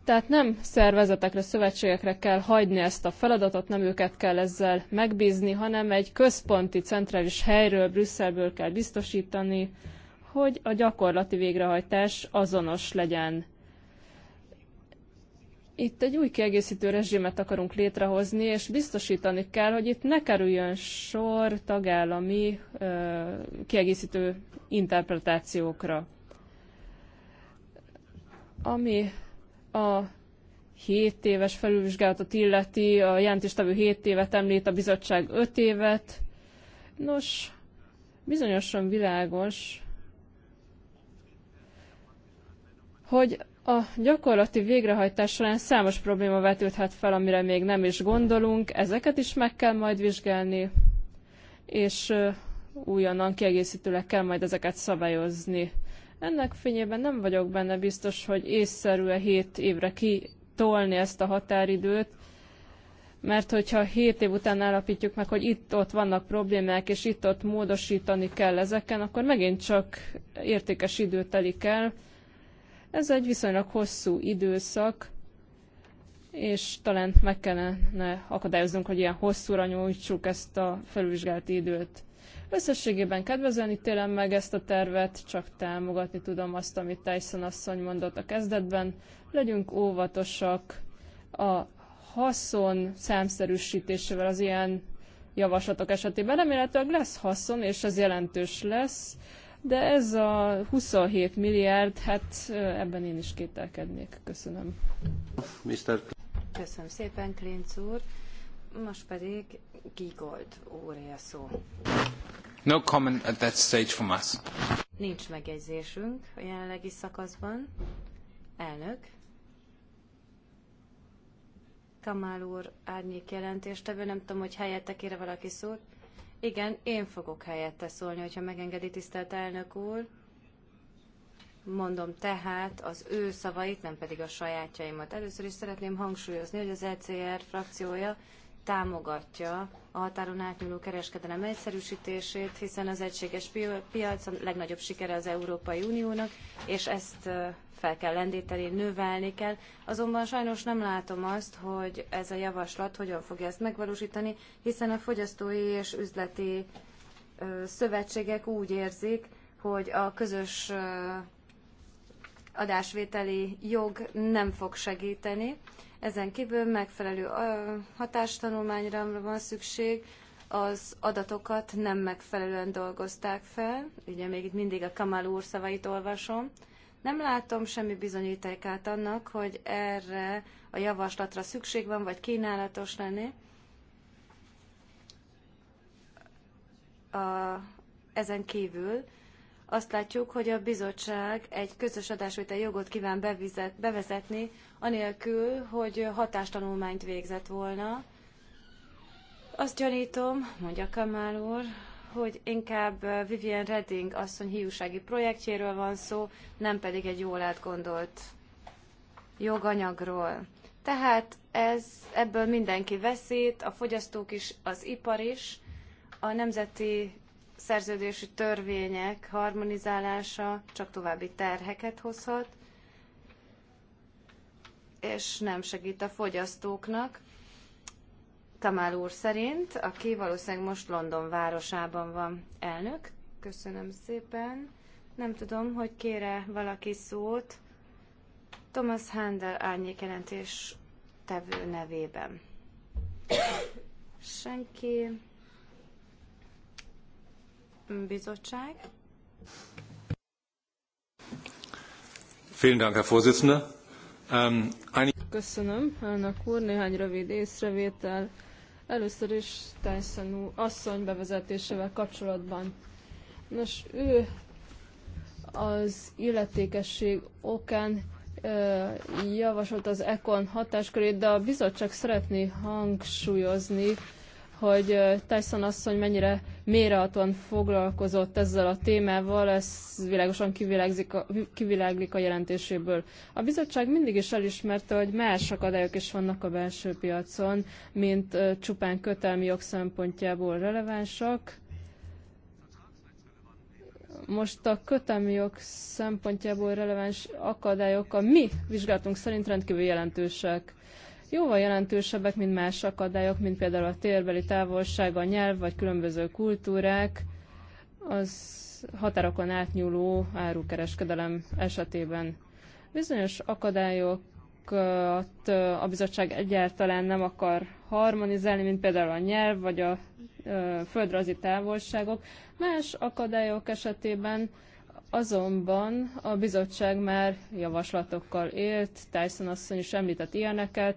Tehát nem szervezetekre, szövetségekre kell hagyni ezt a feladatot, nem őket kell ezzel megbízni, hanem egy központi, centrális helyről, Brüsszelből kell biztosítani, hogy a gyakorlati végrehajtás azonos legyen. Itt egy új kiegészítő rezsimet akarunk létrehozni, és biztosítani kell, hogy itt ne kerüljön sor tagállami ö, kiegészítő interpretációkra. Ami a 7 éves felülvizsgálatot illeti, a jelentéstevő 7 évet említ, a bizottság 5 évet. Nos, bizonyosan világos, hogy a gyakorlati végrehajtás során számos probléma vetődhet fel, amire még nem is gondolunk, ezeket is meg kell majd vizsgálni, és újonnan kiegészítőleg kell majd ezeket szabályozni. Ennek fényében nem vagyok benne biztos, hogy észszerű a e 7 évre kitolni ezt a határidőt, mert hogyha 7 év után állapítjuk meg, hogy itt-ott vannak problémák, és itt-ott módosítani kell ezeken, akkor megint csak értékes idő telik el. Ez egy viszonylag hosszú időszak, és talán meg kellene akadályoznunk, hogy ilyen hosszúra nyújtsuk ezt a felvizsgálati időt. Összességében kedvezően ítélem meg ezt a tervet, csak támogatni tudom azt, amit Tyson asszony mondott a kezdetben. Legyünk óvatosak a haszon számszerűsítésével az ilyen javaslatok esetében. Remélhetőleg lesz haszon, és ez jelentős lesz, de ez a 27 milliárd, hát ebben én is kételkednék. Köszönöm. Mr. Köszönöm szépen, Klinc úr. Most pedig szó. No comment at that stage from us. Nincs megjegyzésünk a jelenlegi szakaszban. Elnök. Kamál úr árnyék jelentéstevő, nem tudom, hogy helyette kére valaki szót. Igen, én fogok helyette szólni, hogyha megengedi tisztelt elnök úr. Mondom tehát az ő szavait, nem pedig a sajátjaimat. Először is szeretném hangsúlyozni, hogy az ECR frakciója támogatja a határon átnyúló kereskedelem egyszerűsítését, hiszen az egységes piac a legnagyobb sikere az Európai Uniónak, és ezt fel kell lendíteni, növelni kell. Azonban sajnos nem látom azt, hogy ez a javaslat hogyan fogja ezt megvalósítani, hiszen a fogyasztói és üzleti szövetségek úgy érzik, hogy a közös adásvételi jog nem fog segíteni, ezen kívül megfelelő hatástanulmányra van szükség, az adatokat nem megfelelően dolgozták fel, ugye még itt mindig a Kamal úr szavait olvasom, nem látom semmi bizonyítékát annak, hogy erre a javaslatra szükség van, vagy kínálatos lenni. A, ezen kívül azt látjuk, hogy a bizottság egy közös adásvétel jogot kíván bevezetni anélkül, hogy hatástanulmányt végzett volna. Azt gyanítom, mondja Kamál úr, hogy inkább Vivian Redding asszony hiúsági projektjéről van szó, nem pedig egy jól átgondolt joganyagról. Tehát ez, ebből mindenki veszít, a fogyasztók is, az ipar is, a nemzeti szerződési törvények harmonizálása csak további terheket hozhat, és nem segít a fogyasztóknak. Tamál úr szerint, aki valószínűleg most London városában van elnök. Köszönöm szépen. Nem tudom, hogy kére valaki szót Thomas Handel árnyékjelentés tevő nevében. Senki. Bizottság. Vielen Dank, Herr Vorsitzender. Um, Köszönöm, elnök úr, néhány rövid észrevétel. Először is Tyson asszony bevezetésével kapcsolatban. Nos, ő az illetékesség okán javasolt az ECON hatáskörét, de a bizottság szeretné hangsúlyozni, hogy Tyson asszony mennyire mérehatóan foglalkozott ezzel a témával, ez világosan kiviláglik a jelentéséből. A bizottság mindig is elismerte, hogy más akadályok is vannak a belső piacon, mint csupán kötelmi jog szempontjából relevánsak. Most a kötelmi jog szempontjából releváns akadályok a mi vizsgálatunk szerint rendkívül jelentősek jóval jelentősebbek, mint más akadályok, mint például a térbeli távolság, a nyelv vagy különböző kultúrák, az határokon átnyúló árukereskedelem esetében. Bizonyos akadályokat eh, a bizottság egyáltalán nem akar harmonizálni, mint például a nyelv vagy a eh, földrajzi távolságok. Más akadályok esetében azonban a bizottság már javaslatokkal élt, Tyson asszony is említett ilyeneket,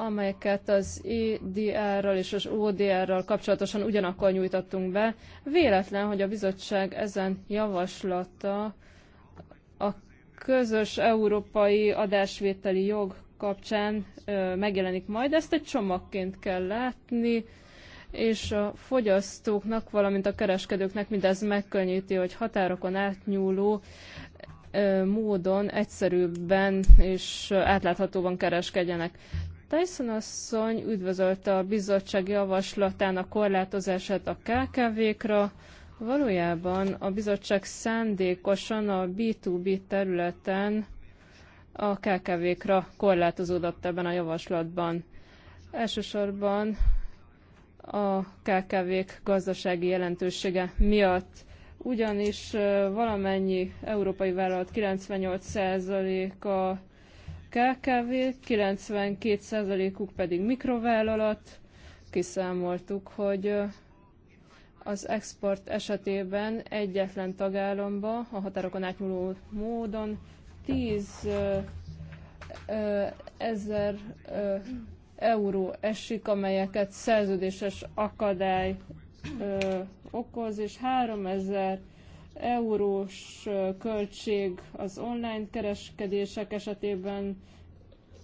amelyeket az edr ral és az ODR-ral kapcsolatosan ugyanakkor nyújtottunk be. Véletlen, hogy a bizottság ezen javaslata a közös európai adásvételi jog kapcsán ö, megjelenik majd. Ezt egy csomagként kell látni, és a fogyasztóknak, valamint a kereskedőknek mindez megkönnyíti, hogy határokon átnyúló módon egyszerűbben és átláthatóban kereskedjenek. Tyson asszony üdvözölte a bizottság javaslatának korlátozását a KKV-kra, Valójában a bizottság szándékosan a B2B területen a KKV-kra korlátozódott ebben a javaslatban. Elsősorban a KKV-k gazdasági jelentősége miatt, ugyanis valamennyi európai vállalat 98%-a KKV, 92%-uk pedig mikrovállalat. Kiszámoltuk, hogy az export esetében egyetlen tagállamba a határokon átnyúló módon 10 ezer euró esik, amelyeket szerződéses akadály ö, okoz, és 3000 eurós költség az online kereskedések esetében.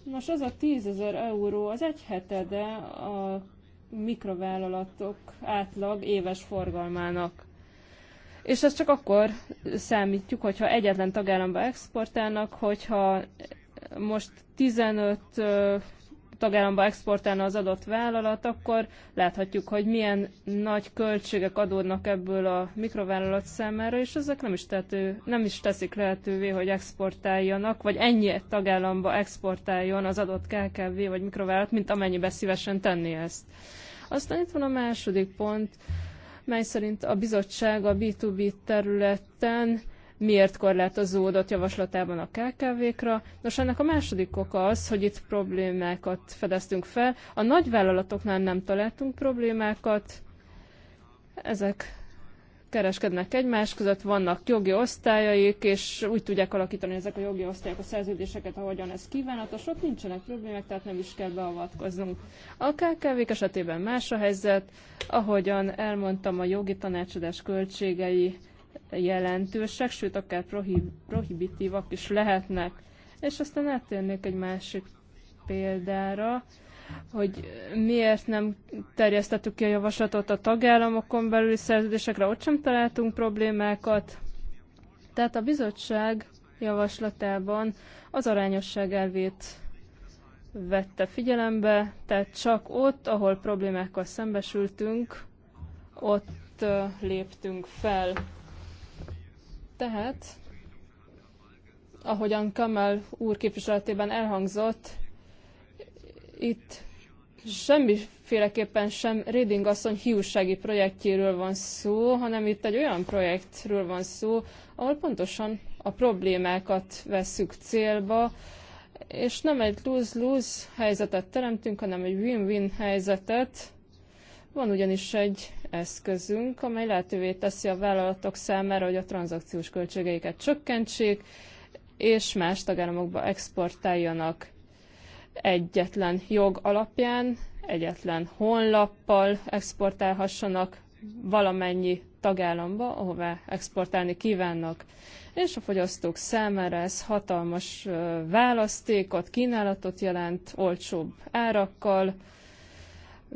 Most az a 10 ezer euró, az egy hetede a mikrovállalatok átlag éves forgalmának. És ezt csak akkor számítjuk, hogyha egyetlen tagállamba exportálnak, hogyha most 15 tagállamba exportálna az adott vállalat, akkor láthatjuk, hogy milyen nagy költségek adódnak ebből a mikrovállalat számára, és ezek nem is, tető, nem is teszik lehetővé, hogy exportáljanak, vagy ennyi tagállamba exportáljon az adott KKV vagy mikrovállalat, mint amennyibe szívesen tenni ezt. Aztán itt van a második pont, mely szerint a bizottság a B2B területen miért korlátozódott javaslatában a KKV-kra. Nos, ennek a második oka az, hogy itt problémákat fedeztünk fel. A nagyvállalatoknál nem találtunk problémákat, ezek kereskednek egymás között, vannak jogi osztályaik, és úgy tudják alakítani ezek a jogi osztályok a szerződéseket, ahogyan ez kívánatos, ott nincsenek problémák, tehát nem is kell beavatkoznunk. A kkv esetében más a helyzet, ahogyan elmondtam, a jogi tanácsadás költségei jelentősek, sőt akár prohib prohibitívak is lehetnek. És aztán áttérnék egy másik példára, hogy miért nem terjesztettük ki a javaslatot a tagállamokon belüli szerződésekre, ott sem találtunk problémákat. Tehát a bizottság javaslatában az arányosság elvét vette figyelembe, tehát csak ott, ahol problémákkal szembesültünk, ott léptünk fel. Tehát, ahogyan Kamel úr képviseletében elhangzott, itt semmiféleképpen sem reading asszony hiúsági projektjéről van szó, hanem itt egy olyan projektről van szó, ahol pontosan a problémákat veszük célba, és nem egy lose-lose helyzetet teremtünk, hanem egy win-win helyzetet, van ugyanis egy eszközünk, amely lehetővé teszi a vállalatok számára, hogy a tranzakciós költségeiket csökkentsék, és más tagállamokba exportáljanak egyetlen jog alapján, egyetlen honlappal exportálhassanak valamennyi tagállamba, ahová exportálni kívánnak. És a fogyasztók számára ez hatalmas választékot, kínálatot jelent olcsóbb árakkal,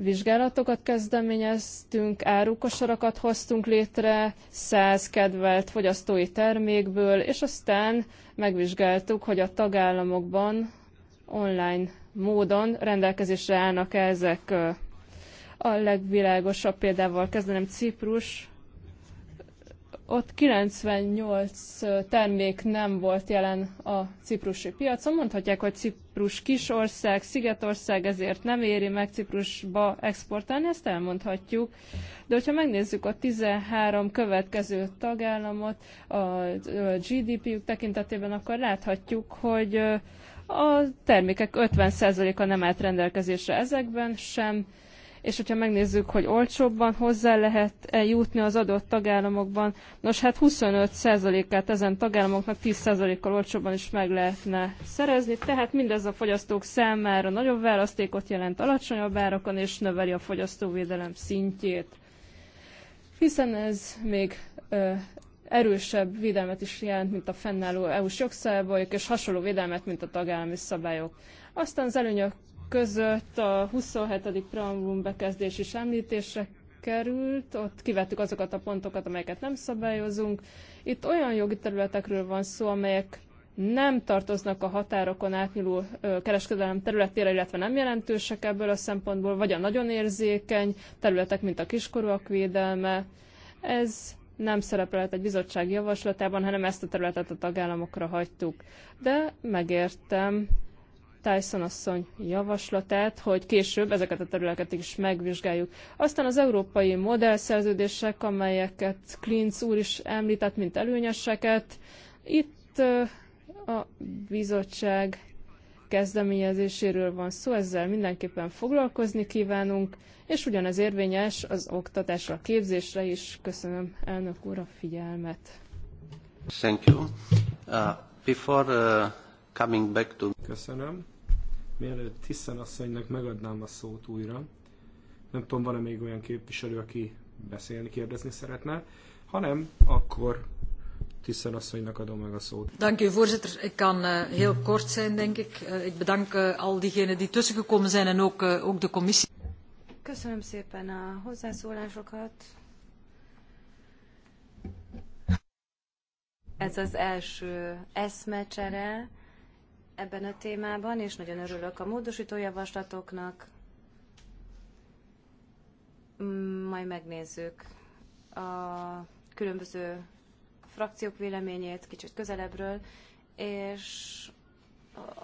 vizsgálatokat kezdeményeztünk, árukosarakat hoztunk létre, száz kedvelt fogyasztói termékből, és aztán megvizsgáltuk, hogy a tagállamokban online módon rendelkezésre állnak -e ezek a legvilágosabb példával kezdenem Ciprus, ott 98 termék nem volt jelen a ciprusi piacon. Mondhatják, hogy Ciprus kisország, szigetország, ezért nem éri meg Ciprusba exportálni, ezt elmondhatjuk. De hogyha megnézzük a 13 következő tagállamot a GDP-jük tekintetében, akkor láthatjuk, hogy a termékek 50%-a nem állt rendelkezésre ezekben sem, és hogyha megnézzük, hogy olcsóbban hozzá lehet -e jutni az adott tagállamokban, nos hát 25%-át ezen tagállamoknak 10%-kal olcsóbban is meg lehetne szerezni, tehát mindez a fogyasztók számára nagyobb választékot jelent alacsonyabb árakon, és növeli a fogyasztóvédelem szintjét. Hiszen ez még ö, erősebb védelmet is jelent, mint a fennálló EU-s jogszabályok, és hasonló védelmet, mint a tagállami szabályok. Aztán az előnyök között a 27. preambulum bekezdés is említésre került, ott kivettük azokat a pontokat, amelyeket nem szabályozunk. Itt olyan jogi területekről van szó, amelyek nem tartoznak a határokon átnyúló kereskedelem területére, illetve nem jelentősek ebből a szempontból, vagy a nagyon érzékeny területek, mint a kiskorúak védelme. Ez nem szerepelhet egy bizottság javaslatában, hanem ezt a területet a tagállamokra hagytuk. De megértem Tyson asszony javaslatát, hogy később ezeket a területeket is megvizsgáljuk. Aztán az európai modellszerződések, amelyeket Klinz úr is említett, mint előnyeseket. Itt a bizottság kezdeményezéséről van szó, ezzel mindenképpen foglalkozni kívánunk, és ugyanez érvényes az oktatásra, a képzésre is. Köszönöm elnök úr a figyelmet. Thank you. Uh, before uh coming back to... Köszönöm. Mielőtt Tiszen asszonynak megadnám a szót újra, nem tudom, van-e még olyan képviselő, aki beszélni, kérdezni szeretne, hanem akkor Tiszen asszonynak adom meg a szót. Dank u, voorzitter. Ik kan uh, heel kort zijn, denk ik. Uh, ik bedank uh, al diegenen die tussengekomen zijn en ook, uh, ook de commissie. Köszönöm szépen a hozzászólásokat. Ez az első eszmecsere ebben a témában, és nagyon örülök a módosító javaslatoknak. Majd megnézzük a különböző frakciók véleményét kicsit közelebbről, és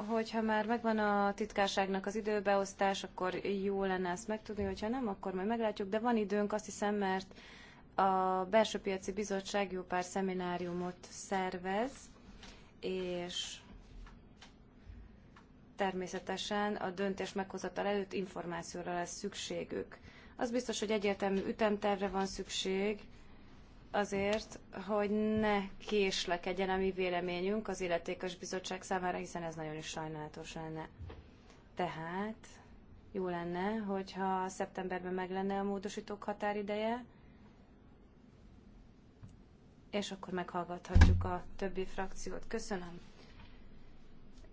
hogyha már megvan a titkárságnak az időbeosztás, akkor jó lenne ezt megtudni, hogyha nem, akkor majd meglátjuk, de van időnk, azt hiszem, mert a Belső Piaci Bizottság jó pár szemináriumot szervez, és természetesen a döntés meghozatal előtt információra lesz szükségük. Az biztos, hogy egyértelmű ütemtervre van szükség, azért, hogy ne késlekedjen a mi véleményünk az illetékes bizottság számára, hiszen ez nagyon is sajnálatos lenne. Tehát jó lenne, hogyha szeptemberben meg lenne a módosítók határideje, és akkor meghallgathatjuk a többi frakciót. Köszönöm.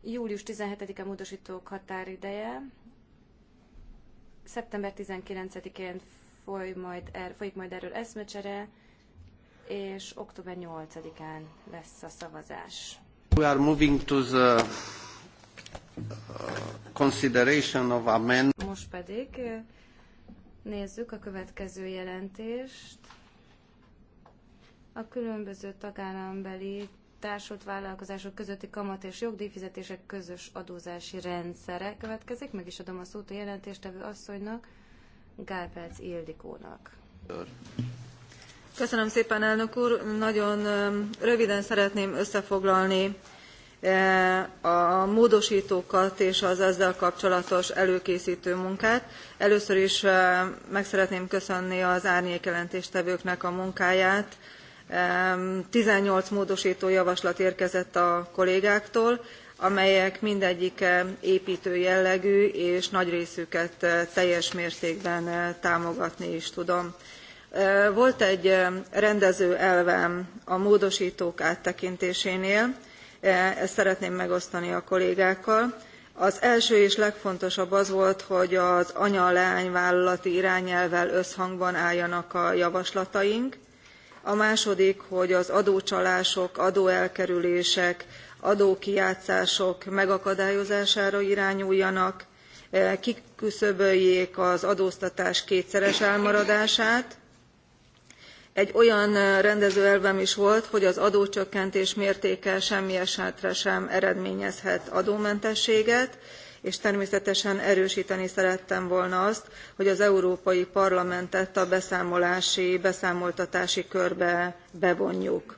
Július 17-e módosítók határideje. Szeptember 19-én foly majd er, folyik majd erről eszmecsere, és október 8-án lesz a szavazás. We are moving to the uh, consideration of amendment. Most pedig uh, nézzük a következő jelentést. A különböző tagállambeli társult vállalkozások közötti kamat és jogdíjfizetések közös adózási rendszere következik. Meg is adom a szót a jelentéstevő asszonynak, Gálpelc Ildikónak. Köszönöm szépen, elnök úr! Nagyon röviden szeretném összefoglalni e, a módosítókat és az ezzel kapcsolatos előkészítő munkát. először is e, meg szeretném köszönni az árnyékelentéstevőknek a munkáját eighteen módostó javaslat érkezett a kollégáktól amelyek mindegyike éptő jellegű és nagy részüket eh, teljes mértékben eh, támogatni is tudom. Eh, volt egy rendező elvem a módostók áttekintésénél ezt szeretném megosztani a kollégákkal. az első és legfontosabb az volt hogy az anya leány vállalati irányelvvel összhangban álljanak a javaslataink a második hogy az adócsalások adóelkerülések adókijátszások megakadályozására irányuljanak eh, kiküszöböljék az adóztatás kétszeres elmaradását egy olyan eh, rendező elvem is volt hogy az adócsökkentés mértéke semmi esetre sem eredményezhet adómentességet és természetesen erősteni szerettem volna azt hogy az európai parlamentet a beszámolási beszámoltatási körbe bevonjuk.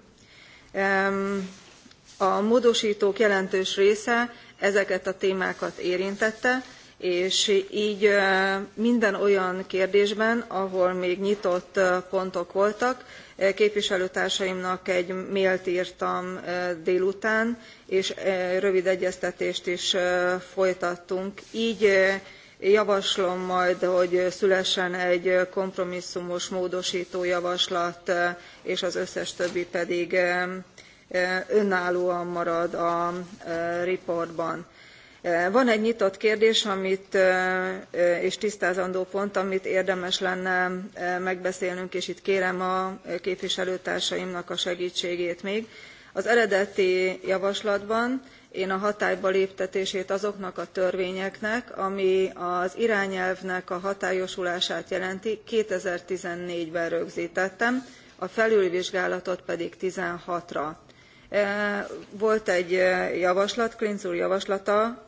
a módostók jelentős része ezeket a témákat érintette és gy minden olyan kérdésben ahol még nyitott pontok voltak képviselőtársaimnak egy mailt rtam délután és rövid egyeztetést is folytattunk gy javaslom majd hogy szülessen egy kompromisszumos módostó javaslat és az összes többi pedig önállóan marad a riportban van egy nyitott kérdés amit, és tisztázandó pont amit érdemes lenne megbeszélnünk és itt kérem a képviselőtársaimnak a segtségét még az eredeti javaslatban én a hatályba léptetését azoknak a törvényeknek ami az irányelvnek a hatályosulását jelenti two thousand and fourteen ben rögztettem a felülvizsgálatot pedig two thousand and sixteen ra volt egy javaslat klinz úr javaslata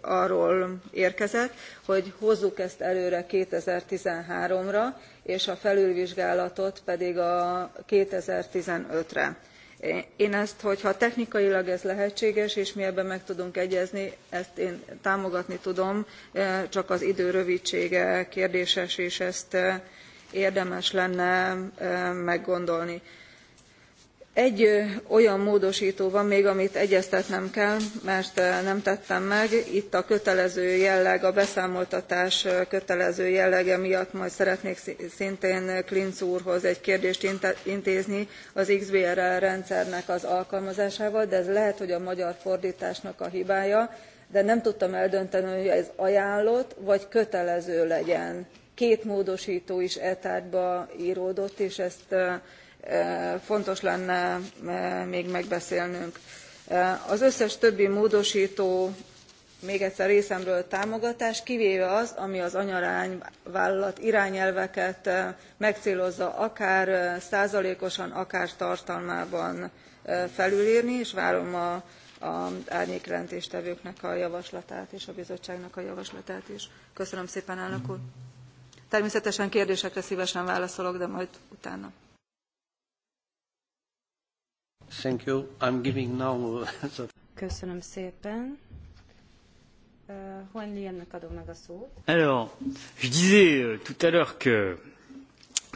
arról érkezett hogy hozzuk ezt előre two thousand and thirteen ra és a felülvizsgálatot pedig a. two thousand and fifteen re én ezt hogyha technikailag ez lehetséges és mi ebben meg tudunk egyezni ezt én támogatni tudom csak az idő rövidsége kérdéses és ezt érdemes lenne meggondolni egy olyan módostó van még amit egyeztetnem kell mert nem tettem meg itt a kötelező jelleg a beszámoltatás kötelező jellege miatt majd szeretnék szintén klinz úrhoz egy kérdést intézni az xbrl rendszernek az alkalmazásával de ez lehet hogy a magyar fordtásnak a hibája de nem tudtam eldönteni hogy ez ajánlott vagy kötelező legyen. két módostó is e tárgyba ródott és ezt Eh, fontos lenne eh, még megbeszélnünk. Eh, az összes többi módostó még egyszer részemről támogatás kivéve az ami az anyavállalat irányelveket megcélozza akár százalékosan akár tartalmában felülrni és várom az árnyék jelentéstevőknek a javaslatát és a bizottságnak a javaslatát is. köszönöm szépen elnök úr! természetesen kérdésekre szvesen válaszolok de majd utána. Thank you. I'm giving now... Uh, [laughs] Köszönöm szépen. Uh, adom meg a szót. Alors, je disais euh, tout à l'heure que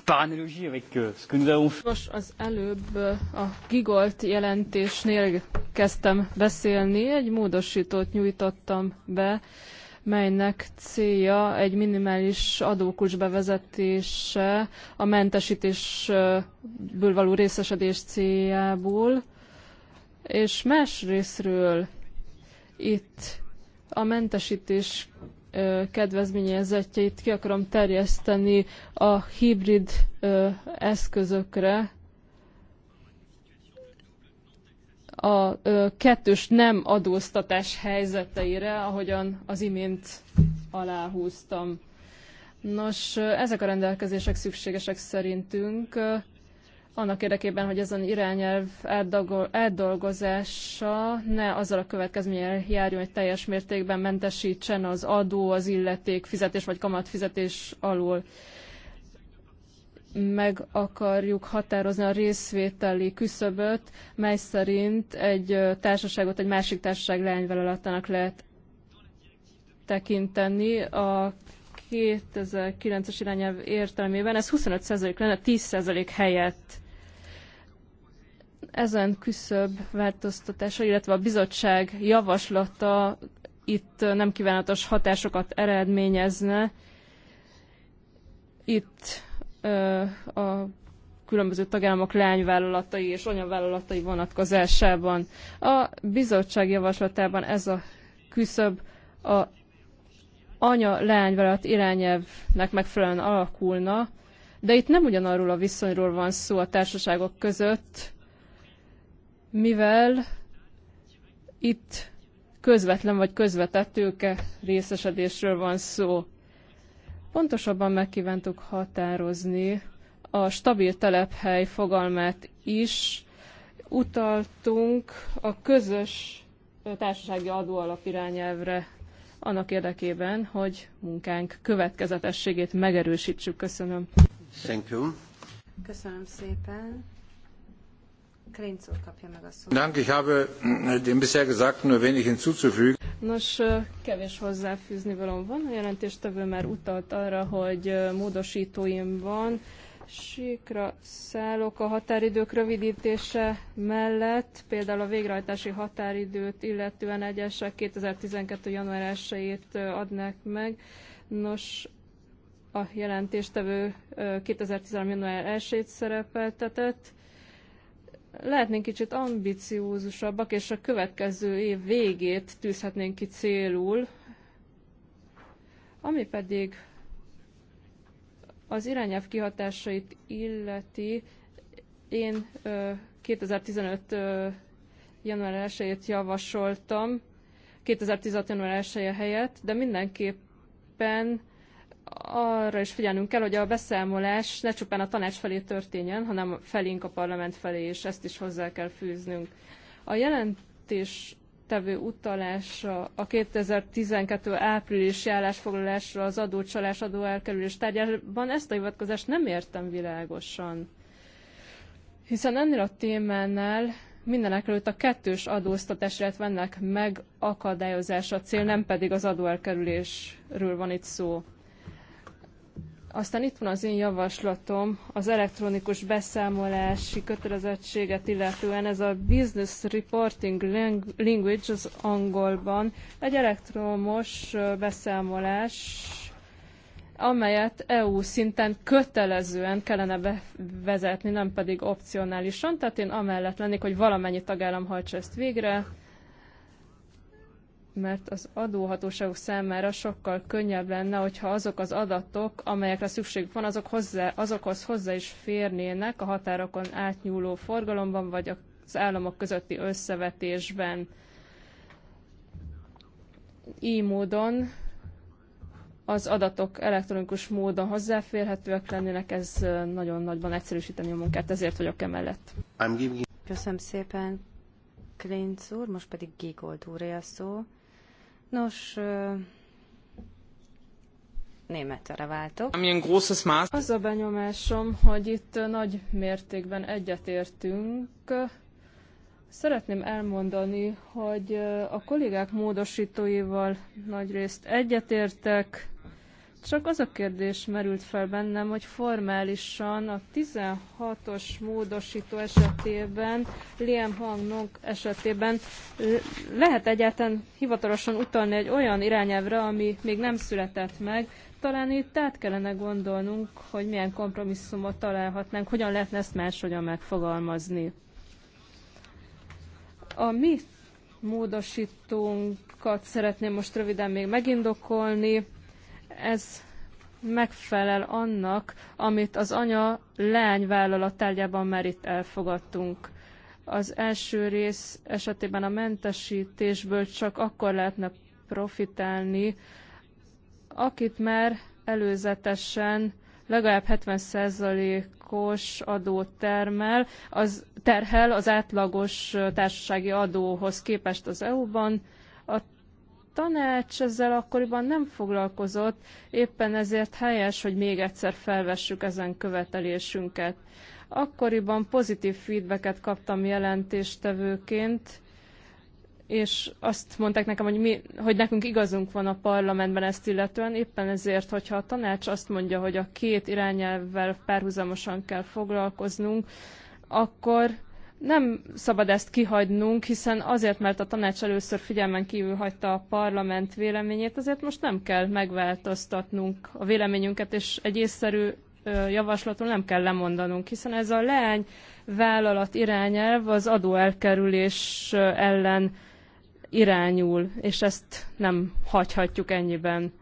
par analogie avec euh, ce que nous avons fait. Most az előbb uh, a Gigolt jelentésnél kezdtem beszélni, egy módosítót nyújtottam be, uh, melynek célja egy minimális adókulcs bevezetése a mentesítésből való részesedés céljából, és más részről itt a mentesítés kedvezményezettjeit ki akarom terjeszteni a hibrid eszközökre, a kettős nem adóztatás helyzeteire, ahogyan az imént aláhúztam. Nos, ezek a rendelkezések szükségesek szerintünk annak érdekében, hogy ezen irányelv eldolgozása ne azzal a következménnyel járjon, hogy teljes mértékben mentesítsen az adó, az illeték fizetés vagy kamatfizetés alól meg akarjuk határozni a részvételi küszöböt, mely szerint egy társaságot egy másik társaság leányvállalatának lehet tekinteni. A 2009-es irányelv értelmében ez 25% lenne 10% helyett. Ezen küszöb változtatása, illetve a bizottság javaslata itt nem kívánatos hatásokat eredményezne. Itt a különböző tagállamok lányvállalatai és anyavállalatai vonatkozásában. A bizottság javaslatában ez a küszöb a anya-lányvállalat irányelvnek megfelelően alakulna, de itt nem ugyanarról a viszonyról van szó a társaságok között, mivel itt közvetlen vagy közvetett tőke részesedésről van szó. Pontosabban megkívántuk határozni a stabil telephely fogalmát is, utaltunk a közös társasági adóalap irányelvre annak érdekében, hogy munkánk következetességét megerősítsük. Köszönöm. Thank you. Köszönöm szépen. Krinc kapja meg a szót. Dank, ich habe dem bisher gesagt, nur wenig hinzuzufügen. Nos, kevés hozzáfűzni való van. A jelentéstevő már utalt arra, hogy módosítóim van. Síkra szállok a határidők rövidítése mellett, például a végrehajtási határidőt, illetően egyesek 2012. január 1-ét meg. Nos, a jelentéstevő 2013. január 1-ét szerepeltetett lehetnénk kicsit ambiciózusabbak, és a következő év végét tűzhetnénk ki célul, ami pedig az irányelv kihatásait illeti, én 2015 január 1 javasoltam, 2016 január 1 helyett, de mindenképpen arra is figyelnünk kell, hogy a beszámolás ne csupán a tanács felé történjen, hanem felénk a parlament felé, és ezt is hozzá kell fűznünk. A jelentés tevő utalása a 2012 áprilisi állásfoglalásra az adócsalás, elkerülés tárgyában ezt a hivatkozást nem értem világosan. Hiszen ennél a témánál mindenek előtt a kettős adóztatás, illetve ennek megakadályozása cél, nem pedig az adóelkerülésről van itt szó. Aztán itt van az én javaslatom az elektronikus beszámolási kötelezettséget illetően ez a Business Reporting Language az angolban egy elektromos beszámolás, amelyet EU szinten kötelezően kellene bevezetni, nem pedig opcionálisan. Tehát én amellett lennék, hogy valamennyi tagállam hajtsa ezt végre, mert az adóhatóságok számára sokkal könnyebb lenne, hogyha azok az adatok, amelyekre szükségük van, azok hozzá, azokhoz hozzá is férnének a határokon átnyúló forgalomban, vagy az államok közötti összevetésben. Így módon az adatok elektronikus módon hozzáférhetőek lennének, ez nagyon nagyban egyszerűsíteni a munkát, ezért vagyok emellett. Köszönöm szépen, Klinc úr, most pedig Gigold úr a szó. Nos, németre váltok. Az a benyomásom, hogy itt nagy mértékben egyetértünk. Szeretném elmondani, hogy a kollégák módosítóival nagyrészt egyetértek, csak az a kérdés merült fel bennem, hogy formálisan a 16-os módosító esetében, Liam Hangnok esetében lehet egyáltalán hivatalosan utalni egy olyan irányelvre, ami még nem született meg. Talán itt át kellene gondolnunk, hogy milyen kompromisszumot találhatnánk, hogyan lehetne ezt máshogyan megfogalmazni. A mi módosítónkat szeretném most röviden még megindokolni ez megfelel annak, amit az anya leány vállalat már itt elfogadtunk. Az első rész esetében a mentesítésből csak akkor lehetne profitálni, akit már előzetesen legalább 70%-os adót termel, az terhel az átlagos társasági adóhoz képest az EU-ban. A tanács ezzel akkoriban nem foglalkozott, éppen ezért helyes, hogy még egyszer felvessük ezen követelésünket. Akkoriban pozitív feedbacket kaptam jelentéstevőként, és azt mondták nekem, hogy, mi, hogy nekünk igazunk van a parlamentben ezt illetően, éppen ezért, hogyha a tanács azt mondja, hogy a két irányelvvel párhuzamosan kell foglalkoznunk, akkor nem szabad ezt kihagynunk, hiszen azért, mert a tanács először figyelmen kívül hagyta a parlament véleményét, azért most nem kell megváltoztatnunk a véleményünket, és egy észszerű javaslaton nem kell lemondanunk, hiszen ez a leány vállalat irányelv az adóelkerülés ellen irányul, és ezt nem hagyhatjuk ennyiben.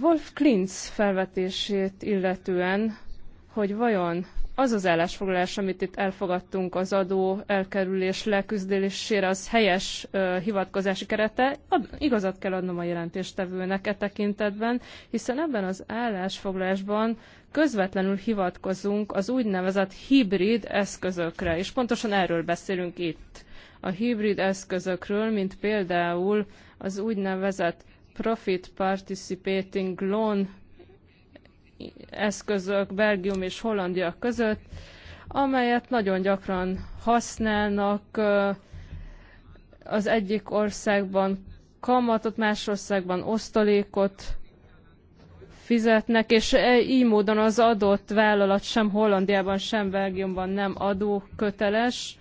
Wolf Klintz felvetését illetően, hogy vajon az az állásfoglalás, amit itt elfogadtunk az adó elkerülés leküzdésére, az helyes ö, hivatkozási kerete. Ad, igazat kell adnom a jelentéstevőnek e tekintetben, hiszen ebben az állásfoglalásban közvetlenül hivatkozunk az úgynevezett hibrid eszközökre, és pontosan erről beszélünk itt. A hibrid eszközökről, mint például az úgynevezett Profit Participating Loan eszközök Belgium és Hollandia között, amelyet nagyon gyakran használnak az egyik országban kamatot, más országban osztalékot fizetnek, és e, így módon az adott vállalat sem Hollandiában, sem Belgiumban nem adóköteles.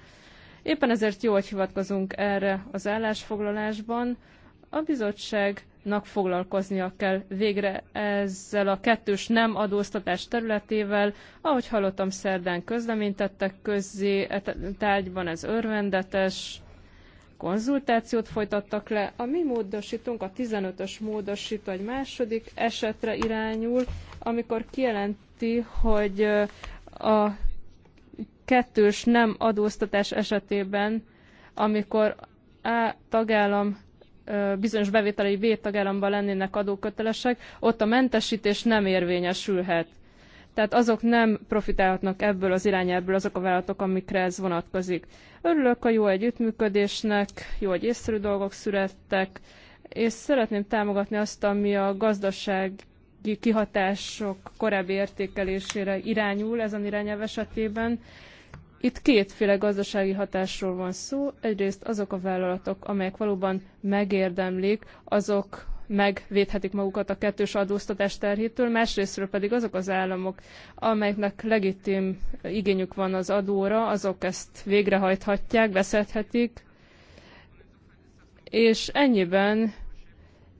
Éppen ezért jó, hogy hivatkozunk erre az állásfoglalásban. A bizottság nak foglalkoznia kell végre ezzel a kettős nem adóztatás területével. Ahogy hallottam, szerdán közleménytettek közzé, e tárgyban ez örvendetes, konzultációt folytattak le. A mi módosítunk, a 15-ös módosító egy második esetre irányul, amikor kijelenti, hogy a kettős nem adóztatás esetében, amikor a tagállam bizonyos bevételi B tagállamban lennének adókötelesek, ott a mentesítés nem érvényesülhet. Tehát azok nem profitálhatnak ebből az irányából azok a vállalatok, amikre ez vonatkozik. Örülök a jó együttműködésnek, jó, hogy észszerű dolgok születtek, és szeretném támogatni azt, ami a gazdasági kihatások korábbi értékelésére irányul ezen irányelv esetében, itt kétféle gazdasági hatásról van szó. Egyrészt azok a vállalatok, amelyek valóban megérdemlik, azok megvédhetik magukat a kettős adóztatás terhétől, másrésztről pedig azok az államok, amelyeknek legitim igényük van az adóra, azok ezt végrehajthatják, beszedhetik, és ennyiben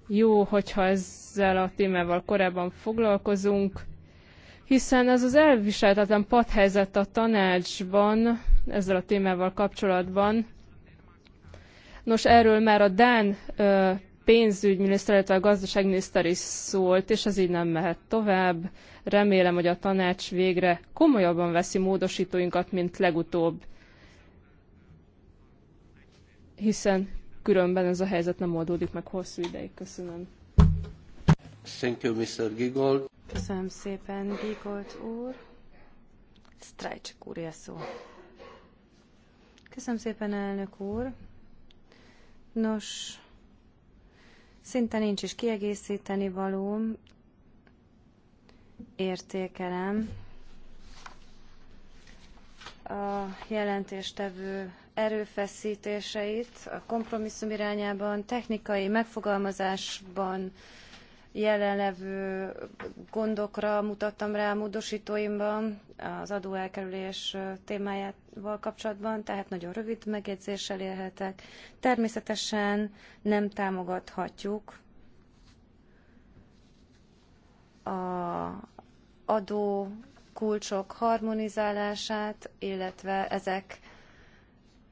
jó, hogyha ezzel a témával korábban foglalkozunk, hiszen ez az elviselhetetlen padhelyzet a tanácsban ezzel a témával kapcsolatban. Nos, erről már a Dán ö, pénzügyminiszter, illetve a gazdaságminiszter is szólt, és ez így nem mehet tovább. Remélem, hogy a tanács végre komolyabban veszi módosítóinkat, mint legutóbb, hiszen különben ez a helyzet nem oldódik meg hosszú ideig. Köszönöm. Thank you, Mr. Giggold. Köszönöm szépen, Bíkolt úr. Strajcsik úr, szó. Köszönöm szépen, elnök úr. Nos, szinte nincs is kiegészíteni valóm. Értékelem a jelentéstevő erőfeszítéseit a kompromisszum irányában, technikai megfogalmazásban, jelenlevő gondokra mutattam rá a módosítóimban az adóelkerülés témájával kapcsolatban, tehát nagyon rövid megjegyzéssel élhetek. Természetesen nem támogathatjuk a adó kulcsok harmonizálását, illetve ezek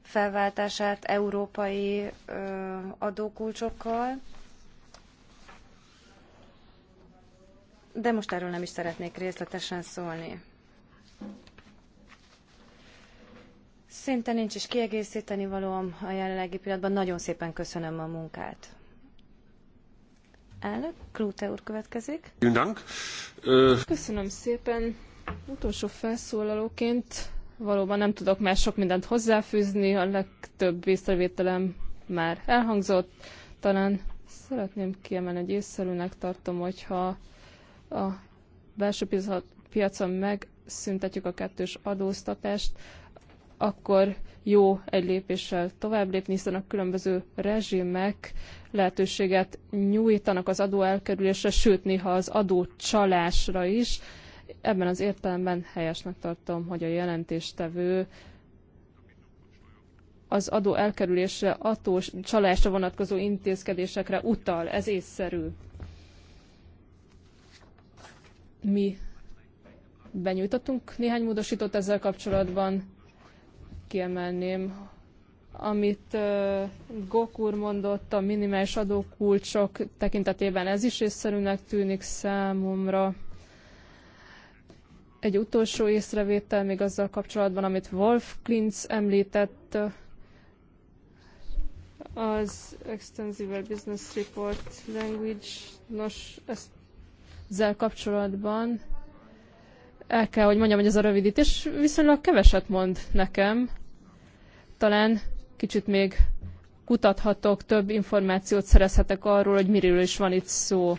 felváltását európai adókulcsokkal de most erről nem is szeretnék részletesen szólni. Szinte nincs is kiegészíteni valóm a jelenlegi pillanatban. Nagyon szépen köszönöm a munkát. Elnök, Klute úr következik. Köszönöm szépen. Utolsó felszólalóként valóban nem tudok már sok mindent hozzáfűzni, a legtöbb észrevételem már elhangzott. Talán szeretném kiemelni, hogy észszerűnek tartom, hogyha a belső piacon megszüntetjük a kettős adóztatást, akkor jó egy lépéssel tovább lépni, hiszen a különböző rezsimek lehetőséget nyújtanak az adó elkerülésre, sőt néha az adócsalásra is. Ebben az értelemben helyesnek tartom, hogy a jelentéstevő az adó elkerülésre, adó csalásra vonatkozó intézkedésekre utal. Ez észszerű. Mi benyújtottunk néhány módosítót ezzel kapcsolatban. Kiemelném, amit uh, Gokur mondott a minimális adókulcsok tekintetében, ez is észszerűnek tűnik számomra. Egy utolsó észrevétel még azzal kapcsolatban, amit Wolf Klintz említett, az Extensible Business Report Language, nos, ezt ezzel kapcsolatban el kell, hogy mondjam, hogy ez a rövidítés viszonylag keveset mond nekem. Talán kicsit még kutathatok, több információt szerezhetek arról, hogy miről is van itt szó.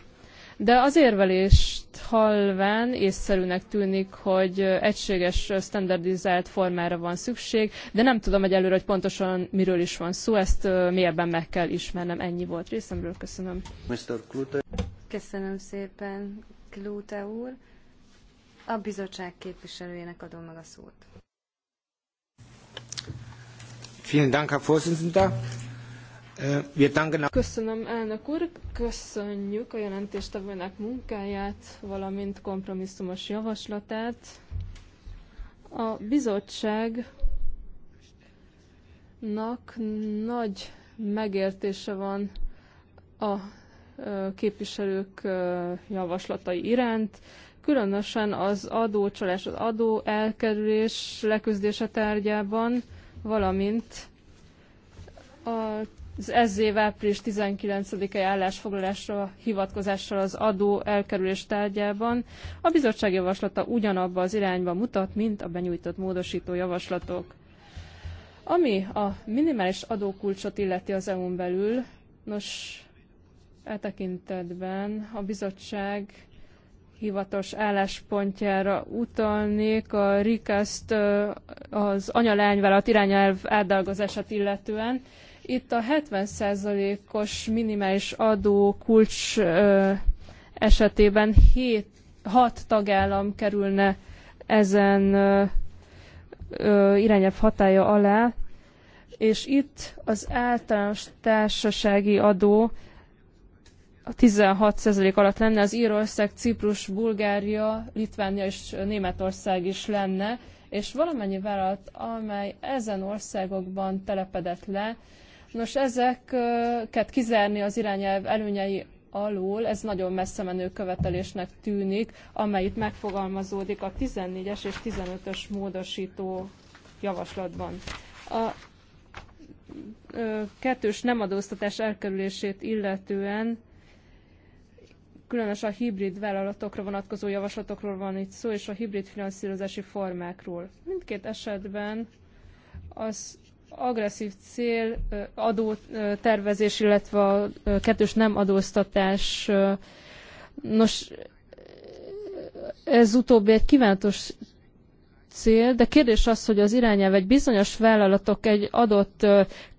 De az érvelést halván észszerűnek tűnik, hogy egységes, standardizált formára van szükség, de nem tudom egy előre, hogy pontosan miről is van szó, ezt mélyebben meg kell ismernem. Ennyi volt részemről, köszönöm. Mr. Köszönöm szépen, Klúte úr. A bizottság képviselőjének adom meg a szót. Vielen Dank, Herr Vorsitzender. Äh, Köszönöm, elnök úr, köszönjük a jelentéstevőnek munkáját, valamint kompromisszumos javaslatát. A bizottságnak nagy megértése van a képviselők javaslatai iránt, különösen az adócsalás, az adó elkerülés leküzdése tárgyában, valamint az ez év április 19 e állásfoglalásra hivatkozással az adó elkerülés tárgyában a bizottság javaslata ugyanabba az irányba mutat, mint a benyújtott módosító javaslatok. Ami a minimális adókulcsot illeti az EU-n belül, nos, E tekintetben a bizottság hivatos álláspontjára utalnék a Rikaszt az anyalányvállalat irányelv átdolgozását illetően. Itt a 70%-os minimális adó kulcs esetében 7, 6 tagállam kerülne ezen irányelv hatája alá, és itt az általános társasági adó a 16% alatt lenne, az Írország, Ciprus, Bulgária, Litvánia és Németország is lenne, és valamennyi vállalat, amely ezen országokban telepedett le, nos ezeket kizárni az irányelv előnyei alól, ez nagyon messze menő követelésnek tűnik, amely itt megfogalmazódik a 14-es és 15-ös módosító javaslatban. A kettős nem adóztatás elkerülését illetően Különös a hibrid vállalatokra vonatkozó javaslatokról van itt szó, és a hibrid finanszírozási formákról. Mindkét esetben az agresszív cél adó tervezés, illetve a kettős nem adóztatás. Nos, ez utóbbi egy kívánatos cél, de kérdés az, hogy az irányelv egy bizonyos vállalatok egy adott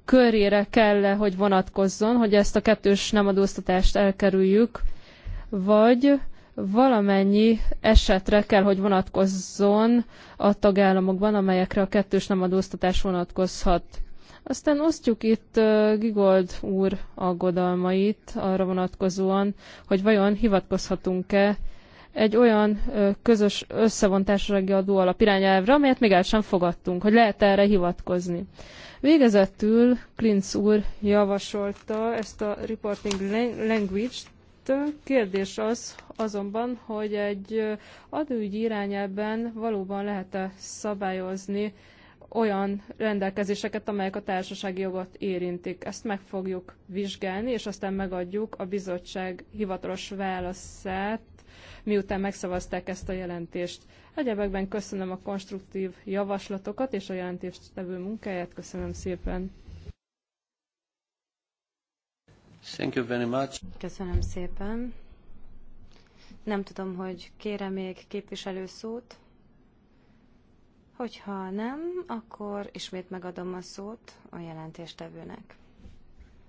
körére kell -e, hogy vonatkozzon, hogy ezt a kettős nem adóztatást elkerüljük vagy valamennyi esetre kell, hogy vonatkozzon a tagállamokban, amelyekre a kettős nem adóztatás vonatkozhat. Aztán osztjuk itt Gigold úr aggodalmait arra vonatkozóan, hogy vajon hivatkozhatunk-e egy olyan közös összevontásregi adóalap irányelvre, amelyet még el sem fogadtunk, hogy lehet -e erre hivatkozni. Végezetül Klinz úr javasolta ezt a reporting language-t, Kérdés az azonban, hogy egy adóügyi irányában valóban lehet-e szabályozni olyan rendelkezéseket, amelyek a társasági jogot érintik. Ezt meg fogjuk vizsgálni, és aztán megadjuk a bizottság hivatalos válaszát, miután megszavazták ezt a jelentést. Egyebekben köszönöm a konstruktív javaslatokat és a jelentéstevő munkáját. Köszönöm szépen. Thank you very much. Köszönöm szépen. Nem tudom, hogy kére még képviselő szót. Hogyha nem, akkor ismét megadom a szót a jelentéstevőnek.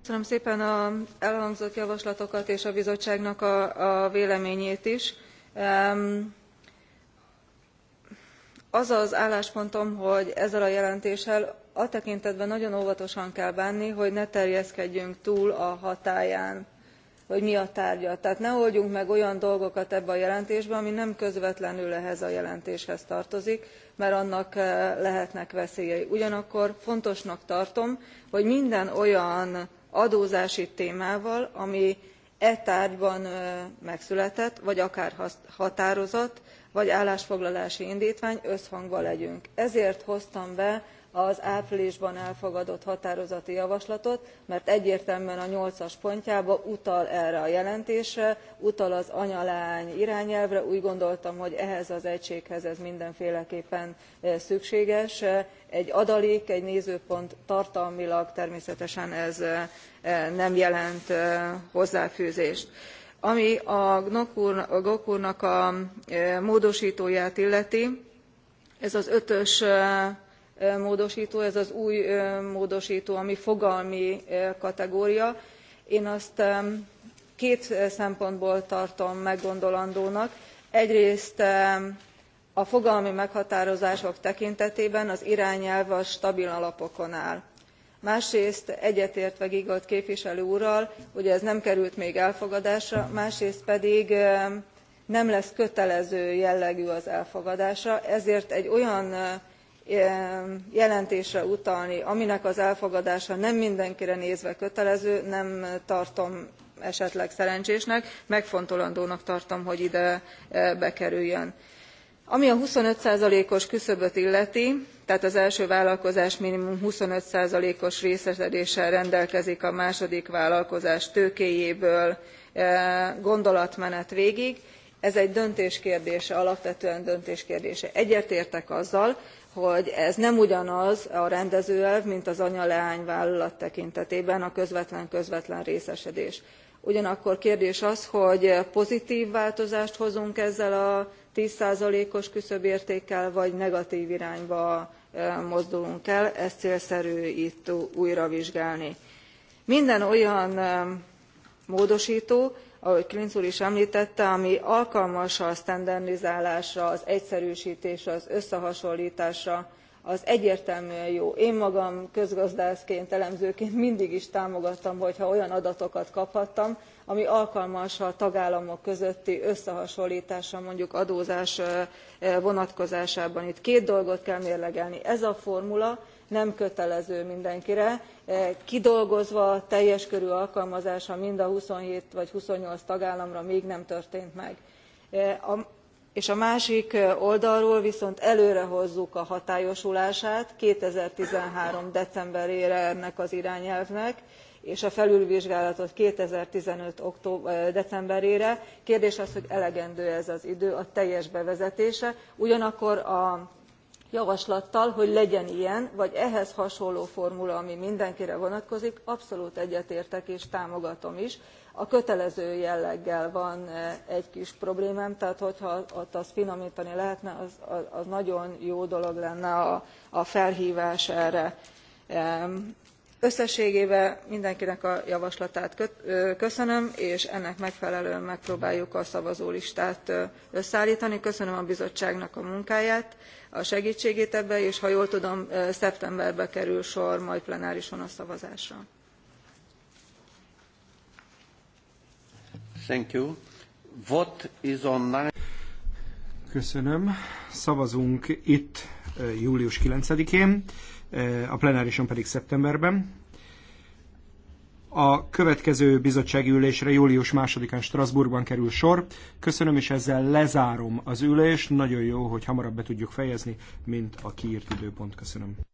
Köszönöm szépen a elhangzott javaslatokat és a bizottságnak a, a véleményét is. Um, az az álláspontom hogy ezzel a jelentéssel a tekintetben nagyon óvatosan kell bánni hogy ne terjeszkedjünk túl a hatályán hogy mi a tárgya tehát ne oldjunk meg olyan dolgokat ebbe a jelentésbe ami nem közvetlenül ehhez a jelentéshez tartozik mert annak eh, lehetnek veszélyei. ugyanakkor fontosnak tartom hogy minden olyan adózási témával ami e tárgyban eh, megszületett vagy akár határozat vagy állásfoglalási indtvány összhangban legyünk. ezért hoztam be az áprilisban elfogadott határozati javaslatot mert egyértelműen a eight as pontjában utal erre a jelentésre utal az anyaleány irányelvre úgy gondoltam hogy ehhez az egységhez ez mindenféleképpen eh, szükséges eh, egy adalék egy nézőpont tartalmilag természetesen ez eh, nem jelent hozzáfűzést. ami a gök úrnak a módostóját illeti ez az ötös módostó ez az új módostó ami fogalmi kategória én azt két szempontból tartom meggondolandónak egyrészt a fogalmi meghatározások tekintetében az irányelv a stabil alapokon áll másrészt egyetértve giegold képviselő úrral hogy ez nem került még elfogadásra másrészt pedig nem lesz kötelező jellegű az elfogadása ezért egy olyan jelentésre utalni aminek az elfogadása nem mindenkire nézve kötelező nem tartom esetleg szerencsésnek megfontolandónak tartom hogy ide e, bekerüljön. ami a twenty five os küszöböt illeti tehát az első vállalkozás minimum twenty five os részesedéssel rendelkezik a második vállalkozás tőkéjéből e, gondolatmenet végig ez egy döntés kérdése alapvetően döntés kérdése. egyetértek azzal hogy ez nem ugyanaz a rendezőelv mint az anya leány vállalat tekintetében a közvetlen közvetlen részesedés. ugyanakkor kérdés az hogy pozitv változást hozunk ezzel a ten os értékkel vagy negatv irányba mozdulunk el ezt célszerű itt újra vizsgálni. minden olyan módostó ahogy klinz úr is emltette ami alkalmas a standardizálásra az egyszerűstésre az összehasonltásra az egyértelműen jó. én magam közgazdászként elemzőként mindig is támogattam hogyha olyan adatokat kaphattam ami alkalmas a tagállamok közötti összehasonltásra mondjuk adózás vonatkozásában. itt két dolgot kell mérlegelni ez a formula nem kötelező mindenkire kidolgozva teljes körű alkalmazása mind a twenty seven vagy twenty eight tagállamra még nem történt meg és a másik oldalról viszont előrehozzuk a hatályosulását two thousand and thirteen decemberére ennek az irányelvnek és a felülvizsgálatot two thousand and fifteen decemberére. kérdés az hogy elegendő e ez az idő a teljes bevezetésre ugyanakkor a javaslattal hogy legyen ilyen vagy ehhez hasonló formula ami mindenkire vonatkozik abszolút egyetértek és támogatom is. a kötelező jelleggel van e, egy kis problémám tehát hogyha ott azt finomtani lehetne az, nagyon jó dolog lenne a, a felhvás erre. összességében mindenkinek a javaslatát köszönöm és ennek megfelelően megpróbáljuk a szavazólistát összeálltani. köszönöm a bizottságnak a munkáját a segtségét ebben és ha jól tudom szeptemberben kerül sor majd plenárison a szavazásra. Thank you. is Köszönöm. Szavazunk itt július 9-én, a plenárison pedig szeptemberben. A következő bizottsági ülésre július 2-án Strasbourgban kerül sor. Köszönöm, és ezzel lezárom az ülést. Nagyon jó, hogy hamarabb be tudjuk fejezni, mint a kiírt időpont. Köszönöm.